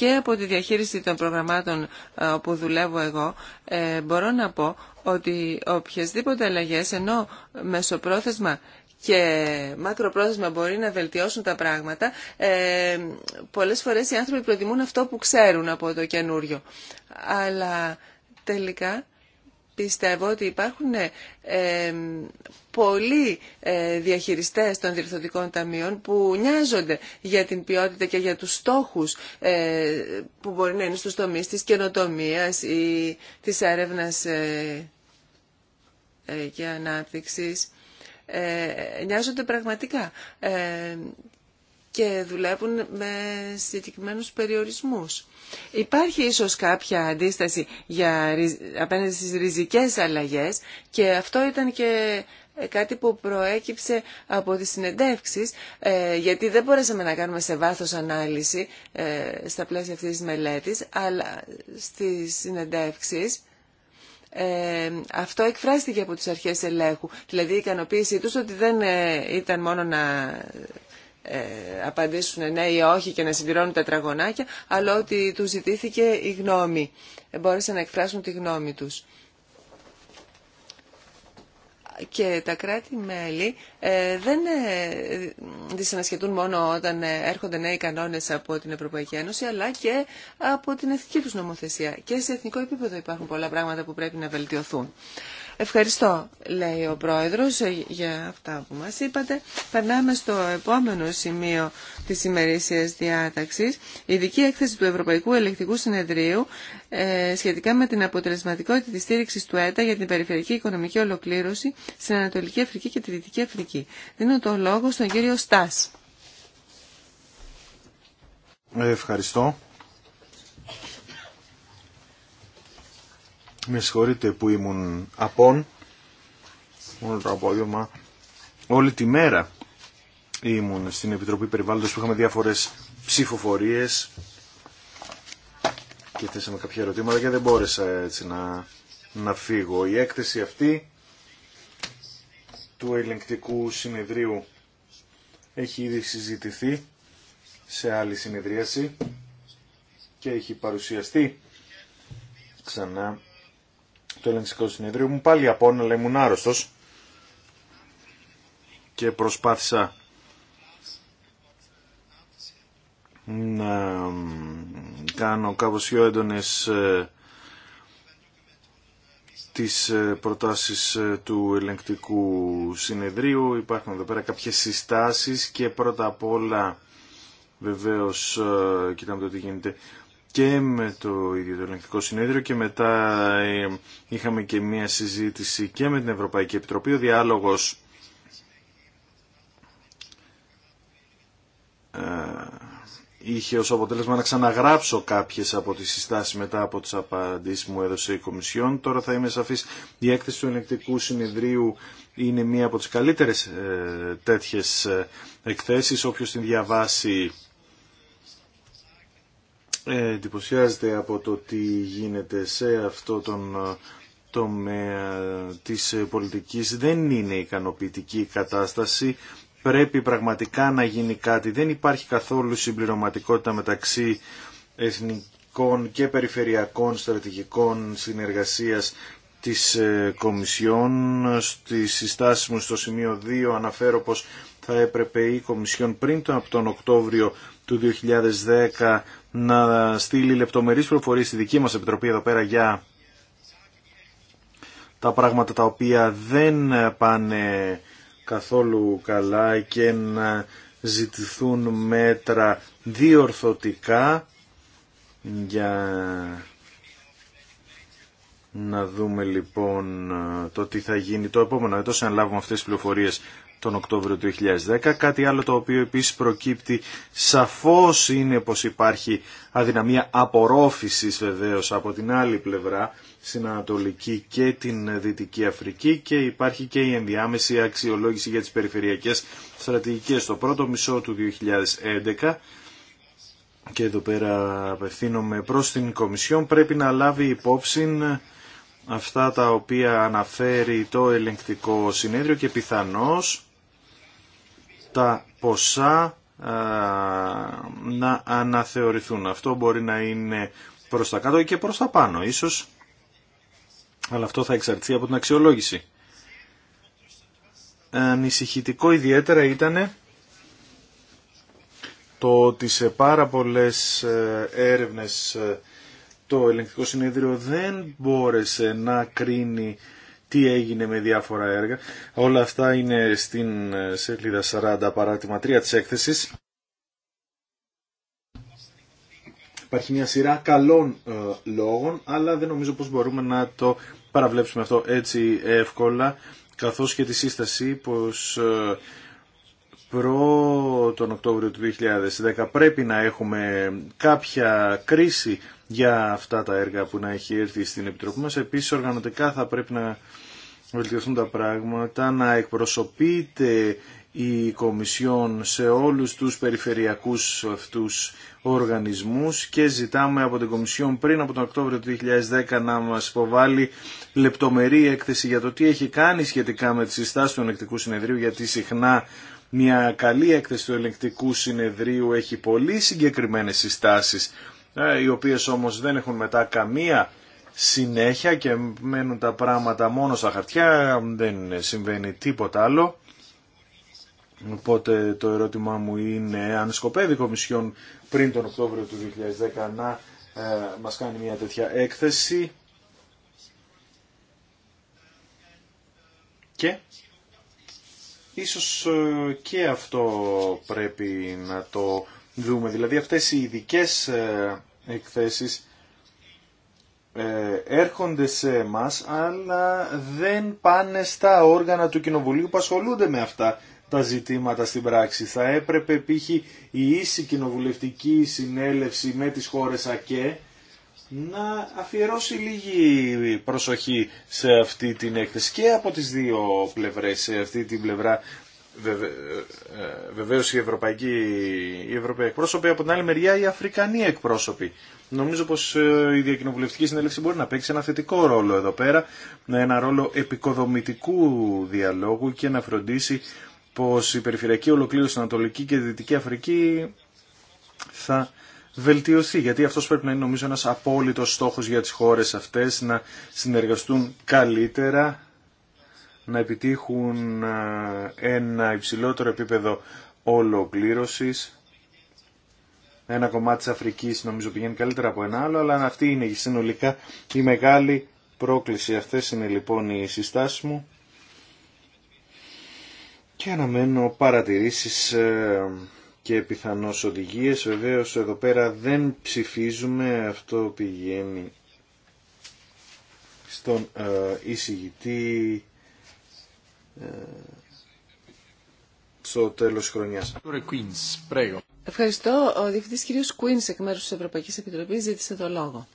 και από τη διαχείριση των προγραμμάτων ε, που δουλεύω εγώ ε, μπορώ να πω ότι οποιασδήποτε αλλαγέ ενώ μεσοπρόθεσμα και μακροπρόθεσμα μπορεί να βελτιώσουν τα πράγματα, ε, πολλές φορές οι άνθρωποι προτιμούν αυτό που ξέρουν από το καινούριο. Αλλά τελικά πιστεύω ότι υπάρχουν ε, ε, πολλοί ε, διαχειριστές των διευθυντικών ταμείων που νοιάζονται για την ποιότητα και για τους στόχους ε, που μπορεί να είναι στους τομείς της καινοτομίας ή της έρευνας ε, και ανάπτυξης. Νοιάζονται πραγματικά και δουλεύουν με συγκεκριμένου περιορισμούς. Υπάρχει ίσως κάποια αντίσταση για, απέναντι στις ριζικές αλλαγές και αυτό ήταν και ε, κάτι που προέκυψε από τις συνεντεύξεις, ε, γιατί δεν μπορέσαμε να κάνουμε σε βάθος ανάλυση ε, στα πλαίσια αυτής της μελέτης, αλλά στις συνεντεύξεις αυτό εκφράστηκε από τις αρχές ελέγχου. Δηλαδή η ικανοποίησή τους ότι δεν ήταν μόνο να ε, απαντήσουν ναι ή όχι και να συμπληρώνουν τα τραγωνάκια, αλλά ότι του ζητήθηκε η γνώμη. Ε, μπόρεσαν να εκφράσουν τη γνώμη τους. Και τα κράτη-μέλη ε, δεν δυσανασχετούν μόνο όταν έρχονται νέοι κανόνες από την Ευρωπαϊκή Ένωση, αλλά και από την εθνική τους νομοθεσία. Και σε εθνικό επίπεδο υπάρχουν πολλά πράγματα που πρέπει να βελτιωθούν. Ευχαριστώ, λέει ο Πρόεδρος, ε, για αυτά που μας είπατε. Περνάμε στο επόμενο σημείο της ημερήσιας διάταξης, η ειδική έκθεση του Ευρωπαϊκού Ελεκτικού Συνεδρίου ε, σχετικά με την αποτελεσματικότητα της στήριξης του ΕΤΑ για την περιφερειακή οικονομική ολοκλήρωση στην Ανατολική Αφρική και τη Δυτική Αφρική. Δίνω το λόγο στον κύριο Στάς. Ευχαριστώ. Με συγχωρείτε που ήμουν απόν μόνο το απόγευμα, όλη τη μέρα ήμουν στην Επιτροπή Περιβάλλοντος που είχαμε διάφορες ψηφοφορίες και θέσαμε κάποια ερωτήματα και δεν μπόρεσα έτσι να, να φύγω. Η έκθεση αυτή του ελεγκτικού συνεδρίου έχει ήδη συζητηθεί σε άλλη συνεδρίαση και έχει παρουσιαστεί ξανά του Ελληνικό συνεδρίο μου πάλι από αλλά ήμουν άρρωστο και προσπάθησα να κάνω κάπως πιο έντονες ε, τις ε, προτάσεις ε, του ελεγκτικού συνεδρίου. Υπάρχουν εδώ πέρα κάποιες συστάσεις και πρώτα απ' όλα βεβαίως κοιτάμε το τι γίνεται και με το ίδιο το ελεγκτικό συνέδριο και μετά ε, είχαμε και μία συζήτηση και με την Ευρωπαϊκή Επιτροπή. Ο διάλογος ε, είχε ως αποτέλεσμα να ξαναγράψω κάποιες από τις συστάσεις μετά από τις απαντήσεις που μου έδωσε η Κομισιόν. Τώρα θα είμαι σαφής, η έκθεση του ελεγκτικού συνεδρίου είναι μία από τις καλύτερες ε, τέτοιες εκθέσεις. Όποιος την διαβάσει ε, εντυπωσιάζεται από το τι γίνεται σε αυτό τον ε, τομέα της ε, πολιτικής. Δεν είναι ικανοποιητική η κατάσταση. Πρέπει πραγματικά να γίνει κάτι. Δεν υπάρχει καθόλου συμπληρωματικότητα μεταξύ εθνικών και περιφερειακών στρατηγικών συνεργασίας της Κομισιόν. Στις συστάσεις μου στο σημείο 2 αναφέρω πως θα έπρεπε η Κομισιόν πριν από τον Οκτώβριο του 2010 να στείλει λεπτομερείς πληροφορίες στη δική μας Επιτροπή εδώ πέρα για τα πράγματα τα οποία δεν πάνε καθόλου καλά και να ζητηθούν μέτρα διορθωτικά για να δούμε λοιπόν το τι θα γίνει το επόμενο έτος αν λάβουμε αυτές τις πληροφορίες τον Οκτώβριο του 2010. Κάτι άλλο το οποίο επίσης προκύπτει σαφώς είναι πως υπάρχει αδυναμία απορρόφησης βεβαίως από την άλλη πλευρά στην Ανατολική και την Δυτική Αφρική και υπάρχει και η ενδιάμεση αξιολόγηση για τις περιφερειακές στρατηγικές στο πρώτο μισό του 2011 και εδώ πέρα απευθύνομαι προς την Κομισιόν πρέπει να λάβει υπόψη αυτά τα οποία αναφέρει το ελεγκτικό συνέδριο και πιθανώς τα ποσά ε, να αναθεωρηθούν. Αυτό μπορεί να είναι προς τα κάτω και προς τα πάνω ίσως, αλλά αυτό θα εξαρτηθεί από την αξιολόγηση. Ανησυχητικό ιδιαίτερα ήταν το ότι σε πάρα πολλές ε, έρευνες ε, το ελεγκτικό συνέδριο δεν μπόρεσε να κρίνει τι έγινε με διάφορα έργα. Όλα αυτά είναι στην ε, σελίδα 40 παράτημα 3 της έκθεσης. Υπάρχει μια σειρά καλών ε, λόγων, αλλά δεν νομίζω πως μπορούμε να το παραβλέψουμε αυτό έτσι εύκολα, καθώς και τη σύσταση πως ε, προ τον Οκτώβριο του 2010 πρέπει να έχουμε κάποια κρίση για αυτά τα έργα που να έχει έρθει στην Επιτροπή μας. Επίσης οργανωτικά θα πρέπει να βελτιωθούν τα πράγματα, να εκπροσωπείται η Κομισιόν σε όλους τους περιφερειακούς αυτούς οργανισμούς και ζητάμε από την Κομισιόν πριν από τον Οκτώβριο του 2010 να μας υποβάλει λεπτομερή έκθεση για το τι έχει κάνει σχετικά με τις συστάσεις του Ελεκτικού Συνεδρίου γιατί συχνά μια καλή έκθεση του Ελεκτικού Συνεδρίου έχει πολύ συγκεκριμένες συστάσεις ε, οι οποίες όμως δεν έχουν μετά καμία συνέχεια και μένουν τα πράγματα μόνο στα χαρτιά, δεν συμβαίνει τίποτα άλλο. Οπότε το ερώτημά μου είναι αν σκοπεύει η Κομισιόν πριν τον Οκτώβριο του 2010 να ε, μας κάνει μια τέτοια έκθεση και ίσως ε, και αυτό πρέπει να το δούμε. Δηλαδή αυτές οι ειδικέ ε, εκθέσεις ε, έρχονται σε εμάς αλλά δεν πάνε στα όργανα του Κοινοβουλίου που ασχολούνται με αυτά τα ζητήματα στην πράξη. Θα έπρεπε π.χ. η ίση κοινοβουλευτική συνέλευση με τις χώρες ΑΚΕ να αφιερώσει λίγη προσοχή σε αυτή την έκθεση και από τις δύο πλευρές, σε αυτή την πλευρά ε, ε, βεβαίως οι ευρωπαϊκοί οι ευρωπαϊκοί εκπρόσωποι, από την άλλη μεριά οι αφρικανοί εκπρόσωποι. Νομίζω πως ε, η διακοινοβουλευτική συνέλευση μπορεί να παίξει ένα θετικό ρόλο εδώ πέρα, ένα ρόλο επικοδομητικού διαλόγου και να φροντίσει πως η περιφερειακή ολοκλήρωση στην Ανατολική και Δυτική Αφρική θα βελτιωθεί, γιατί αυτός πρέπει να είναι νομίζω ένας απόλυτος στόχος για τις χώρες αυτές να συνεργαστούν καλύτερα να επιτύχουν ε, ένα υψηλότερο επίπεδο ολοκλήρωσης. Ένα κομμάτι της Αφρικής νομίζω πηγαίνει καλύτερα από ένα άλλο, αλλά αυτή είναι συνολικά η μεγάλη πρόκληση. Αυτές είναι λοιπόν οι συστάσεις μου και αναμένω παρατηρήσεις ε, και πιθανώς οδηγίες. Βεβαίως εδώ πέρα δεν ψηφίζουμε, αυτό πηγαίνει στον ε, εισηγητή ε, στο τέλος της χρονιάς. Ευχαριστώ. Ο Διευθυντής κ. Κουίν εκ μέρου τη Ευρωπαϊκή Επιτροπή, ζήτησε το λόγο.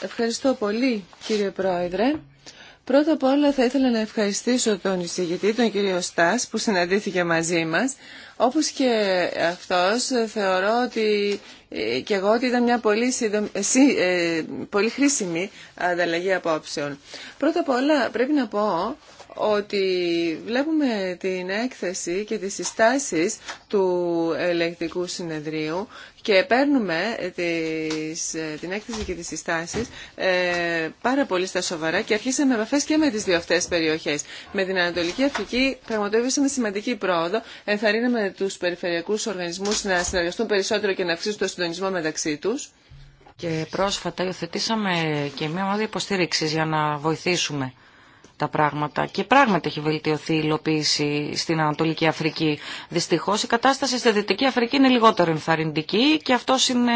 Ευχαριστώ πολύ κύριε Πρόεδρε. Πρώτα απ' όλα θα ήθελα να ευχαριστήσω τον εισηγητή, τον κύριο Στά, που συναντήθηκε μαζί μα, όπω και αυτό θεωρώ ότι ε, και εγώ ότι ήταν μια πολύ, σύντομη, ε, πολύ χρήσιμη ανταλλαγή απόψεων. Πρώτα απ' όλα πρέπει να πω ότι βλέπουμε την έκθεση και τις συστάσεις του ελεγκτικού συνεδρίου και παίρνουμε τις, την έκθεση και τις συστάσεις ε, πάρα πολύ στα σοβαρά και αρχίσαμε επαφές και με τις δύο αυτές περιοχές. Με την Ανατολική Αφρική πραγματοποιήσαμε σημαντική πρόοδο, ενθαρρύναμε τους περιφερειακούς οργανισμούς να συνεργαστούν περισσότερο και να αυξήσουν το συντονισμό μεταξύ τους. Και πρόσφατα υιοθετήσαμε και μια ομάδα υποστήριξης για να βοηθήσουμε τα πράγματα. Και πράγματι έχει βελτιωθεί η υλοποίηση στην Ανατολική Αφρική. Δυστυχώ η κατάσταση στη Δυτική Αφρική είναι λιγότερο ενθαρρυντική και αυτό είναι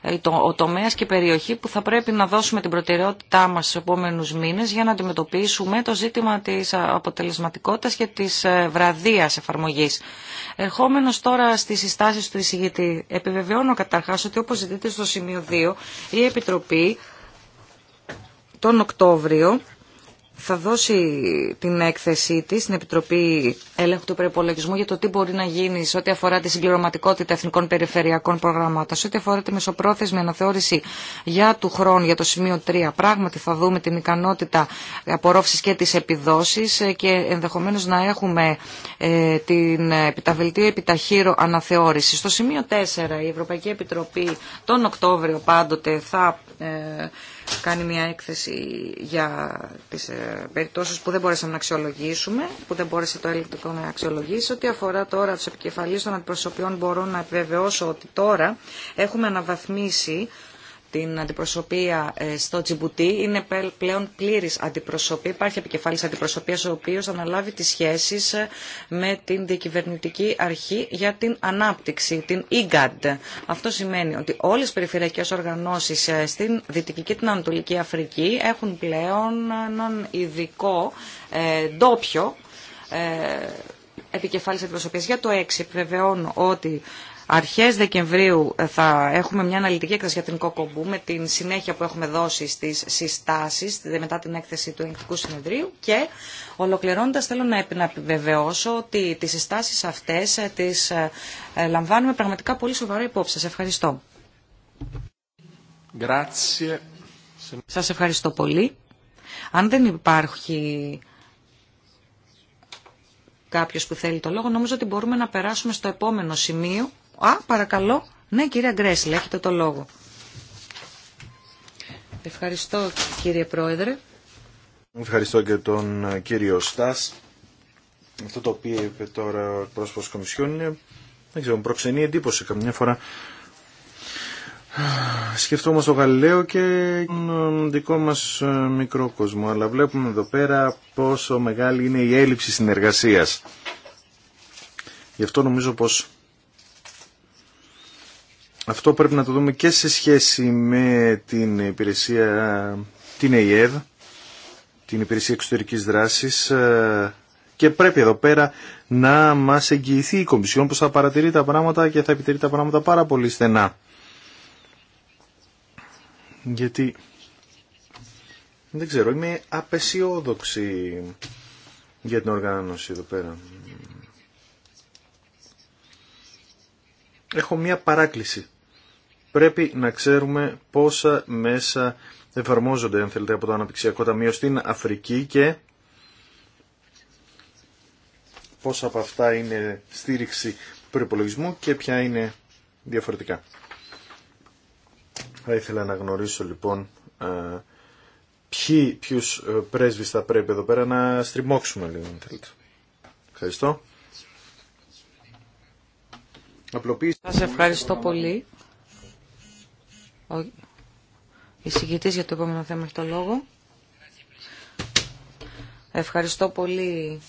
ε, ο τομέα και η περιοχή που θα πρέπει να δώσουμε την προτεραιότητά μα στου επόμενου μήνε για να αντιμετωπίσουμε το ζήτημα τη αποτελεσματικότητα και τη ε, βραδία εφαρμογή. Ερχόμενο τώρα στι συστάσει του εισηγητή, επιβεβαιώνω καταρχά ότι όπω ζητείτε στο σημείο 2, η Επιτροπή τον Οκτώβριο θα δώσει την έκθεσή τη στην Επιτροπή Έλεγχου του Προπολογισμού για το τι μπορεί να γίνει σε ό,τι αφορά τη συμπληρωματικότητα εθνικών περιφερειακών προγραμμάτων, σε ό,τι αφορά τη μεσοπρόθεσμη αναθεώρηση για του χρόνου, για το σημείο 3. Πράγματι θα δούμε την ικανότητα απορρόφησης και τις επιδόσεις και ενδεχομένω να έχουμε ε, την επιταβελτή επιταχύρω αναθεώρηση. Στο σημείο 4 η Ευρωπαϊκή Επιτροπή τον Οκτώβριο πάντοτε θα ε, κάνει μια έκθεση για τις ε, περιπτώσεις που δεν μπορέσαμε να αξιολογήσουμε, που δεν μπόρεσε το ελληνικό να αξιολογήσει. Ό,τι αφορά τώρα τους επικεφαλείς των αντιπροσωπιών μπορώ να επιβεβαιώσω ότι τώρα έχουμε αναβαθμίσει την αντιπροσωπεία ε, στο Τζιμπουτί. Είναι πλέον πλήρης αντιπροσωπή. Υπάρχει επικεφάλης αντιπροσωπείας ο οποίος αναλάβει τις σχέσεις ε, με την διακυβερνητική αρχή για την ανάπτυξη, την IGAD. Αυτό σημαίνει ότι όλες οι περιφερειακές οργανώσεις ε, στην Δυτική και την Ανατολική Αφρική έχουν πλέον έναν ειδικό ντόπιο επικεφάλης αντιπροσωπείας. Για το 6 επιβεβαιώνω ότι Αρχές Δεκεμβρίου ε, θα έχουμε μια αναλυτική έκθεση για την Κοκομπού με την συνέχεια που έχουμε δώσει στις συστάσεις μετά την έκθεση του Ενεκτικού Συνεδρίου και ολοκληρώνοντας θέλω να επιβεβαιώσω ότι τις συστάσεις αυτές ε, τις ε, λαμβάνουμε πραγματικά πολύ σοβαρά υπόψη. Σας ευχαριστώ. Grazie. Σας ευχαριστώ πολύ. Αν δεν υπάρχει κάποιος που θέλει το λόγο, νομίζω ότι μπορούμε να περάσουμε στο επόμενο σημείο Α, παρακαλώ. Ναι, κυρία Γκρέσλε, έχετε το λόγο. Ευχαριστώ, κύριε Πρόεδρε. Ευχαριστώ και τον ε, κύριο Στάς. Αυτό το οποίο είπε τώρα ο πρόσωπος Κομισιόν είναι, δεν ξέρω, μου εντύπωση καμιά φορά. Σκεφτόμαστε το Γαλιλαίο και τον δικό μας ε, μικρό κόσμο, αλλά βλέπουμε εδώ πέρα πόσο μεγάλη είναι η έλλειψη συνεργασίας. Γι' αυτό νομίζω πως αυτό πρέπει να το δούμε και σε σχέση με την υπηρεσία, την ΕΙΕΔ, την υπηρεσία εξωτερικής δράσης ε, και πρέπει εδώ πέρα να μας εγγυηθεί η Κομισιόν που θα παρατηρεί τα πράγματα και θα επιτηρεί τα πράγματα πάρα πολύ στενά. Γιατί, δεν ξέρω, είμαι απεσιόδοξη για την οργάνωση εδώ πέρα. Έχω μία παράκληση πρέπει να ξέρουμε πόσα μέσα εφαρμόζονται, αν θέλετε, από το Αναπτυξιακό Ταμείο στην Αφρική και πόσα από αυτά είναι στήριξη προπολογισμού και ποια είναι διαφορετικά. Θα ήθελα να γνωρίσω λοιπόν ποιοι, ποιους ε, πρέσβεις θα πρέπει εδώ πέρα να στριμώξουμε λίγο αν θέλετε. Ευχαριστώ. Σας ευχαριστώ πολύ. Ο εισηγητής για το επόμενο θέμα έχει το λόγο. Ευχαριστώ πολύ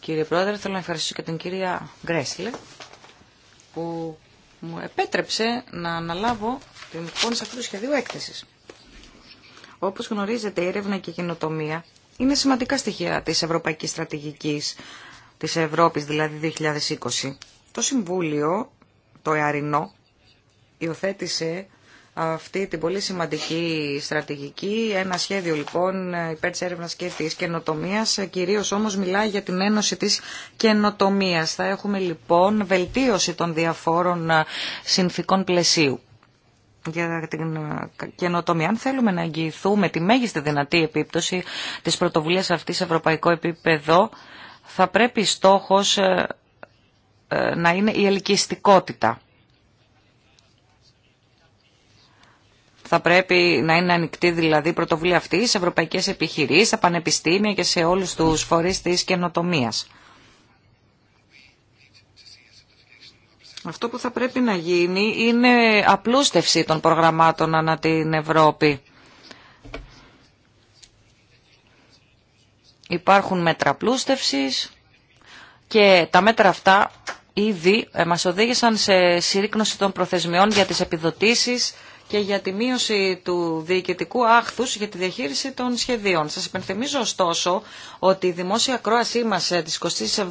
κύριε Πρόεδρε. Θέλω να ευχαριστήσω και την κυρία Γκρέσλε που μου επέτρεψε να αναλάβω την εκπόνηση αυτού του σχεδίου έκθεσης. Όπως γνωρίζετε, η έρευνα και η καινοτομία είναι σημαντικά στοιχεία της Ευρωπαϊκής Στρατηγικής της Ευρώπης, δηλαδή 2020. Το Συμβούλιο, το ΕΑΡΙΝΟ, υιοθέτησε αυτή την πολύ σημαντική στρατηγική, ένα σχέδιο λοιπόν υπέρ της έρευνας και της καινοτομίας, κυρίως όμως μιλάει για την ένωση της καινοτομίας. Θα έχουμε λοιπόν βελτίωση των διαφόρων ε, συνθήκων πλαισίου για την ε, καινοτομία. Αν θέλουμε να εγγυηθούμε τη μέγιστη δυνατή επίπτωση της πρωτοβουλίας αυτής σε ευρωπαϊκό επίπεδο, θα πρέπει στόχος ε, να είναι η ελκυστικότητα Θα πρέπει να είναι ανοιχτή δηλαδή η πρωτοβουλία αυτή σε ευρωπαϊκές επιχειρήσεις, στα πανεπιστήμια και σε όλους τους φορείς της καινοτομία. Αυτό που θα πρέπει να γίνει είναι απλούστευση των προγραμμάτων ανά την Ευρώπη. Υπάρχουν μέτρα απλούστευσης και τα μέτρα αυτά ήδη μας οδήγησαν σε συρρήκνωση των προθεσμιών για τις επιδοτήσεις και για τη μείωση του διοικητικού άχθου για τη διαχείριση των σχεδίων. Σας υπενθυμίζω ωστόσο ότι η δημόσια ακρόασή μα τη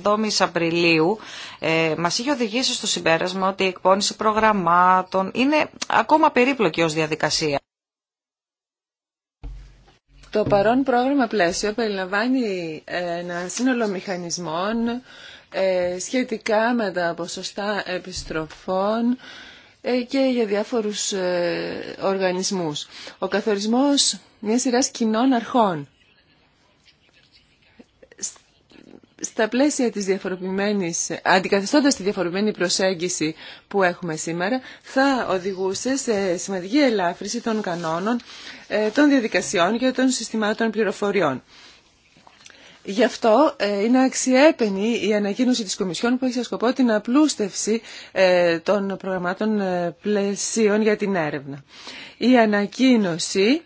27 η Απριλίου ε, μας είχε οδηγήσει στο συμπέρασμα ότι η εκπόνηση προγραμμάτων είναι ακόμα περίπλοκη ως διαδικασία. Το παρόν πρόγραμμα πλαίσιο περιλαμβάνει ε, ένα σύνολο μηχανισμών ε, σχετικά με τα ποσοστά επιστροφών, ε, και για διάφορους ε, οργανισμούς. Ο καθορισμός μια σειράς κοινών αρχών στα πλαίσια της διαφοροποιημένης, αντικαθιστώντας τη διαφοροποιημένη προσέγγιση που έχουμε σήμερα, θα οδηγούσε σε σημαντική ελάφρυση των κανόνων, ε, των διαδικασιών και των συστημάτων πληροφοριών. Γι' αυτό ε, είναι αξιέπαινη η ανακοίνωση της Κομισιόν που έχει σαν σκοπό την απλούστευση ε, των προγραμμάτων ε, πλαισίων για την έρευνα. Η ανακοίνωση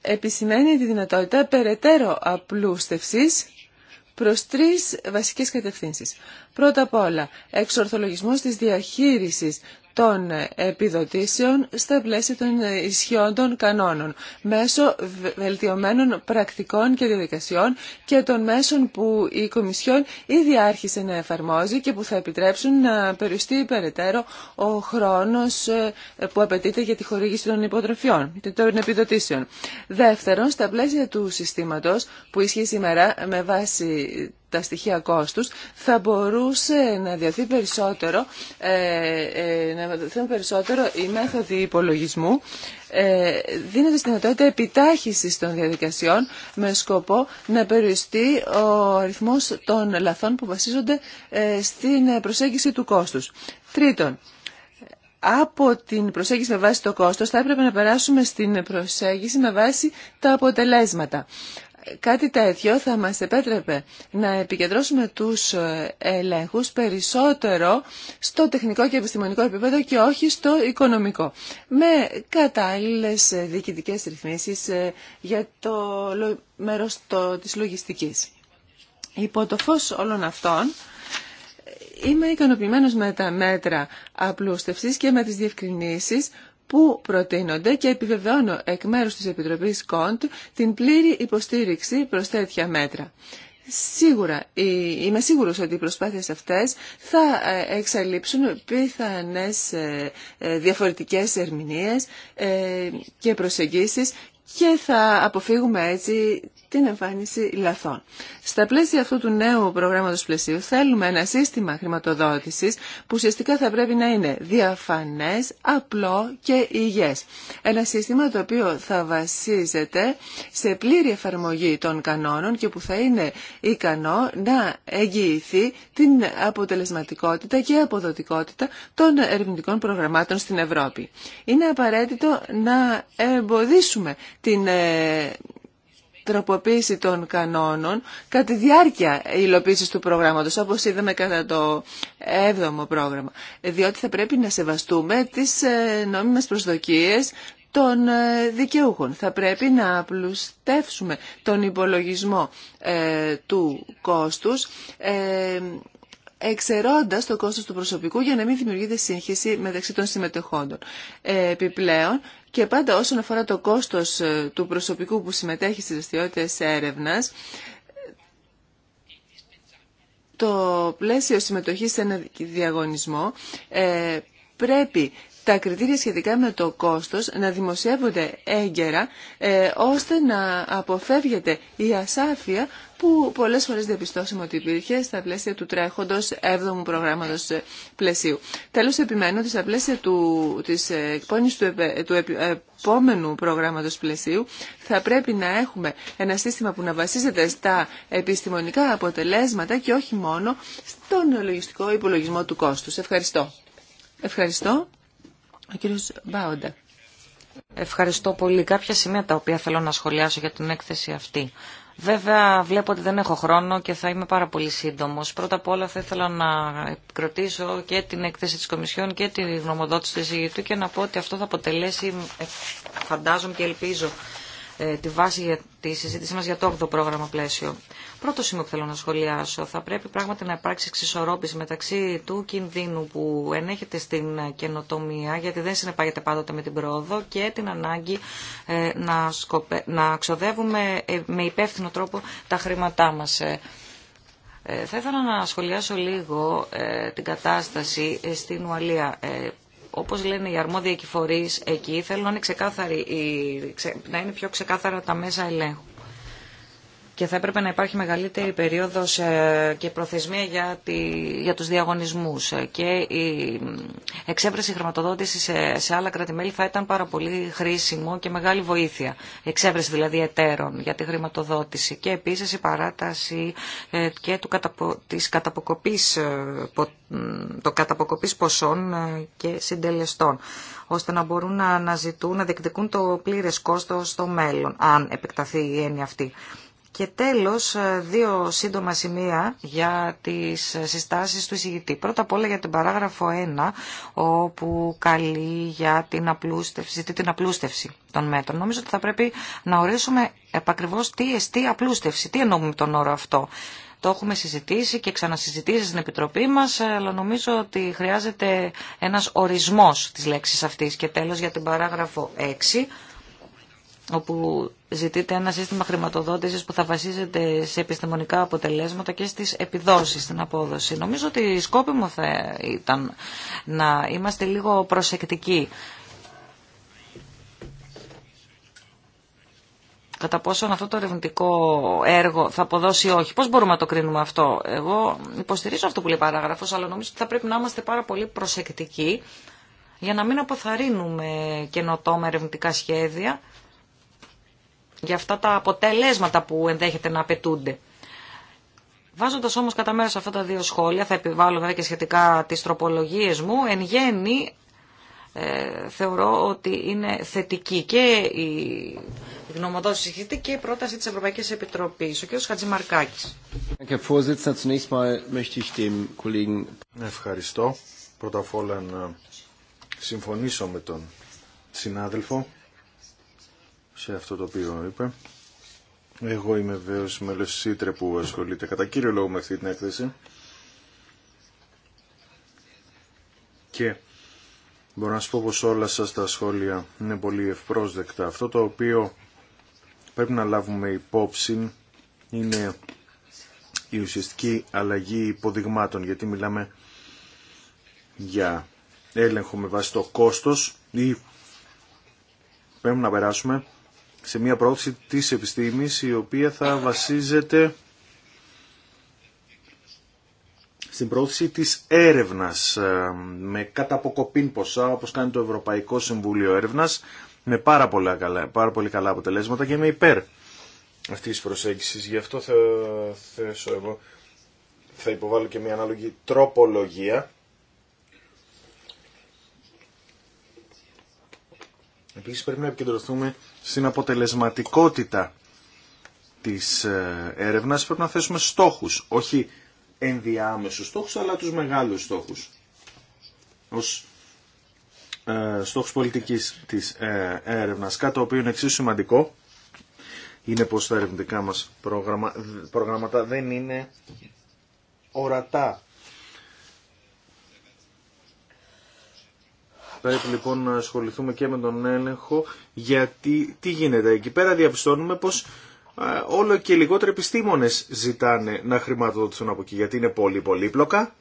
επισημαίνει τη δυνατότητα περαιτέρω απλούστευσης προς τρεις βασικές κατευθύνσεις. Πρώτα απ' όλα, εξορθολογισμός της διαχείρισης των επιδοτήσεων στα πλαίσια των ισχυών των κανόνων, μέσω βελτιωμένων πρακτικών και διαδικασιών και των μέσων που η Κομισιόν ήδη άρχισε να εφαρμόζει και που θα επιτρέψουν να περιουστεί περαιτέρω ο χρόνος ε, που απαιτείται για τη χορήγηση των υποτροφιών των επιδοτήσεων. Δεύτερον, στα πλαίσια του συστήματος που ισχύει σήμερα με βάση τα στοιχεία κόστους θα μπορούσε να διαθεί περισσότερο, ε, ε, να περισσότερο η μέθοδη υπολογισμού ε, δίνεται στην δυνατότητα επιτάχυσης των διαδικασιών με σκοπό να περιοριστεί ο αριθμός των λαθών που βασίζονται στην προσέγγιση του κόστους. Τρίτον, από την προσέγγιση με βάση το κόστος θα έπρεπε να περάσουμε στην προσέγγιση με βάση τα αποτελέσματα. Κάτι τέτοιο θα μας επέτρεπε να επικεντρώσουμε τους ε, ελέγχους περισσότερο στο τεχνικό και επιστημονικό επίπεδο και όχι στο οικονομικό. Με κατάλληλες ε, διοικητικές ρυθμίσεις ε, για το μέρος της λογιστικής. Υπό το φως όλων αυτών, είμαι ικανοποιημένος με τα μέτρα απλούστευσης και με τις διευκρινήσεις που προτείνονται και επιβεβαιώνω εκ μέρους της Επιτροπής Κοντ την πλήρη υποστήριξη προς τέτοια μέτρα. Σίγουρα, είμαι σίγουρος ότι οι προσπάθειες αυτές θα ε, εξαλείψουν πιθανές ε, ε, διαφορετικές ερμηνείες και προσεγγίσεις και θα αποφύγουμε έτσι την εμφάνιση λαθών. Στα πλαίσια αυτού του νέου προγράμματος πλαισίου θέλουμε ένα σύστημα χρηματοδότησης που ουσιαστικά θα πρέπει να είναι διαφανές, απλό και υγιές. Ένα σύστημα το οποίο θα βασίζεται σε πλήρη εφαρμογή των κανόνων και που θα είναι ικανό να εγγυηθεί την αποτελεσματικότητα και αποδοτικότητα των ερευνητικών προγραμμάτων στην Ευρώπη. Είναι απαραίτητο να εμποδίσουμε την ε, τροποποίηση των κανόνων κατά τη διάρκεια υλοποίησης του προγράμματος, όπως είδαμε κατά το 7ο πρόγραμμα. Διότι θα πρέπει να σεβαστούμε τις ε, νόμιμες προσδοκίες των ε, δικαιούχων. Θα πρέπει να απλουστεύσουμε τον υπολογισμό ε, του κόστους εξαιρώντα το κόστος του προσωπικού για να μην δημιουργείται σύγχυση μεταξύ των συμμετεχόντων. Ε, επιπλέον, και πάντα όσον αφορά το κόστος ε, του προσωπικού που συμμετέχει στι δραστηριότητε έρευνα, το πλαίσιο συμμετοχή σε ένα διαγωνισμό ε, πρέπει τα κριτήρια σχετικά με το κόστος να δημοσιεύονται έγκαιρα ε, ώστε να αποφεύγεται η ασάφεια που πολλές φορές διαπιστώσαμε ότι υπήρχε στα πλαίσια του τρέχοντος 7ου προγράμματος πλαισίου. Τέλος επιμένω ότι στα πλαίσια του, της εκπόνησης του, επόμενου προγράμματος πλαισίου θα πρέπει να έχουμε ένα σύστημα που να βασίζεται στα επιστημονικά αποτελέσματα και όχι μόνο στον λογιστικό υπολογισμό του κόστους. Ευχαριστώ. Ευχαριστώ. Ευχαριστώ πολύ. Κάποια σημεία τα οποία θέλω να σχολιάσω για την έκθεση αυτή. Βέβαια βλέπω ότι δεν έχω χρόνο και θα είμαι πάρα πολύ σύντομος. Πρώτα απ' όλα θα ήθελα να επικροτήσω και την έκθεση της Κομισιόν και τη γνωμοδότηση της και να πω ότι αυτό θα αποτελέσει, φαντάζομαι και ελπίζω, ε, τη βάση για τη συζήτησή μας για το 8ο πρόγραμμα πλαίσιο. Πρώτο σημείο που θέλω να σχολιάσω, θα πρέπει πράγματι να υπάρξει εξισορρόπηση μεταξύ του κινδύνου που ενέχεται στην καινοτομία, γιατί δεν συνεπάγεται πάντοτε με την πρόοδο, και την ανάγκη ε, να, σκοπε... να ξοδεύουμε ε, με υπεύθυνο τρόπο τα χρήματά μας. Θα ήθελα να σχολιάσω λίγο την κατάσταση στην Ουαλία όπως λένε οι αρμόδιοι φορείς εκεί, θέλουν να είναι, ξεκάθαροι, να είναι πιο ξεκάθαρα τα μέσα ελέγχου και θα έπρεπε να υπάρχει μεγαλύτερη περίοδος ε, και προθεσμία για, τη, για τους διαγωνισμούς ε, και η εξέβρεση χρηματοδότησης σε, άλλα κράτη-μέλη θα ήταν πάρα πολύ χρήσιμο και μεγάλη βοήθεια. εξέβρεση δηλαδή εταίρων για τη χρηματοδότηση και επίσης η παράταση ε, και του καταπο, της καταποκοπής, το καταποκοπής ποσών και συντελεστών ώστε να μπορούν να αναζητούν, να διεκδικούν το πλήρες κόστος στο μέλλον, αν επεκταθεί η έννοια αυτή. Και τέλος, ε, δύο σύντομα σημεία για τις συστάσεις του εισηγητή. Πρώτα απ' όλα για την παράγραφο 1, όπου καλεί για την απλούστευση, την απλούστευση των μέτρων. Νομίζω ότι θα πρέπει να ορίσουμε επακριβώς τι εστί απλούστευση, τι εννοούμε τον όρο αυτό. Το έχουμε συζητήσει και ξανασυζητήσει στην Επιτροπή μας, αλλά νομίζω ότι χρειάζεται ένας ορισμός της λέξης αυτής. Και τέλος για την παράγραφο 6, όπου ζητείτε ένα σύστημα χρηματοδότησης που θα βασίζεται σε επιστημονικά αποτελέσματα και στις επιδόσεις, στην απόδοση. Νομίζω ότι σκόπιμο θα ήταν να είμαστε λίγο προσεκτικοί. Κατά πόσο αυτό το ερευνητικό έργο θα αποδώσει όχι. Πώς μπορούμε να το κρίνουμε αυτό. Εγώ υποστηρίζω αυτό που λέει παράγραφος, αλλά νομίζω ότι θα πρέπει να είμαστε πάρα πολύ προσεκτικοί για να μην αποθαρρύνουμε καινοτόμα ερευνητικά σχέδια για αυτά τα αποτελέσματα που ενδέχεται να απαιτούνται. Βάζοντα όμω κατά μέρο αυτά τα δύο σχόλια, θα επιβάλλω βέβαια και σχετικά τι τροπολογίε μου, εν γέννη ε, θεωρώ ότι είναι θετική και η γνωμοδότηση και η πρόταση της Ευρωπαϊκή Επιτροπής. Ο κ. Χατζημαρκάκης. Ευχαριστώ. Πρώτα απ' όλα να συμφωνήσω με τον συνάδελφο σε αυτό το οποίο είπε. Εγώ είμαι βέβαιο μέλο Ήτρε που ασχολείται κατά κύριο λόγο με αυτή την έκθεση. Και μπορώ να σα πω πω όλα σα τα σχόλια είναι πολύ ευπρόσδεκτα. Αυτό το οποίο πρέπει να λάβουμε υπόψη είναι η ουσιαστική αλλαγή υποδειγμάτων, γιατί μιλάμε για έλεγχο με βάση το κόστος ή πρέπει να περάσουμε σε μια πρόθεση της επιστήμης η οποία θα βασίζεται στην πρόθεση της έρευνας ε, με καταποκοπήν ποσά όπως κάνει το Ευρωπαϊκό Συμβούλιο Έρευνας με πάρα, πολλά καλά, πάρα πολύ καλά αποτελέσματα και με υπέρ αυτής της προσέγγισης. Γι' αυτό θα θέσω εγώ, θα υποβάλω και μια ανάλογη τροπολογία. Επίσης πρέπει να επικεντρωθούμε στην αποτελεσματικότητα της ε, έρευνας πρέπει να θέσουμε στόχους, όχι ενδιάμεσους στόχους, αλλά τους μεγάλους στόχους. Ως ε, στόχους πολιτικής της ε, έρευνας, κάτι το οποίο είναι εξίσου σημαντικό, είναι πως τα ερευνητικά μας προγράμματα δεν είναι ορατά Πρέπει λοιπόν να ασχοληθούμε και με τον έλεγχο γιατί τι γίνεται. Εκεί πέρα διαπιστώνουμε πως όλο και λιγότερο επιστήμονες ζητάνε να χρηματοδοτηθούν από εκεί γιατί είναι πολύ πολύπλοκα.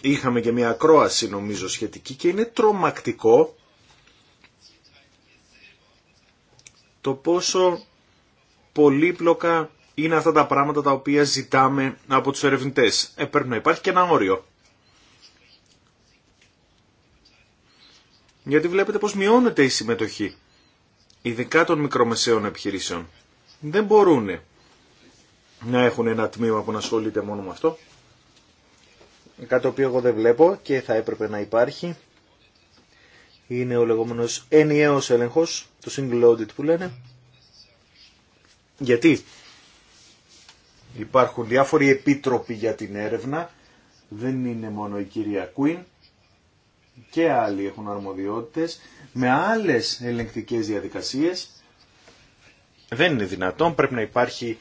Είχαμε και μια ακρόαση νομίζω σχετική και είναι τρομακτικό το πόσο πολύπλοκα είναι αυτά τα πράγματα τα οποία ζητάμε από τους ερευνητές. Ε, πρέπει να υπάρχει και ένα όριο. γιατί βλέπετε πως μειώνεται η συμμετοχή, ειδικά των μικρομεσαίων επιχειρήσεων. Δεν μπορούν να έχουν ένα τμήμα που να ασχολείται μόνο με αυτό. Κάτι το οποίο εγώ δεν βλέπω και θα έπρεπε να υπάρχει είναι ο λεγόμενος ενιαίος έλεγχος, το single audit που λένε. Γιατί υπάρχουν διάφοροι επίτροποι για την έρευνα, δεν είναι μόνο η κυρία Queen, και άλλοι έχουν αρμοδιότητες με άλλες ελεγκτικές διαδικασίες. Δεν είναι δυνατόν, πρέπει να υπάρχει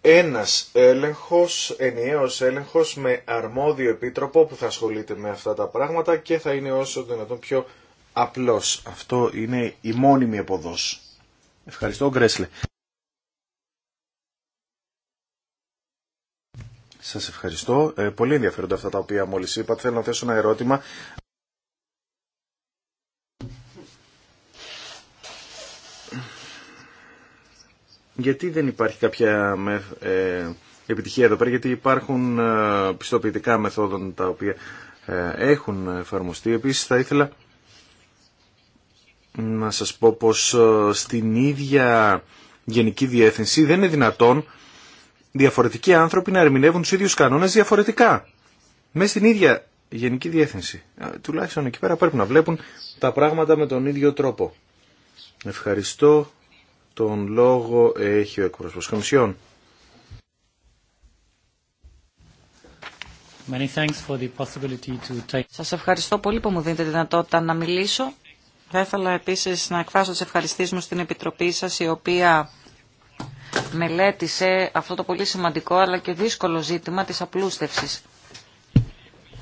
ένας έλεγχος, ενιαίος έλεγχος με αρμόδιο επίτροπο που θα ασχολείται με αυτά τα πράγματα και θα είναι όσο δυνατόν πιο απλός. Αυτό είναι η μόνιμη εποδός. Ευχαριστώ, Γκρέσλε. Σας ευχαριστώ. Ε, πολύ ενδιαφέροντα αυτά τα οποία μόλις είπατε. Θέλω να θέσω ένα ερώτημα. Γιατί δεν υπάρχει κάποια ε, επιτυχία εδώ πέρα, γιατί υπάρχουν ε, πιστοποιητικά μεθόδων τα οποία έχουν εφαρμοστεί. Επίσης θα ήθελα να σας πω πως στην ίδια γενική διεύθυνση δεν είναι δυνατόν διαφορετικοί άνθρωποι να ερμηνεύουν τους ίδιου κανόνες διαφορετικά. Μέσα στην ίδια γενική διεύθυνση. Τουλάχιστον εκεί πέρα πρέπει να βλέπουν τα πράγματα με τον ίδιο τρόπο. Ευχαριστώ. Τον λόγο έχει ο εκπρόσωπος Κομισιόν. Σας ευχαριστώ πολύ που μου δίνετε τη δυνατότητα να μιλήσω. Θα ήθελα επίσης να εκφράσω τις ευχαριστήσεις μου στην Επιτροπή σας, η οποία μελέτησε αυτό το πολύ σημαντικό αλλά και δύσκολο ζήτημα της απλούστευσης.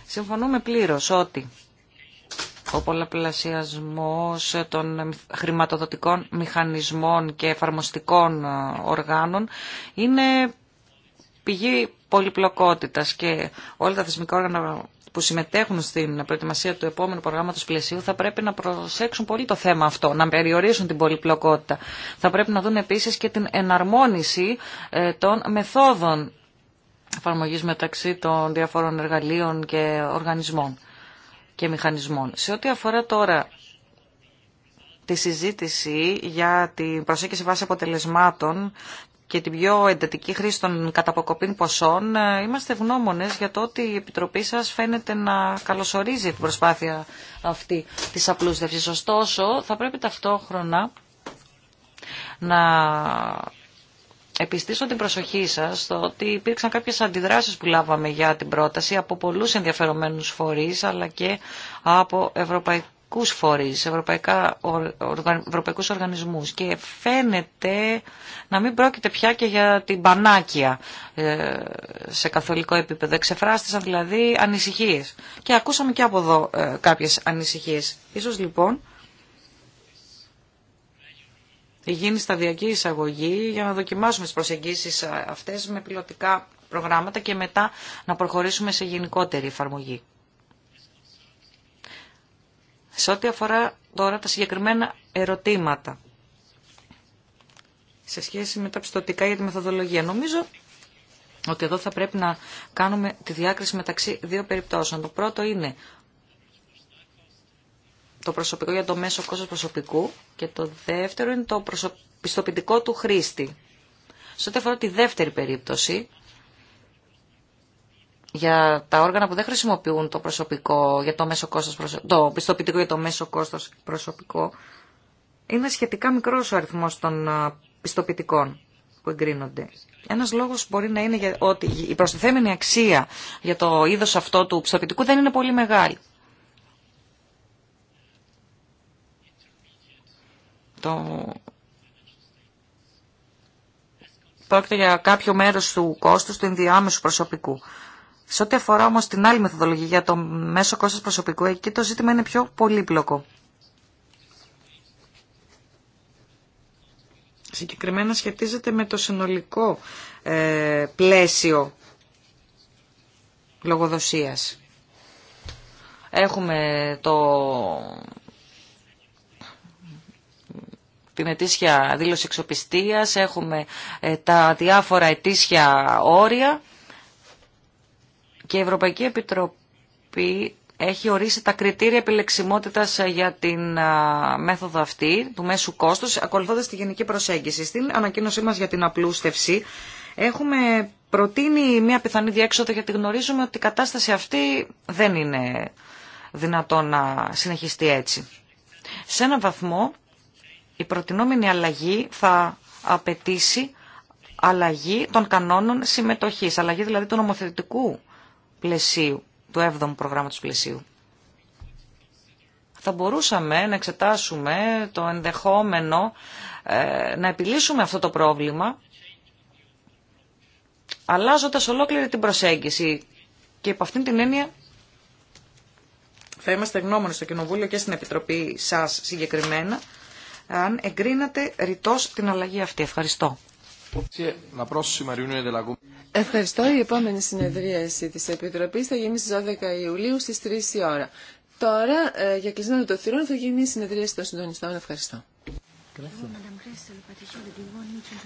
Συμφωνούμε πλήρως ότι ο πολλαπλασιασμός των χρηματοδοτικών μηχανισμών και εφαρμοστικών ε, οργάνων είναι πηγή πολυπλοκότητας και όλα τα θεσμικά όργανα που συμμετέχουν στην προετοιμασία του επόμενου προγράμματο πλαισίου θα πρέπει να προσέξουν πολύ το θέμα αυτό, να περιορίσουν την πολυπλοκότητα. Θα πρέπει να δουν επίση και την εναρμόνιση ε, των μεθόδων εφαρμογή μεταξύ των διαφόρων εργαλείων και οργανισμών και μηχανισμών. Σε ό,τι αφορά τώρα τη συζήτηση για την προσέγγιση βάση αποτελεσμάτων και την πιο εντατική χρήση των καταποκοπήν ποσών, ε, είμαστε ευγνώμονε για το ότι η Επιτροπή σα φαίνεται να καλωσορίζει την προσπάθεια αυτή τη απλούστευση. Ωστόσο, θα πρέπει ταυτόχρονα να επιστήσω την προσοχή σας στο ότι υπήρξαν κάποιες αντιδράσεις που λάβαμε για την πρόταση από πολλούς ενδιαφερομένους φορεί αλλά και από ευρωπαϊκού ευρωπαϊκούς φορείς, ευρωπαϊκά, ευρωπαϊκούς οργανισμούς και φαίνεται να μην πρόκειται πια και για την πανάκια ε, σε καθολικό επίπεδο. Εξεφράστησαν δηλαδή ανησυχίες και ακούσαμε και από εδώ ε, κάποιες ανησυχίες. Ίσως λοιπόν γίνει σταδιακή εισαγωγή για να δοκιμάσουμε τις προσεγγίσεις ε, αυτές με πιλωτικά προγράμματα και μετά να προχωρήσουμε σε γενικότερη εφαρμογή. Σε ό,τι αφορά τώρα τα συγκεκριμένα ερωτήματα σε σχέση με τα πιστοτικά για τη μεθοδολογία. Νομίζω ότι εδώ θα πρέπει να κάνουμε τη διάκριση μεταξύ δύο περιπτώσεων. Το πρώτο είναι το προσωπικό για το μέσο κόστος προσωπικού και το δεύτερο είναι το πιστοποιητικό του χρήστη. Σε ό,τι αφορά τη δεύτερη περίπτωση, για τα όργανα που δεν χρησιμοποιούν το προσωπικό, για το, μέσο κόστος, το πιστοποιητικό για το μέσο κόστος προσωπικό, είναι σχετικά μικρός ο αριθμός των πιστοποιητικών που εγκρίνονται. Ένας λόγος μπορεί να είναι ότι η προστιθέμενη αξία για το είδος αυτό του πιστοποιητικού δεν είναι πολύ μεγάλη. Το... Πρόκειται για κάποιο μέρος του κόστους του ενδιάμεσου προσωπικού. Σε ό,τι αφορά όμω την άλλη μεθοδολογία για το μέσο κόστο προσωπικού, εκεί το ζήτημα είναι πιο πολύπλοκο. Συγκεκριμένα σχετίζεται με το συνολικό ε, πλαίσιο λογοδοσίας. Έχουμε το... την ετήσια δήλωση εξοπιστίας, έχουμε ε, τα διάφορα ετήσια όρια και η Ευρωπαϊκή Επιτροπή έχει ορίσει τα κριτήρια επιλεξιμότητας ε, για την μέθοδο αυτή του μέσου κόστους, ακολουθώντας τη γενική προσέγγιση. Στην ανακοίνωσή μας για την απλούστευση έχουμε προτείνει μια πιθανή διέξοδο γιατί γνωρίζουμε ότι η κατάσταση αυτή δεν είναι δυνατό να συνεχιστεί έτσι. Σε έναν βαθμό η προτινόμενη αλλαγή θα απαιτήσει αλλαγή των κανόνων συμμετοχής, αλλαγή δηλαδή του νομοθετικού πλαισίου, του 7ου προγράμματος πλαισίου. Θα μπορούσαμε να εξετάσουμε το ενδεχόμενο ε, να επιλύσουμε αυτό το πρόβλημα αλλάζοντας ολόκληρη την προσέγγιση και από αυτήν την έννοια θα είμαστε γνώμονες στο Κοινοβούλιο και στην Επιτροπή σας συγκεκριμένα αν εγκρίνατε ρητός την αλλαγή αυτή. Ευχαριστώ. Ευχαριστώ. Η επόμενη συνεδρίαση της Επιτροπής θα γίνει στις 12 Ιουλίου στις 3 η ώρα. Τώρα, ε, για κλεισμένο το θηρόν, θα γίνει η συνεδρίαση των συντονιστών. Ευχαριστώ.